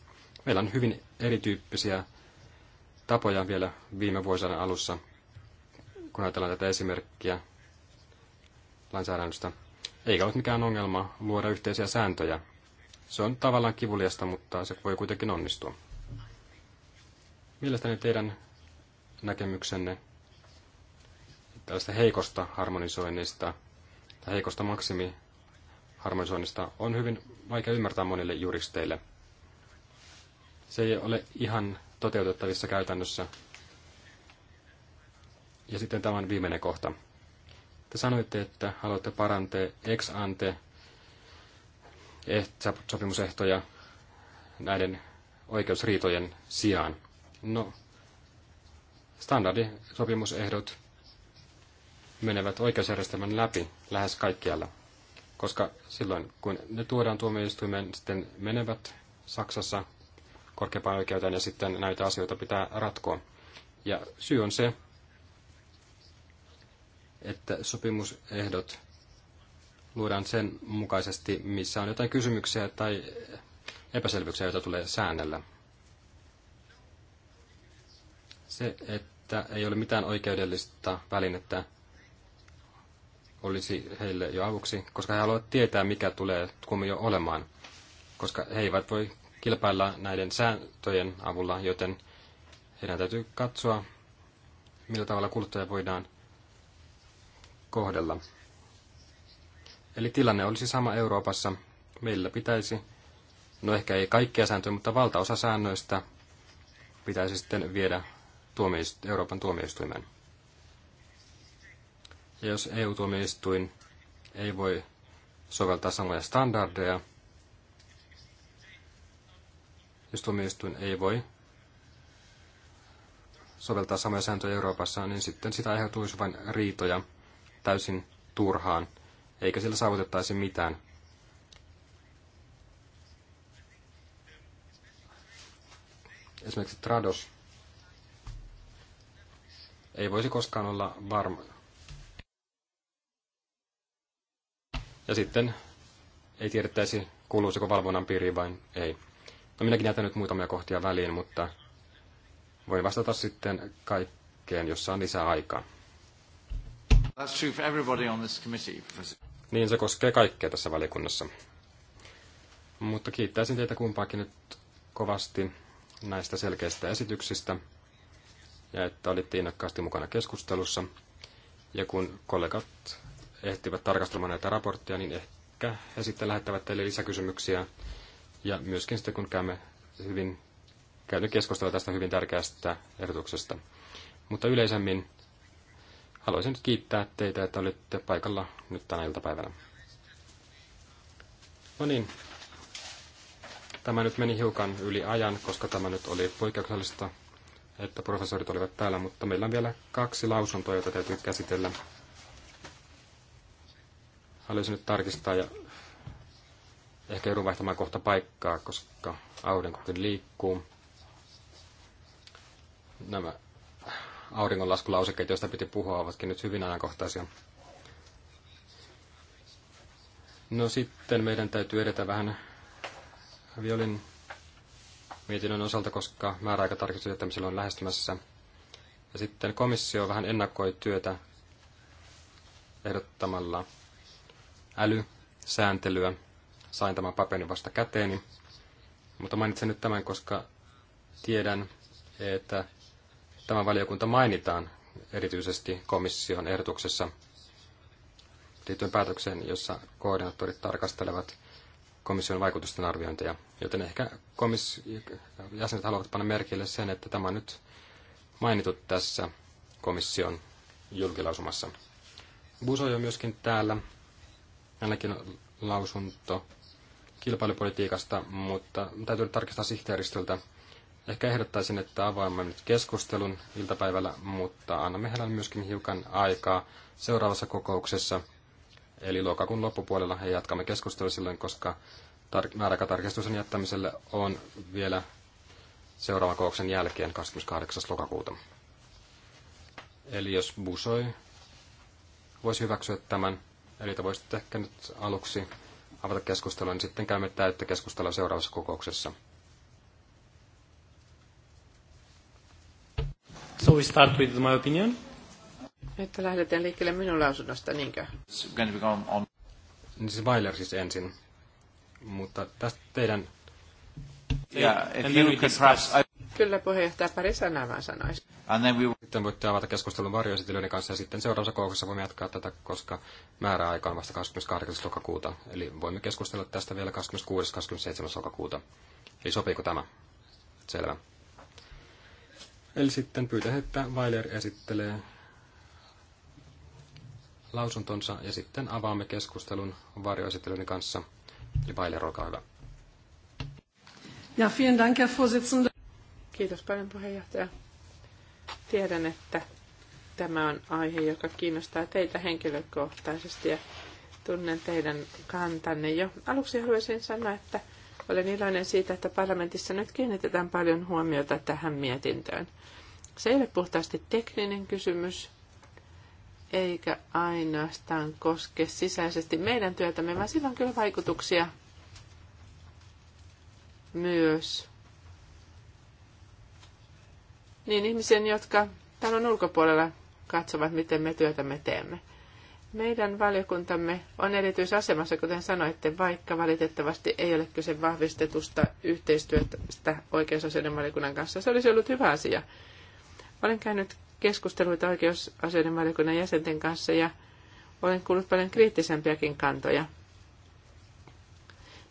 Meillä on hyvin erityyppisiä tapoja vielä viime vuosina alussa, kun ajatellaan tätä esimerkkiä lainsäädännöstä. Eikä ole mikään ongelma luoda yhteisiä sääntöjä. Se on tavallaan kivuliasta, mutta se voi kuitenkin onnistua. Mielestäni teidän näkemyksenne tällaista heikosta harmonisoinnista tai heikosta maksimi harmonisoinnista on hyvin vaikea ymmärtää monille juristeille. Se ei ole ihan toteutettavissa käytännössä. Ja sitten tämän viimeinen kohta. Te sanoitte, että haluatte parantaa ex ante sopimusehtoja näiden oikeusriitojen sijaan. No, standardisopimusehdot menevät oikeusjärjestelmän läpi lähes kaikkialla koska silloin kun ne tuodaan tuomioistuimeen, sitten menevät Saksassa korkeampaan oikeuteen ja sitten näitä asioita pitää ratkoa. Ja syy on se, että sopimusehdot luodaan sen mukaisesti, missä on jotain kysymyksiä tai epäselvyyksiä, joita tulee säännellä. Se, että ei ole mitään oikeudellista välinettä, olisi heille jo avuksi, koska he haluavat tietää, mikä tulee kummio olemaan, koska he eivät voi kilpailla näiden sääntöjen avulla, joten heidän täytyy katsoa, millä tavalla kuluttaja voidaan kohdella. Eli tilanne olisi sama Euroopassa. Meillä pitäisi, no ehkä ei kaikkia sääntöjä, mutta valtaosa säännöistä pitäisi sitten viedä tuomioist- Euroopan tuomioistuimeen. Ja jos EU-tuomioistuin ei voi soveltaa samoja standardeja, jos tuomioistuin ei voi soveltaa samoja sääntöjä Euroopassa, niin sitten sitä aiheutuisi vain riitoja täysin turhaan, eikä sillä saavutettaisi mitään. Esimerkiksi Trados ei voisi koskaan olla varma, Ja sitten ei tiedettäisi, kuuluisiko valvonnan piiriin vai ei. No minäkin jätän nyt muutamia kohtia väliin, mutta voin vastata sitten kaikkeen, jossa on lisää aikaa. That's true for everybody on this committee, Niin se koskee kaikkea tässä valiokunnassa. Mutta kiittäisin teitä kumpaakin nyt kovasti näistä selkeistä esityksistä ja että olitte innokkaasti mukana keskustelussa. Ja kun kollegat ehtivät tarkastelemaan näitä raportteja, niin ehkä he sitten lähettävät teille lisäkysymyksiä. Ja myöskin sitten, kun käymme hyvin, käymme keskustelua tästä hyvin tärkeästä ehdotuksesta. Mutta yleisemmin haluaisin nyt kiittää teitä, että olitte paikalla nyt tänä iltapäivänä. No niin, tämä nyt meni hiukan yli ajan, koska tämä nyt oli poikkeuksellista, että professorit olivat täällä, mutta meillä on vielä kaksi lausuntoa, joita täytyy käsitellä. Haluaisin nyt tarkistaa ja ehkä joudun vaihtamaan kohta paikkaa, koska aurinkokin liikkuu. Nämä auringonlaskulausekkeet, joista piti puhua, ovatkin nyt hyvin ajankohtaisia. No sitten meidän täytyy edetä vähän violin mietinnön osalta, koska määräaikatarkistus jättämisellä on lähestymässä. Ja sitten komissio vähän ennakoi työtä ehdottamalla älysääntelyä. Sain tämän paperin vasta käteeni, mutta mainitsen nyt tämän, koska tiedän, että tämä valiokunta mainitaan erityisesti komission ehdotuksessa liittyen päätökseen, jossa koordinaattorit tarkastelevat komission vaikutusten arviointeja. Joten ehkä komis- jäsenet haluavat panna merkille sen, että tämä on nyt mainittu tässä komission julkilausumassa. Buso on myöskin täällä ainakin lausunto kilpailupolitiikasta, mutta täytyy tarkistaa sihteeristöltä. Ehkä ehdottaisin, että avaamme nyt keskustelun iltapäivällä, mutta annamme heille myöskin hiukan aikaa seuraavassa kokouksessa. Eli lokakuun loppupuolella he jatkamme keskustelua silloin, koska tar- määräkatarkistuksen jättämiselle on vielä seuraavan kokouksen jälkeen 28. lokakuuta. Eli jos Busoi voisi hyväksyä tämän Eli te voisitte ehkä nyt aluksi avata keskustelua, niin sitten käymme täyttä keskustelua seuraavassa kokouksessa. So we start with my opinion. Nyt lähdetään liikkeelle minun lausunnosta, niinkö? On... Niin se siis Weiler siis ensin. Mutta tästä teidän... Yeah, if you could perhaps... I... Kyllä puheenjohtaja pari sanaa vaan sanoisi. We... Sitten voitte avata keskustelun varjoesitilöiden kanssa ja sitten seuraavassa kokouksessa voimme jatkaa tätä, koska määräaika on vasta 28. lokakuuta. Eli voimme keskustella tästä vielä 26. 27. lokakuuta. Eli sopiiko tämä? Selvä. Eli sitten pyytän, että Weiler esittelee lausuntonsa ja sitten avaamme keskustelun varjoesittelyiden kanssa. Eli Weiler, olkaa hyvä. Ja, vielen Dank, Herr Vorsitzender. Kiitos paljon puheenjohtaja. Tiedän, että tämä on aihe, joka kiinnostaa teitä henkilökohtaisesti ja tunnen teidän kantanne jo. Aluksi haluaisin sanoa, että olen iloinen siitä, että parlamentissa nyt kiinnitetään paljon huomiota tähän mietintöön. Se ei ole puhtaasti tekninen kysymys, eikä ainoastaan koske sisäisesti meidän työtämme, vaan sillä on kyllä vaikutuksia myös niin ihmisen, jotka talon ulkopuolella katsovat, miten me työtämme teemme. Meidän valiokuntamme on erityisasemassa, kuten sanoitte, vaikka valitettavasti ei ole kyse vahvistetusta yhteistyöstä oikeusasioiden valiokunnan kanssa. Se olisi ollut hyvä asia. Olen käynyt keskusteluita oikeusasioiden valiokunnan jäsenten kanssa ja olen kuullut paljon kriittisempiäkin kantoja.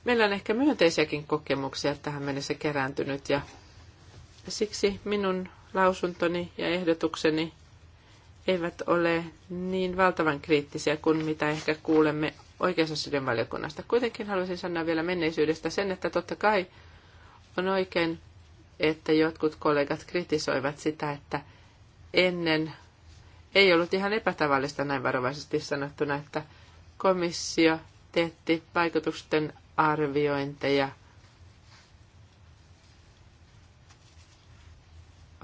Meillä on ehkä myönteisiäkin kokemuksia tähän mennessä kerääntynyt ja siksi minun lausuntoni ja ehdotukseni eivät ole niin valtavan kriittisiä kuin mitä ehkä kuulemme oikeusasioiden valiokunnasta. Kuitenkin haluaisin sanoa vielä menneisyydestä sen, että totta kai on oikein, että jotkut kollegat kritisoivat sitä, että ennen ei ollut ihan epätavallista näin varovaisesti sanottuna, että komissio teetti vaikutusten arviointeja –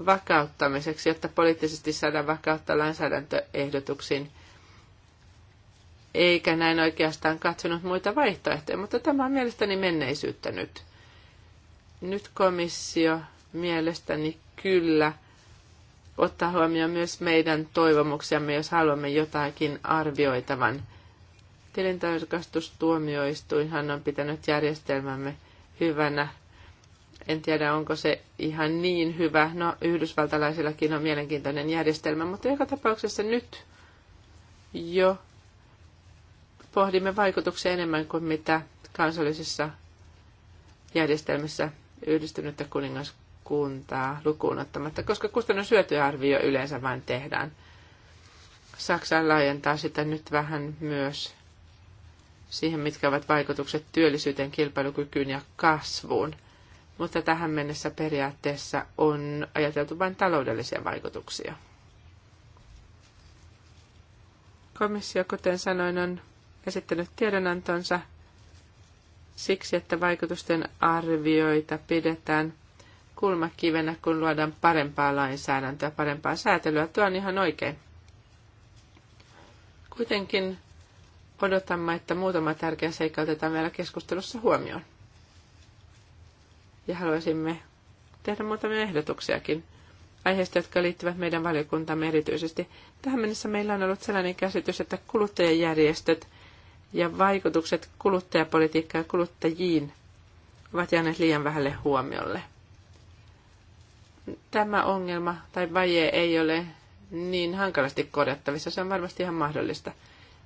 vakauttamiseksi, jotta poliittisesti saadaan vakautta lainsäädäntöehdotuksiin, eikä näin oikeastaan katsonut muita vaihtoehtoja, mutta tämä on mielestäni menneisyyttä nyt. Nyt komissio mielestäni kyllä ottaa huomioon myös meidän toivomuksiamme, jos haluamme jotakin arvioitavan. Tilintarkastustuomioistuinhan on pitänyt järjestelmämme hyvänä en tiedä, onko se ihan niin hyvä. No, yhdysvaltalaisillakin on mielenkiintoinen järjestelmä, mutta joka tapauksessa nyt jo pohdimme vaikutuksia enemmän kuin mitä kansallisissa järjestelmissä yhdistynyttä kuningaskuntaa lukuun ottamatta, koska kustannushyötyarvio yleensä vain tehdään. Saksa laajentaa sitä nyt vähän myös siihen, mitkä ovat vaikutukset työllisyyteen, kilpailukykyyn ja kasvuun – mutta tähän mennessä periaatteessa on ajateltu vain taloudellisia vaikutuksia. Komissio, kuten sanoin, on esittänyt tiedonantonsa siksi, että vaikutusten arvioita pidetään kulmakivenä, kun luodaan parempaa lainsäädäntöä, parempaa säätelyä. Tuo on ihan oikein. Kuitenkin odotamme, että muutama tärkeä seikka otetaan vielä keskustelussa huomioon ja haluaisimme tehdä muutamia ehdotuksiakin aiheista, jotka liittyvät meidän valiokuntamme erityisesti. Tähän mennessä meillä on ollut sellainen käsitys, että kuluttajajärjestöt ja vaikutukset kuluttajapolitiikkaan ja kuluttajiin ovat jääneet liian vähälle huomiolle. Tämä ongelma tai vaje ei ole niin hankalasti korjattavissa, se on varmasti ihan mahdollista.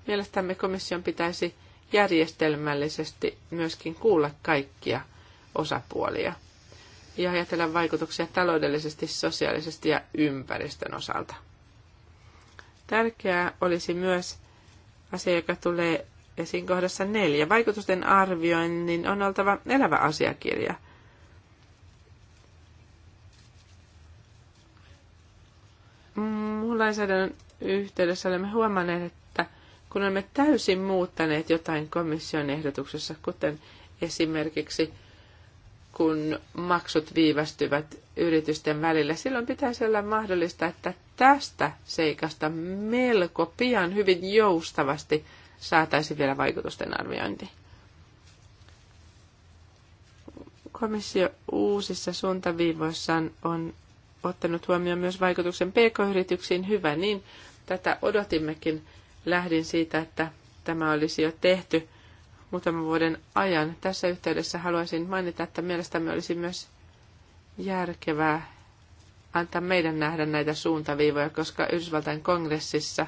Mielestämme komission pitäisi järjestelmällisesti myöskin kuulla kaikkia osapuolia ja ajatella vaikutuksia taloudellisesti, sosiaalisesti ja ympäristön osalta. Tärkeää olisi myös asia, joka tulee esiin kohdassa neljä. Vaikutusten arvioinnin on oltava elävä asiakirja. Lainsäädännön yhteydessä olemme huomanneet, että kun olemme täysin muuttaneet jotain komission ehdotuksessa, kuten esimerkiksi kun maksut viivästyvät yritysten välillä. Silloin pitäisi olla mahdollista, että tästä seikasta melko pian hyvin joustavasti saataisiin vielä vaikutusten arviointi. Komissio uusissa suuntaviivoissaan on ottanut huomioon myös vaikutuksen pk-yrityksiin. Hyvä, niin tätä odotimmekin. Lähdin siitä, että tämä olisi jo tehty – muutaman vuoden ajan. Tässä yhteydessä haluaisin mainita, että mielestämme olisi myös järkevää antaa meidän nähdä näitä suuntaviivoja, koska Yhdysvaltain kongressissa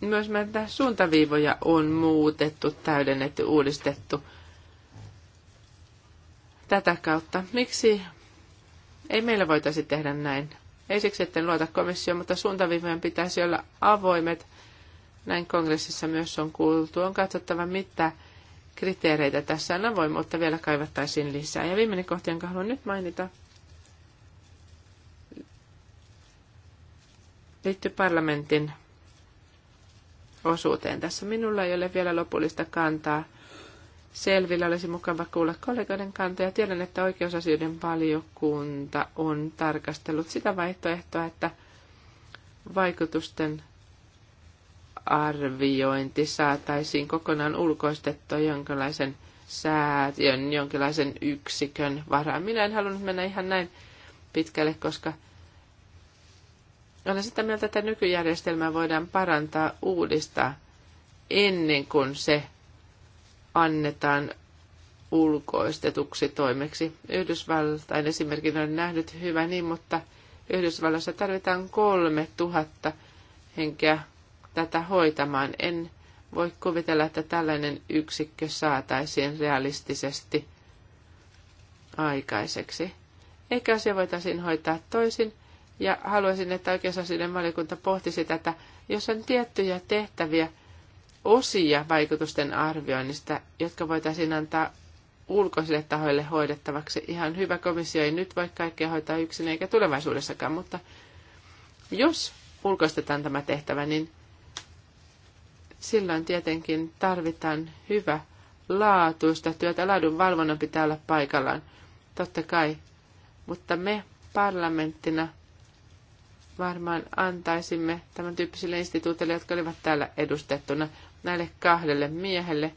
myös näitä suuntaviivoja on muutettu, täydennetty, uudistettu tätä kautta. Miksi ei meillä voitaisi tehdä näin? Ei siksi, että luota komissioon, mutta suuntaviivojen pitäisi olla avoimet – näin kongressissa myös on kuultu. On katsottava, mitä kriteereitä tässä on avoimuutta vielä kaivattaisiin lisää. Ja viimeinen kohta, jonka haluan nyt mainita, liittyy parlamentin osuuteen. Tässä minulla ei ole vielä lopullista kantaa. Selvillä olisi mukava kuulla kollegoiden kantoja. Tiedän, että oikeusasioiden valiokunta on tarkastellut sitä vaihtoehtoa, että vaikutusten arviointi saataisiin kokonaan ulkoistettua jonkinlaisen säätiön, jonkinlaisen yksikön varaan. Minä en halunnut mennä ihan näin pitkälle, koska olen sitä mieltä, että nykyjärjestelmää voidaan parantaa, uudistaa ennen kuin se annetaan ulkoistetuksi toimeksi. Yhdysvaltain esimerkin on nähnyt hyvä niin, mutta Yhdysvalloissa tarvitaan kolme tuhatta henkeä tätä hoitamaan. En voi kuvitella, että tällainen yksikkö saataisiin realistisesti aikaiseksi. eikä asia voitaisiin hoitaa toisin, ja haluaisin, että oikeusasioiden valiokunta pohtisi tätä, jos on tiettyjä tehtäviä, osia vaikutusten arvioinnista, jotka voitaisiin antaa ulkoisille tahoille hoidettavaksi. Ihan hyvä komissio ei nyt voi kaikkea hoitaa yksin eikä tulevaisuudessakaan, mutta jos ulkoistetaan tämä tehtävä, niin silloin tietenkin tarvitaan hyvä laatuista työtä. Laadun valvonnan pitää olla paikallaan, totta kai. Mutta me parlamenttina varmaan antaisimme tämän tyyppisille instituuteille, jotka olivat täällä edustettuna, näille kahdelle miehelle,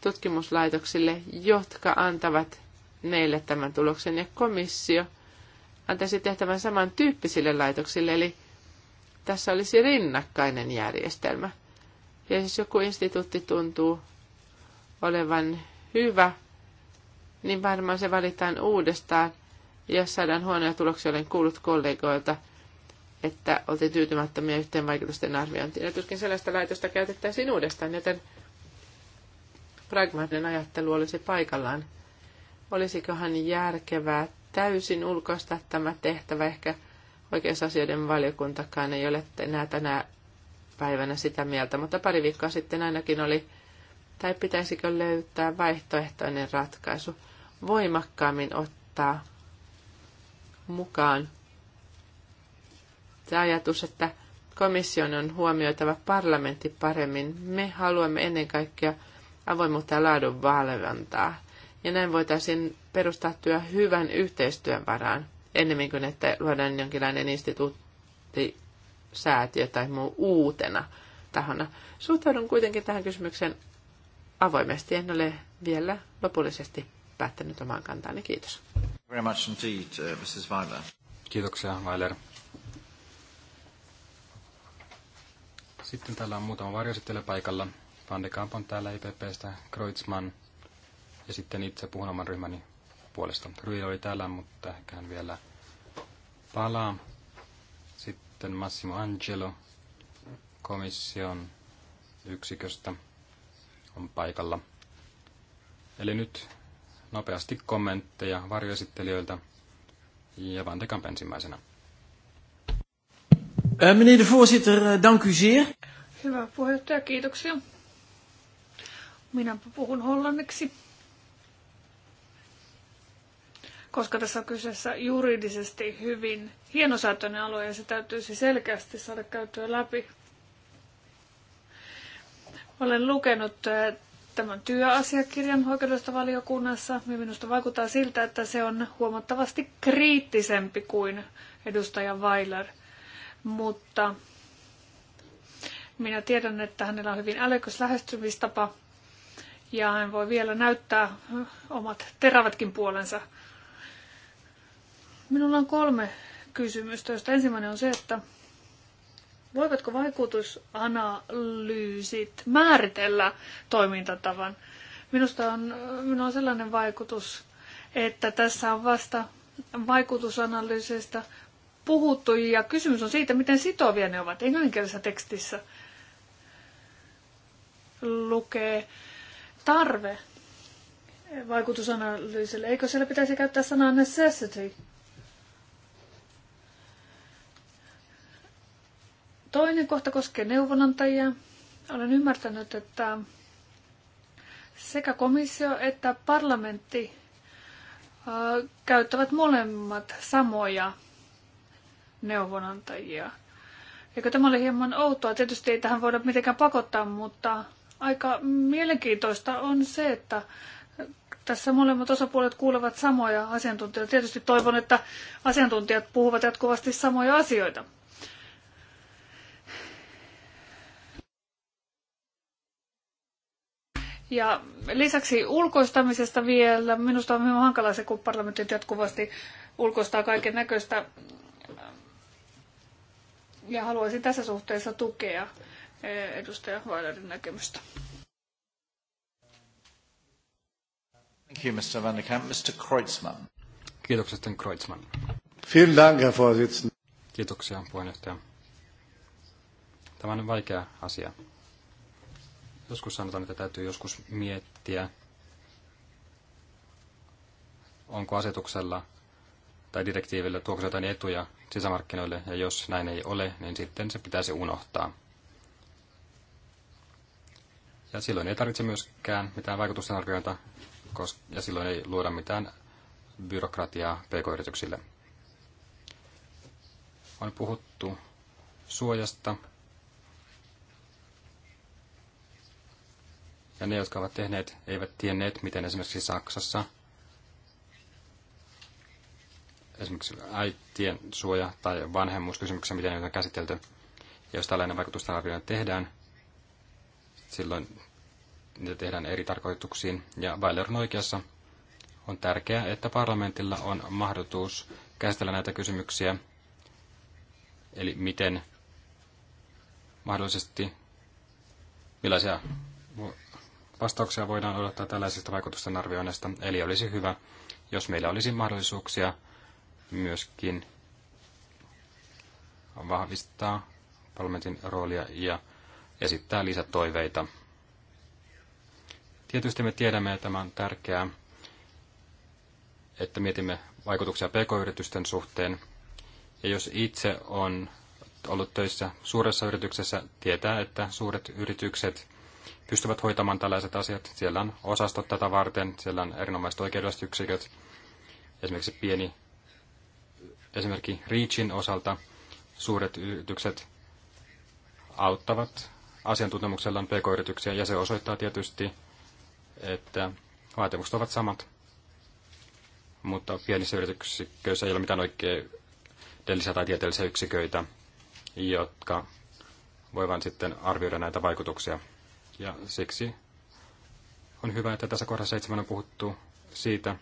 tutkimuslaitoksille, jotka antavat meille tämän tuloksen. Ja komissio antaisi tehtävän samantyyppisille laitoksille, eli tässä olisi rinnakkainen järjestelmä – ja jos joku instituutti tuntuu olevan hyvä, niin varmaan se valitaan uudestaan. Jos saadaan huonoja tuloksia, olen kuullut kollegoilta, että oltiin tyytymättömiä yhteen vaikutusten arviointiin. Ja tuskin sellaista laitosta käytettäisiin uudestaan, joten pragmaattinen ajattelu olisi paikallaan. Olisikohan järkevää täysin ulkoistaa tämä tehtävä? Ehkä oikeusasioiden valiokuntakaan ei ole enää tänä päivänä sitä mieltä, mutta pari viikkoa sitten ainakin oli, tai pitäisikö löytää vaihtoehtoinen ratkaisu, voimakkaammin ottaa mukaan se ajatus, että komission on huomioitava parlamentti paremmin. Me haluamme ennen kaikkea avoimuutta ja laadun valvontaa. Ja näin voitaisiin perustaa työ hyvän yhteistyön varaan, ennemmin kuin että luodaan jonkinlainen instituutti säätiö tai muu uutena tahona. Suhtaudun kuitenkin tähän kysymykseen avoimesti. En ole vielä lopullisesti päättänyt omaan kantaani. Kiitos. Very much indeed, uh, Mrs. Weiler. Kiitoksia, Weiler. Sitten täällä on muutama varjosittele paikalla. Van de Kamp on täällä IPPstä, Kreutzmann ja sitten itse puhun oman ryhmäni puolesta. Rui oli täällä, mutta ehkä hän vielä palaa. Sitten Massimo Angelo komission yksiköstä on paikalla. Eli nyt nopeasti kommentteja varjoesittelijöiltä ja Van de Kamp ensimmäisenä. Eh, meneer de voorzitter, eh, dank u zeer. Hyvä puheenjohtaja, kiitoksia. Minäpä puhun hollanniksi. Koska tässä on kyseessä juridisesti hyvin hienosäätöinen alue ja se täytyisi selkeästi saada käytyä läpi. Olen lukenut eh, tämän työasiakirjan oikeudesta valiokunnassa ja minusta vaikuttaa siltä, että se on huomattavasti kriittisempi kuin edustaja Weiler. Mutta minä tiedän, että hänellä on hyvin älykäs lähestymistapa ja hän voi vielä näyttää eh, omat terävätkin puolensa. Minulla on kolme kysymystä, josta ensimmäinen on se, että voivatko vaikutusanalyysit määritellä toimintatavan? Minusta on, minulla on sellainen vaikutus, että tässä on vasta vaikutusanalyysistä puhuttu ja kysymys on siitä, miten sitovia ne ovat. Englanninkielisessä tekstissä lukee tarve vaikutusanalyysille. Eikö siellä pitäisi käyttää sanaa necessity? Toinen kohta koskee neuvonantajia. Olen ymmärtänyt, että sekä komissio että parlamentti käyttävät molemmat samoja neuvonantajia. Eikö tämä ole hieman outoa? Tietysti ei tähän voida mitenkään pakottaa, mutta aika mielenkiintoista on se, että tässä molemmat osapuolet kuulevat samoja asiantuntijoita. Tietysti toivon, että asiantuntijat puhuvat jatkuvasti samoja asioita. Ja lisäksi ulkoistamisesta vielä. Minusta on hyvin hankala se, kun parlamentit jatkuvasti ulkoistaa kaiken näköistä. Ja haluaisin tässä suhteessa tukea eh, edustaja Weilerin näkemystä. Thank you, Mr. Van de Kamp. Mr. Kreutzmann. Kiitokset, Kreutzmann. Vielen Dank, Herr Vorsitzender. Kiitoksia, puheenjohtaja. Tämä on vaikea asia. Joskus sanotaan, että täytyy joskus miettiä, onko asetuksella tai direktiivillä tuoko jotain etuja sisämarkkinoille, ja jos näin ei ole, niin sitten se pitäisi unohtaa. Ja silloin ei tarvitse myöskään mitään vaikutusten arviointa, ja silloin ei luoda mitään byrokratiaa pk-yrityksille. On puhuttu suojasta Ja ne, jotka ovat tehneet, eivät tienneet, miten esimerkiksi Saksassa esimerkiksi äitien suoja tai vanhemmuuskysymyksiä, miten ne on käsitelty. Ja jos tällainen vaikutusarviointi tehdään, silloin niitä tehdään eri tarkoituksiin. Ja Weiler on oikeassa. On tärkeää, että parlamentilla on mahdollisuus käsitellä näitä kysymyksiä, eli miten mahdollisesti, millaisia vastauksia voidaan odottaa tällaisista vaikutusten arvioinnista. Eli olisi hyvä, jos meillä olisi mahdollisuuksia myöskin vahvistaa parlamentin roolia ja esittää lisätoiveita. Tietysti me tiedämme, että tämä on tärkeää, että mietimme vaikutuksia pk-yritysten suhteen. Ja jos itse on ollut töissä suuressa yrityksessä, tietää, että suuret yritykset – pystyvät hoitamaan tällaiset asiat. Siellä on osastot tätä varten, siellä on erinomaiset oikeudelliset yksiköt. Esimerkiksi pieni esimerkki REACHin osalta suuret yritykset auttavat asiantuntemuksellaan pk-yrityksiä ja se osoittaa tietysti, että vaatimukset ovat samat, mutta pienissä yrityksissä ei ole mitään oikeudellisia tai tieteellisiä yksiköitä, jotka voivat sitten arvioida näitä vaikutuksia. Ja siksi on hyvä, että tässä kohdassa seitsemän on puhuttu siitä,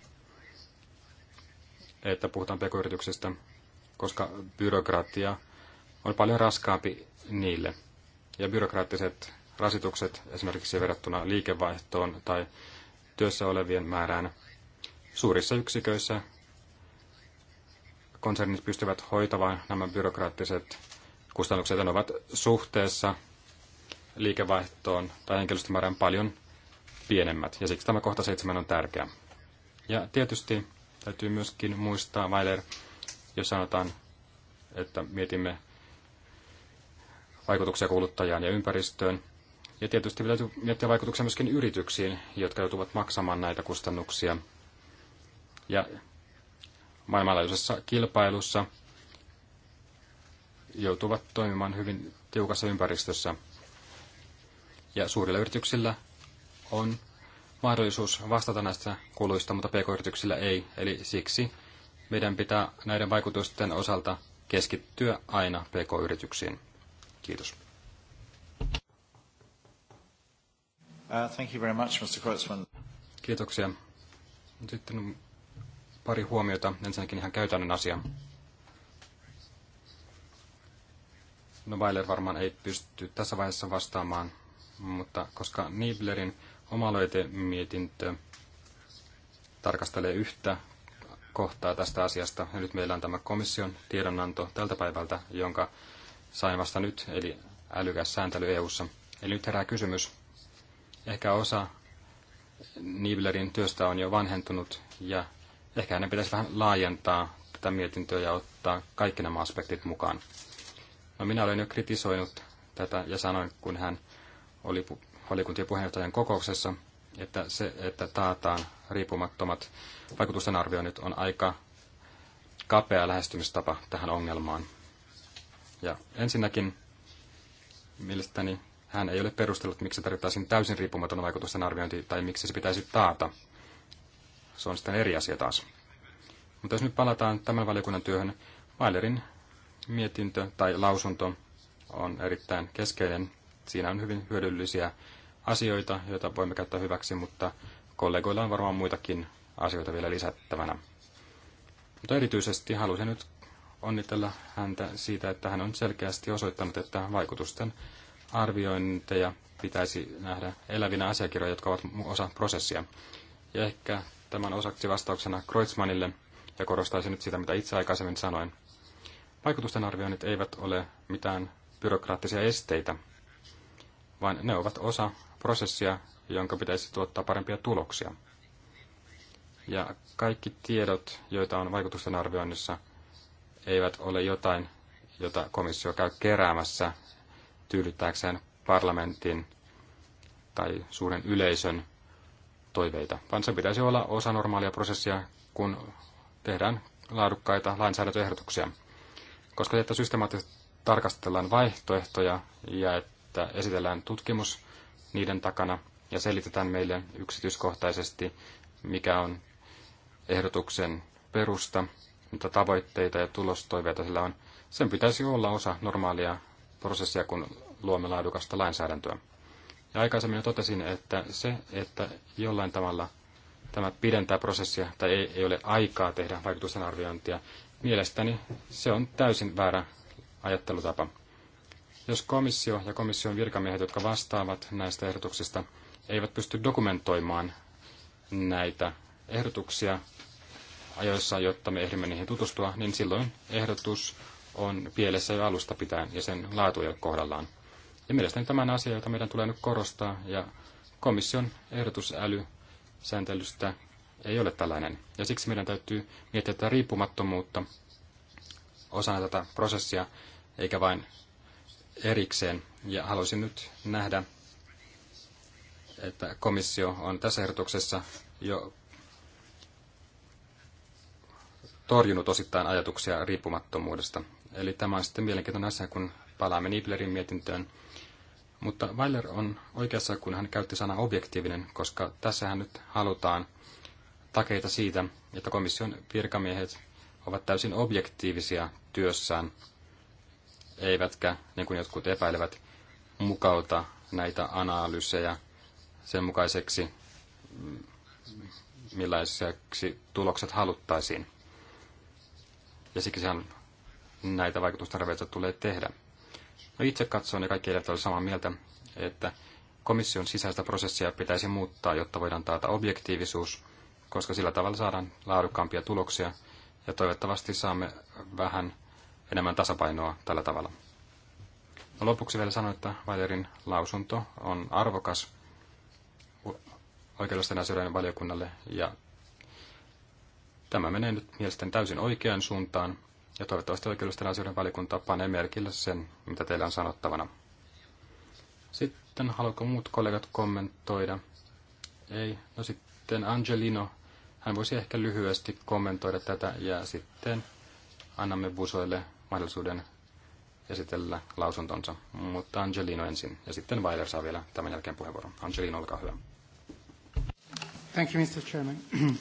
että puhutaan pk koska byrokratia on paljon raskaampi niille. Ja byrokraattiset rasitukset esimerkiksi verrattuna liikevaihtoon tai työssä olevien määrään suurissa yksiköissä konsernit pystyvät hoitamaan nämä byrokraattiset kustannukset, ne ovat suhteessa liikevaihtoon tai henkilöstömäärään paljon pienemmät, ja siksi tämä kohta seitsemän on tärkeä. Ja tietysti täytyy myöskin muistaa, Weiler, jos sanotaan, että mietimme vaikutuksia kuluttajaan ja ympäristöön, ja tietysti täytyy miettiä vaikutuksia myöskin yrityksiin, jotka joutuvat maksamaan näitä kustannuksia. Ja maailmanlaajuisessa kilpailussa joutuvat toimimaan hyvin tiukassa ympäristössä. Ja suurilla yrityksillä on mahdollisuus vastata näistä kuluista, mutta pk-yrityksillä ei. Eli siksi meidän pitää näiden vaikutusten osalta keskittyä aina pk-yrityksiin. Kiitos. Uh, thank you very much, Mr. Kreutzmann. Kiitoksia. Sitten pari huomiota. Ensinnäkin ihan käytännön asia. No Weiler varmaan ei pysty tässä vaiheessa vastaamaan mutta koska Niblerin omaloitemietintö tarkastelee yhtä kohtaa tästä asiasta, ja nyt meillä on tämä komission tiedonanto tältä päivältä, jonka sain vasta nyt, eli älykäs sääntely EU:ssa. Eli nyt herää kysymys, ehkä osa Niblerin työstä on jo vanhentunut, ja ehkä hänen pitäisi vähän laajentaa tätä mietintöä ja ottaa kaikki nämä aspektit mukaan. No minä olen jo kritisoinut tätä ja sanoin, kun hän oli valiokuntien puheenjohtajan kokouksessa, että se, että taataan riippumattomat vaikutusten arvioinnit, on aika kapea lähestymistapa tähän ongelmaan. Ja ensinnäkin mielestäni hän ei ole perustellut, miksi tarvittaisiin täysin riippumaton vaikutusten arviointi tai miksi se pitäisi taata. Se on sitten eri asia taas. Mutta jos nyt palataan tämän valiokunnan työhön, Mailerin mietintö tai lausunto on erittäin keskeinen Siinä on hyvin hyödyllisiä asioita, joita voimme käyttää hyväksi, mutta kollegoilla on varmaan muitakin asioita vielä lisättävänä. Mutta erityisesti halusin nyt onnitella häntä siitä, että hän on selkeästi osoittanut, että vaikutusten arviointeja pitäisi nähdä elävinä asiakirjoja, jotka ovat osa prosessia. Ja ehkä tämän osaksi vastauksena Kreutzmannille, ja korostaisin nyt sitä, mitä itse aikaisemmin sanoin. Vaikutusten arvioinnit eivät ole mitään byrokraattisia esteitä, vaan ne ovat osa prosessia, jonka pitäisi tuottaa parempia tuloksia. Ja kaikki tiedot, joita on vaikutusten arvioinnissa, eivät ole jotain, jota komissio käy keräämässä tyydyttääkseen parlamentin tai suuren yleisön toiveita, vaan se pitäisi olla osa normaalia prosessia, kun tehdään laadukkaita lainsäädäntöehdotuksia. Koska että systemaattisesti tarkastellaan vaihtoehtoja ja että että esitellään tutkimus niiden takana ja selitetään meille yksityiskohtaisesti, mikä on ehdotuksen perusta, mitä tavoitteita ja tulostoiveita sillä on. Sen pitäisi olla osa normaalia prosessia, kun luomme laadukasta lainsäädäntöä. Ja aikaisemmin jo totesin, että se, että jollain tavalla tämä pidentää prosessia tai ei, ei ole aikaa tehdä vaikutusten arviointia, mielestäni se on täysin väärä ajattelutapa. Jos komissio ja komission virkamiehet, jotka vastaavat näistä ehdotuksista, eivät pysty dokumentoimaan näitä ehdotuksia ajoissa, jotta me ehdimme niihin tutustua, niin silloin ehdotus on pielessä jo alusta pitäen ja sen laatu ei ole kohdallaan. Ja mielestäni tämä on asia, jota meidän tulee nyt korostaa, ja komission ehdotusälysääntelystä ei ole tällainen. Ja siksi meidän täytyy miettiä tätä riippumattomuutta osana tätä prosessia, eikä vain erikseen. Ja haluaisin nyt nähdä, että komissio on tässä ehdotuksessa jo torjunut osittain ajatuksia riippumattomuudesta. Eli tämä on sitten mielenkiintoinen asia, kun palaamme Niblerin mietintöön. Mutta Weiler on oikeassa, kun hän käytti sanaa objektiivinen, koska tässähän nyt halutaan takeita siitä, että komission virkamiehet ovat täysin objektiivisia työssään eivätkä, niin kuin jotkut epäilevät, mukauta näitä analyysejä sen mukaiseksi, mm, millaiseksi tulokset haluttaisiin. Ja siksi näitä vaikutustarveita tulee tehdä. No itse katson, ja kaikki eivät ole samaa mieltä, että komission sisäistä prosessia pitäisi muuttaa, jotta voidaan taata objektiivisuus, koska sillä tavalla saadaan laadukkaampia tuloksia, ja toivottavasti saamme vähän enemmän tasapainoa tällä tavalla. No lopuksi vielä sanoin, että Valerin lausunto on arvokas oikeudellisten asioiden valiokunnalle ja tämä menee nyt mielestäni täysin oikeaan suuntaan ja toivottavasti oikeudellisten asioiden valiokunta panee merkille sen, mitä teillä on sanottavana. Sitten haluatko muut kollegat kommentoida? Ei. No sitten Angelino, hän voisi ehkä lyhyesti kommentoida tätä ja sitten annamme Busoille mahdollisuuden esitellä lausuntonsa, mutta Angelino ensin ja sitten Weiler saa vielä tämän jälkeen puheenvuoron. Angelino, olkaa hyvä. Thank you, Mr. Chairman.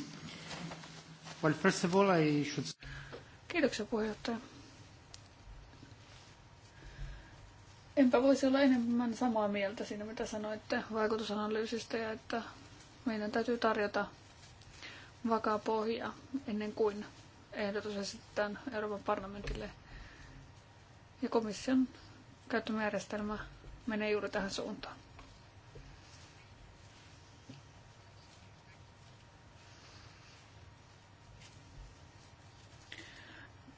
well, first of all, I should... Kiitoksia puheenjohtaja. Enpä voisi olla enemmän samaa mieltä siinä, mitä sanoitte vaikutusanalyysistä ja että meidän täytyy tarjota vakaa pohja ennen kuin ehdotus esitetään Euroopan parlamentille – ja komission käyttämä menee juuri tähän suuntaan.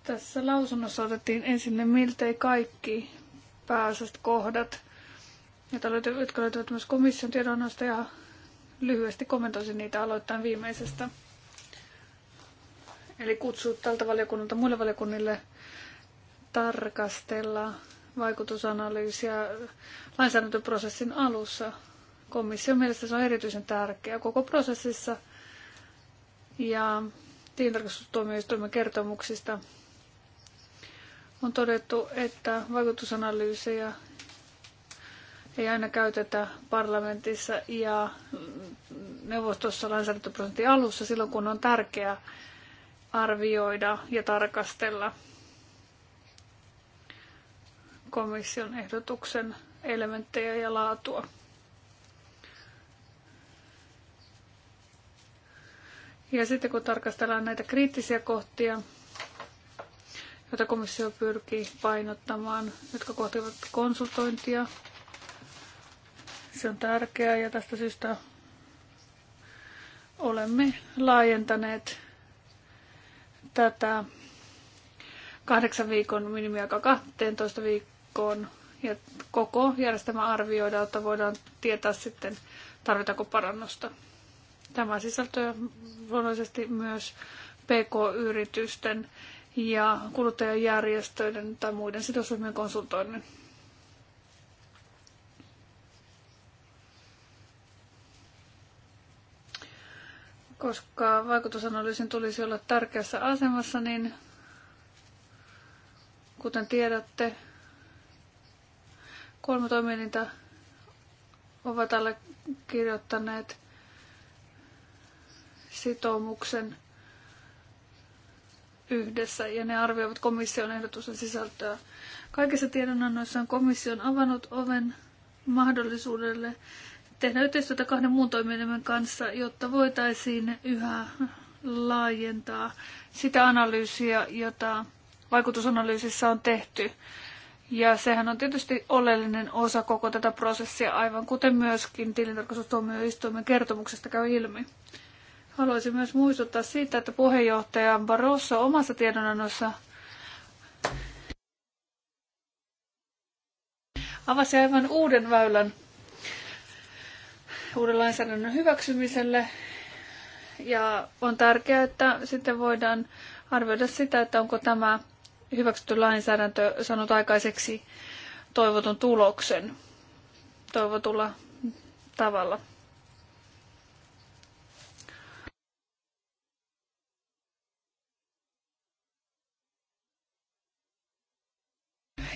Tässä lausunnossa otettiin ensin ne miltei kaikki pääasiat kohdat, jotka löytyvät, jotka löytyvät myös komission tiedonannosta ja lyhyesti kommentoisin niitä aloittain viimeisestä. Eli kutsu tältä valiokunnalta muille valiokunnille tarkastella vaikutusanalyysiä lainsäädäntöprosessin alussa. Komission mielestä se on erityisen tärkeää koko prosessissa ja tiintarkastustuomioistuimen kertomuksista on todettu, että vaikutusanalyysejä ei aina käytetä parlamentissa ja neuvostossa lainsäädäntöprosentin alussa silloin, kun on tärkeää arvioida ja tarkastella komission ehdotuksen elementtejä ja laatua. Ja sitten kun tarkastellaan näitä kriittisiä kohtia, joita komissio pyrkii painottamaan, jotka kohtivat konsultointia, se on tärkeää ja tästä syystä olemme laajentaneet tätä kahdeksan viikon minimiaika 12 viikkoa laatikkoon ja koko järjestelmä arvioidaan, jotta voidaan tietää sitten, tarvitaanko parannusta. Tämä on luonnollisesti myös PK-yritysten ja kuluttajajärjestöiden tai muiden sidosryhmien konsultoinnin. Koska vaikutusanalyysin tulisi olla tärkeässä asemassa, niin kuten tiedätte, Kolme toimielintä ovat kirjoittaneet sitoumuksen yhdessä ja ne arvioivat komission ehdotusten sisältöä. Kaikissa tiedonannoissa on komission avannut oven mahdollisuudelle tehdä yhteistyötä kahden muun toimielimen kanssa, jotta voitaisiin yhä laajentaa sitä analyysiä, jota vaikutusanalyysissä on tehty ja sehän on tietysti oleellinen osa koko tätä prosessia, aivan kuten myöskin tilintarkastustuomioistuimen kertomuksesta käy ilmi. Haluaisin myös muistuttaa siitä, että puheenjohtaja Barroso omassa tiedonannossa avasi aivan uuden väylän uuden lainsäädännön hyväksymiselle. Ja on tärkeää, että sitten voidaan arvioida sitä, että onko tämä hyväksytty lainsäädäntö saanut aikaiseksi toivotun tuloksen toivotulla tavalla.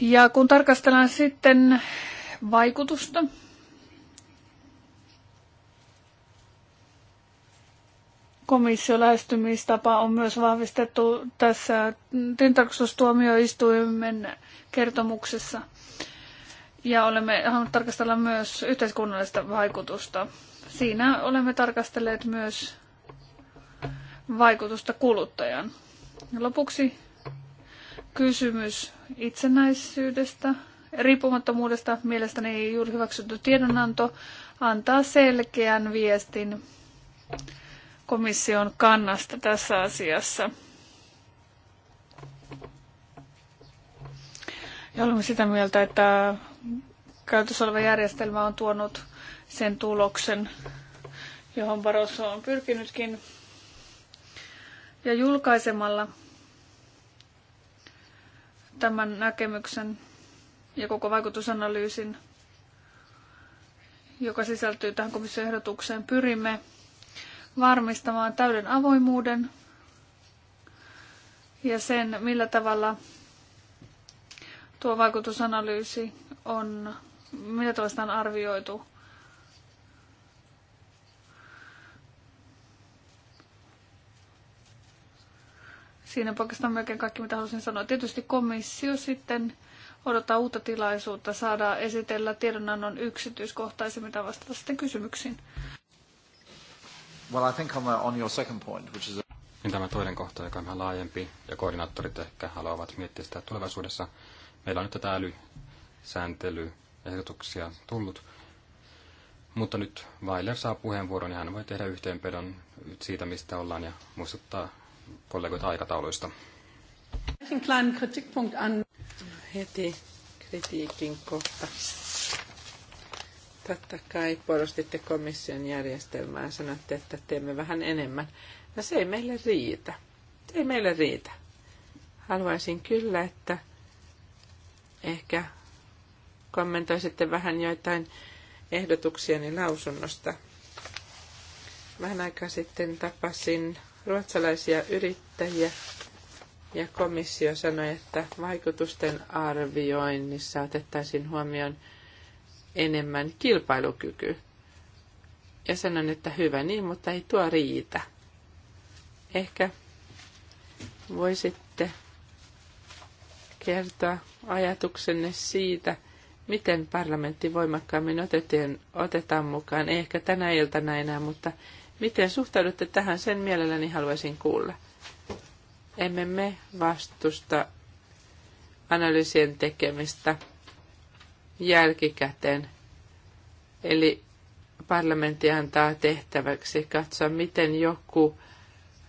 Ja kun tarkastellaan sitten vaikutusta, komission lähestymistapa on myös vahvistettu tässä tintarkastustuomioistuimen kertomuksessa. Ja olemme halunneet tarkastella myös yhteiskunnallista vaikutusta. Siinä olemme tarkastelleet myös vaikutusta kuluttajan. Lopuksi kysymys itsenäisyydestä, riippumattomuudesta. Mielestäni juuri hyväksytty tiedonanto antaa selkeän viestin komission kannasta tässä asiassa. Ja olemme sitä mieltä, että käytössä oleva järjestelmä on tuonut sen tuloksen, johon Barroso on pyrkinytkin. Ja julkaisemalla tämän näkemyksen ja koko vaikutusanalyysin, joka sisältyy tähän komission ehdotukseen, pyrimme varmistamaan täyden avoimuuden ja sen, millä tavalla tuo vaikutusanalyysi on, millä tavalla sitä on arvioitu. Siinä oikeastaan melkein kaikki, mitä halusin sanoa. Tietysti komissio sitten odottaa uutta tilaisuutta saada esitellä tiedonannon yksityiskohtaisemmin vastata sitten kysymyksiin. Well, I think on, the, uh, on your second point, which is Niin tämä toinen kohta, joka on vähän laajempi, ja koordinaattorit ehkä haluavat miettiä sitä tulevaisuudessa. Meillä on nyt tätä älysääntelyehdotuksia tullut, mutta nyt Weiler saa puheenvuoron ja hän voi tehdä yhteenpedon siitä, mistä ollaan ja muistuttaa kollegoita aikatauluista. Heti kritiikin kohta Totta kai puolustitte komission järjestelmää, sanotte, että teemme vähän enemmän. No se ei meille riitä. Se ei meille riitä. Haluaisin kyllä, että ehkä kommentoisitte vähän joitain ehdotuksiani lausunnosta. Vähän aikaa sitten tapasin ruotsalaisia yrittäjiä ja komissio sanoi, että vaikutusten arvioinnissa otettaisiin huomioon enemmän kilpailukyky. Ja sanon, että hyvä niin, mutta ei tuo riitä. Ehkä voisitte kertoa ajatuksenne siitä, miten parlamentti voimakkaammin otetaan, otetaan mukaan, ei ehkä tänä iltana enää, mutta miten suhtaudutte tähän, sen mielelläni haluaisin kuulla. Emme me vastusta analyysien tekemistä jälkikäteen. Eli parlamentti antaa tehtäväksi katsoa, miten joku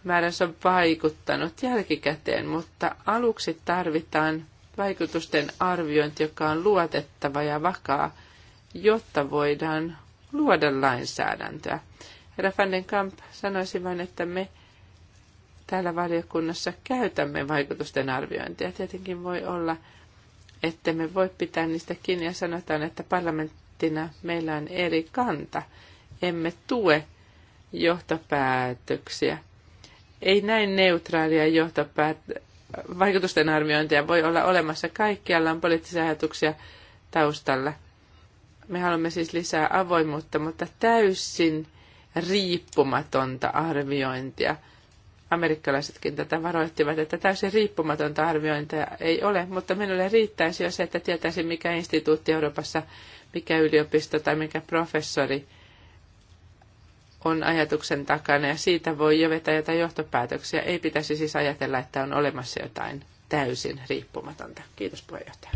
määräys on vaikuttanut jälkikäteen, mutta aluksi tarvitaan vaikutusten arviointi, joka on luotettava ja vakaa, jotta voidaan luoda lainsäädäntöä. Herra van den Kamp sanoisi vain, että me täällä valiokunnassa käytämme vaikutusten arviointia. Tietenkin voi olla että me voi pitää niistä kiinni ja sanotaan, että parlamenttina meillä on eri kanta. Emme tue johtopäätöksiä. Ei näin neutraalia johtopäät- vaikutusten arviointia voi olla olemassa. Kaikkialla on poliittisia ajatuksia taustalla. Me haluamme siis lisää avoimuutta, mutta täysin riippumatonta arviointia – amerikkalaisetkin tätä varoittivat, että täysin riippumatonta arviointia ei ole, mutta minulle riittäisi jo se, että tietäisin mikä instituutti Euroopassa, mikä yliopisto tai mikä professori on ajatuksen takana ja siitä voi jo vetää jotain johtopäätöksiä. Ei pitäisi siis ajatella, että on olemassa jotain täysin riippumatonta. Kiitos puheenjohtaja.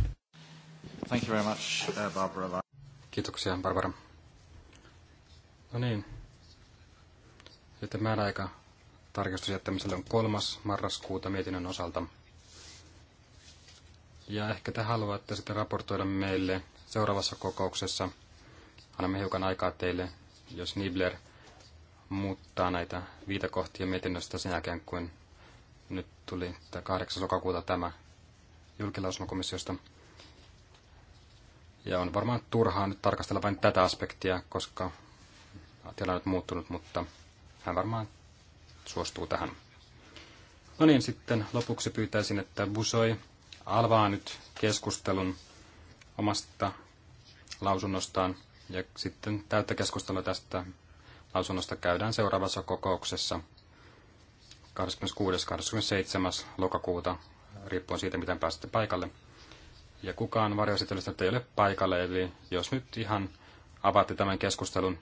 Thank you very much, uh, Barbara. Kiitoksia Barbara. No niin. Sitten määräaika jättämiselle on kolmas marraskuuta mietinnön osalta. Ja ehkä te haluatte sitten raportoida meille seuraavassa kokouksessa. Annamme hiukan aikaa teille, jos Nibler muuttaa näitä viitakohtia mietinnöstä sen jälkeen, kun nyt tuli 8. lokakuuta tämä julkilausumakomissiosta. Ja on varmaan turhaa nyt tarkastella vain tätä aspektia, koska tilanne on muuttunut, mutta hän varmaan suostuu tähän. No niin, sitten lopuksi pyytäisin, että Busoi alvaa nyt keskustelun omasta lausunnostaan ja sitten täyttä keskustelua tästä lausunnosta käydään seuraavassa kokouksessa 26.–27. lokakuuta, riippuen siitä, miten pääsette paikalle. Ja kukaan varjoesitelystä ei ole paikalle, eli jos nyt ihan avaatte tämän keskustelun,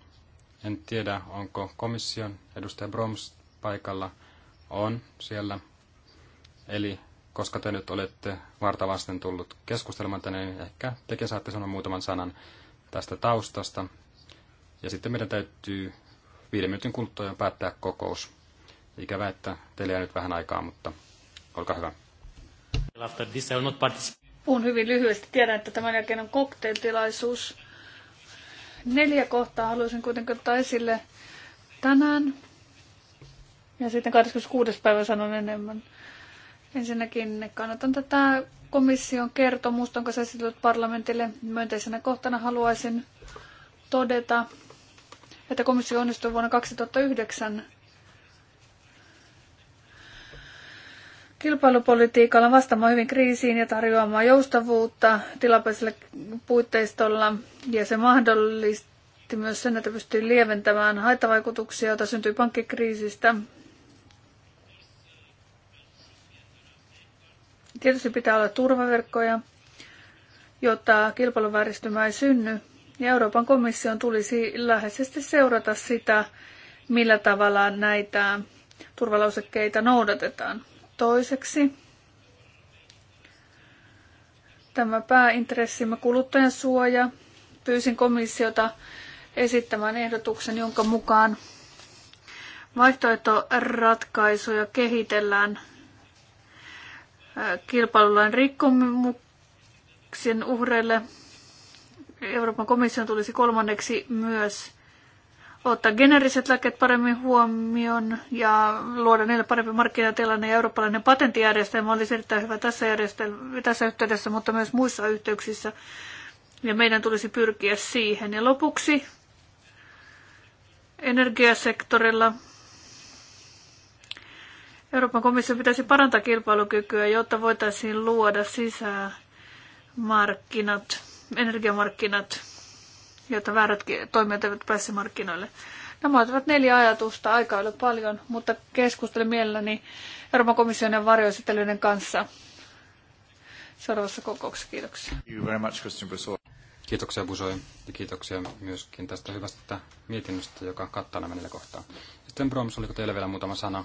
en tiedä, onko komission edustaja Broms paikalla on siellä. Eli koska te nyt olette vartavasten tullut keskustelemaan tänne, niin ehkä tekin saatte sanoa muutaman sanan tästä taustasta. Ja sitten meidän täytyy viiden minuutin kuluttua päättää kokous. Ikävä, että teillä jää nyt vähän aikaa, mutta olkaa hyvä. Puhun hyvin lyhyesti. Tiedän, että tämän jälkeen on kokteiltilaisuus. Neljä kohtaa haluaisin kuitenkin ottaa esille tänään. Ja sitten 26. päivä sanon enemmän. Ensinnäkin kannatan tätä komission kertomusta, onko se esitellyt parlamentille myönteisenä kohtana. Haluaisin todeta, että komissio onnistui vuonna 2009 kilpailupolitiikalla vastaamaan hyvin kriisiin ja tarjoamaan joustavuutta tilapäisellä puitteistolla. Ja se mahdollisti myös sen, että pystyy lieventämään haittavaikutuksia, joita syntyi pankkikriisistä Tietysti pitää olla turvaverkkoja, jotta kilpailuvääristymä ei synny. Ja Euroopan komission tulisi läheisesti seurata sitä, millä tavalla näitä turvalausekkeita noudatetaan. Toiseksi tämä pääintressimme kuluttajan suoja. Pyysin komissiota esittämään ehdotuksen, jonka mukaan vaihtoehtoratkaisuja kehitellään – kilpailulain rikkomuksien uhreille. Euroopan komission tulisi kolmanneksi myös ottaa generiset lääkkeet paremmin huomioon ja luoda niille parempi markkinatilanne ja eurooppalainen patenttijärjestelmä olisi erittäin hyvä tässä, tässä yhteydessä, mutta myös muissa yhteyksissä. Ja meidän tulisi pyrkiä siihen. Ja lopuksi energiasektorilla Euroopan komissio pitäisi parantaa kilpailukykyä, jotta voitaisiin luoda sisämarkkinat, energiamarkkinat, jotta väärät toimijat eivät pääse markkinoille. Nämä ovat neljä ajatusta, aika ei paljon, mutta keskustelen mielelläni Euroopan komission ja varjoesittelyiden kanssa seuraavassa kokouksessa. Kiitoksia. Kiitoksia Busoi ja kiitoksia myöskin tästä hyvästä mietinnöstä, joka kattaa nämä neljä kohtaa. Sitten Broms, oliko teillä vielä muutama sana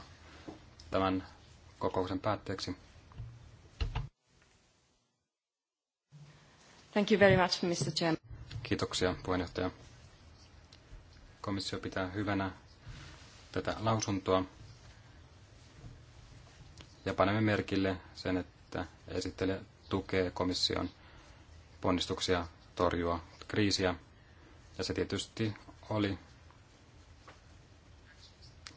tämän kokouksen päätteeksi. Thank you very much, Mr. Chairman. Kiitoksia, puheenjohtaja. Komissio pitää hyvänä tätä lausuntoa ja panemme merkille sen, että esittelijä tukee komission ponnistuksia torjua kriisiä. Ja se tietysti oli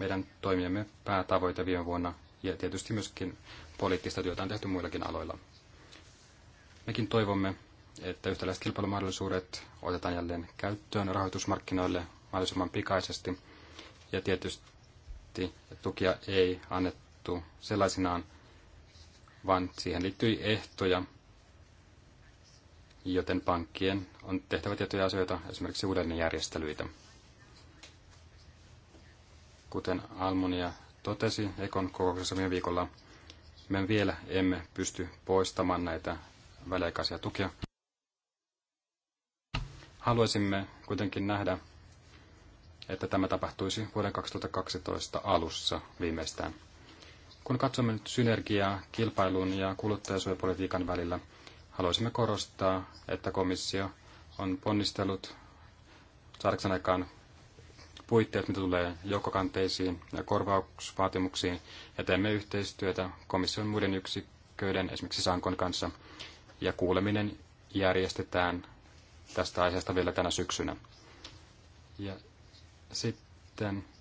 meidän toimijamme päätavoite viime vuonna ja tietysti myöskin poliittista työtä on tehty muillakin aloilla. Mekin toivomme, että yhtäläiset kilpailumahdollisuudet otetaan jälleen käyttöön rahoitusmarkkinoille mahdollisimman pikaisesti ja tietysti tukia ei annettu sellaisinaan, vaan siihen liittyi ehtoja, joten pankkien on tehtävä tiettyjä asioita, esimerkiksi uudelleenjärjestelyitä. Kuten Almunia totesi Ekon kokouksessa viime viikolla, me vielä emme pysty poistamaan näitä väliaikaisia tukia. Haluaisimme kuitenkin nähdä, että tämä tapahtuisi vuoden 2012 alussa viimeistään. Kun katsomme nyt synergiaa kilpailun ja kuluttajasuojapolitiikan välillä, haluaisimme korostaa, että komissio on ponnistellut saadakseen aikaan puitteet, mitä tulee joukkokanteisiin ja korvausvaatimuksiin, ja teemme yhteistyötä komission muiden yksiköiden, esimerkiksi Sankon kanssa, ja kuuleminen järjestetään tästä aiheesta vielä tänä syksynä. Ja sitten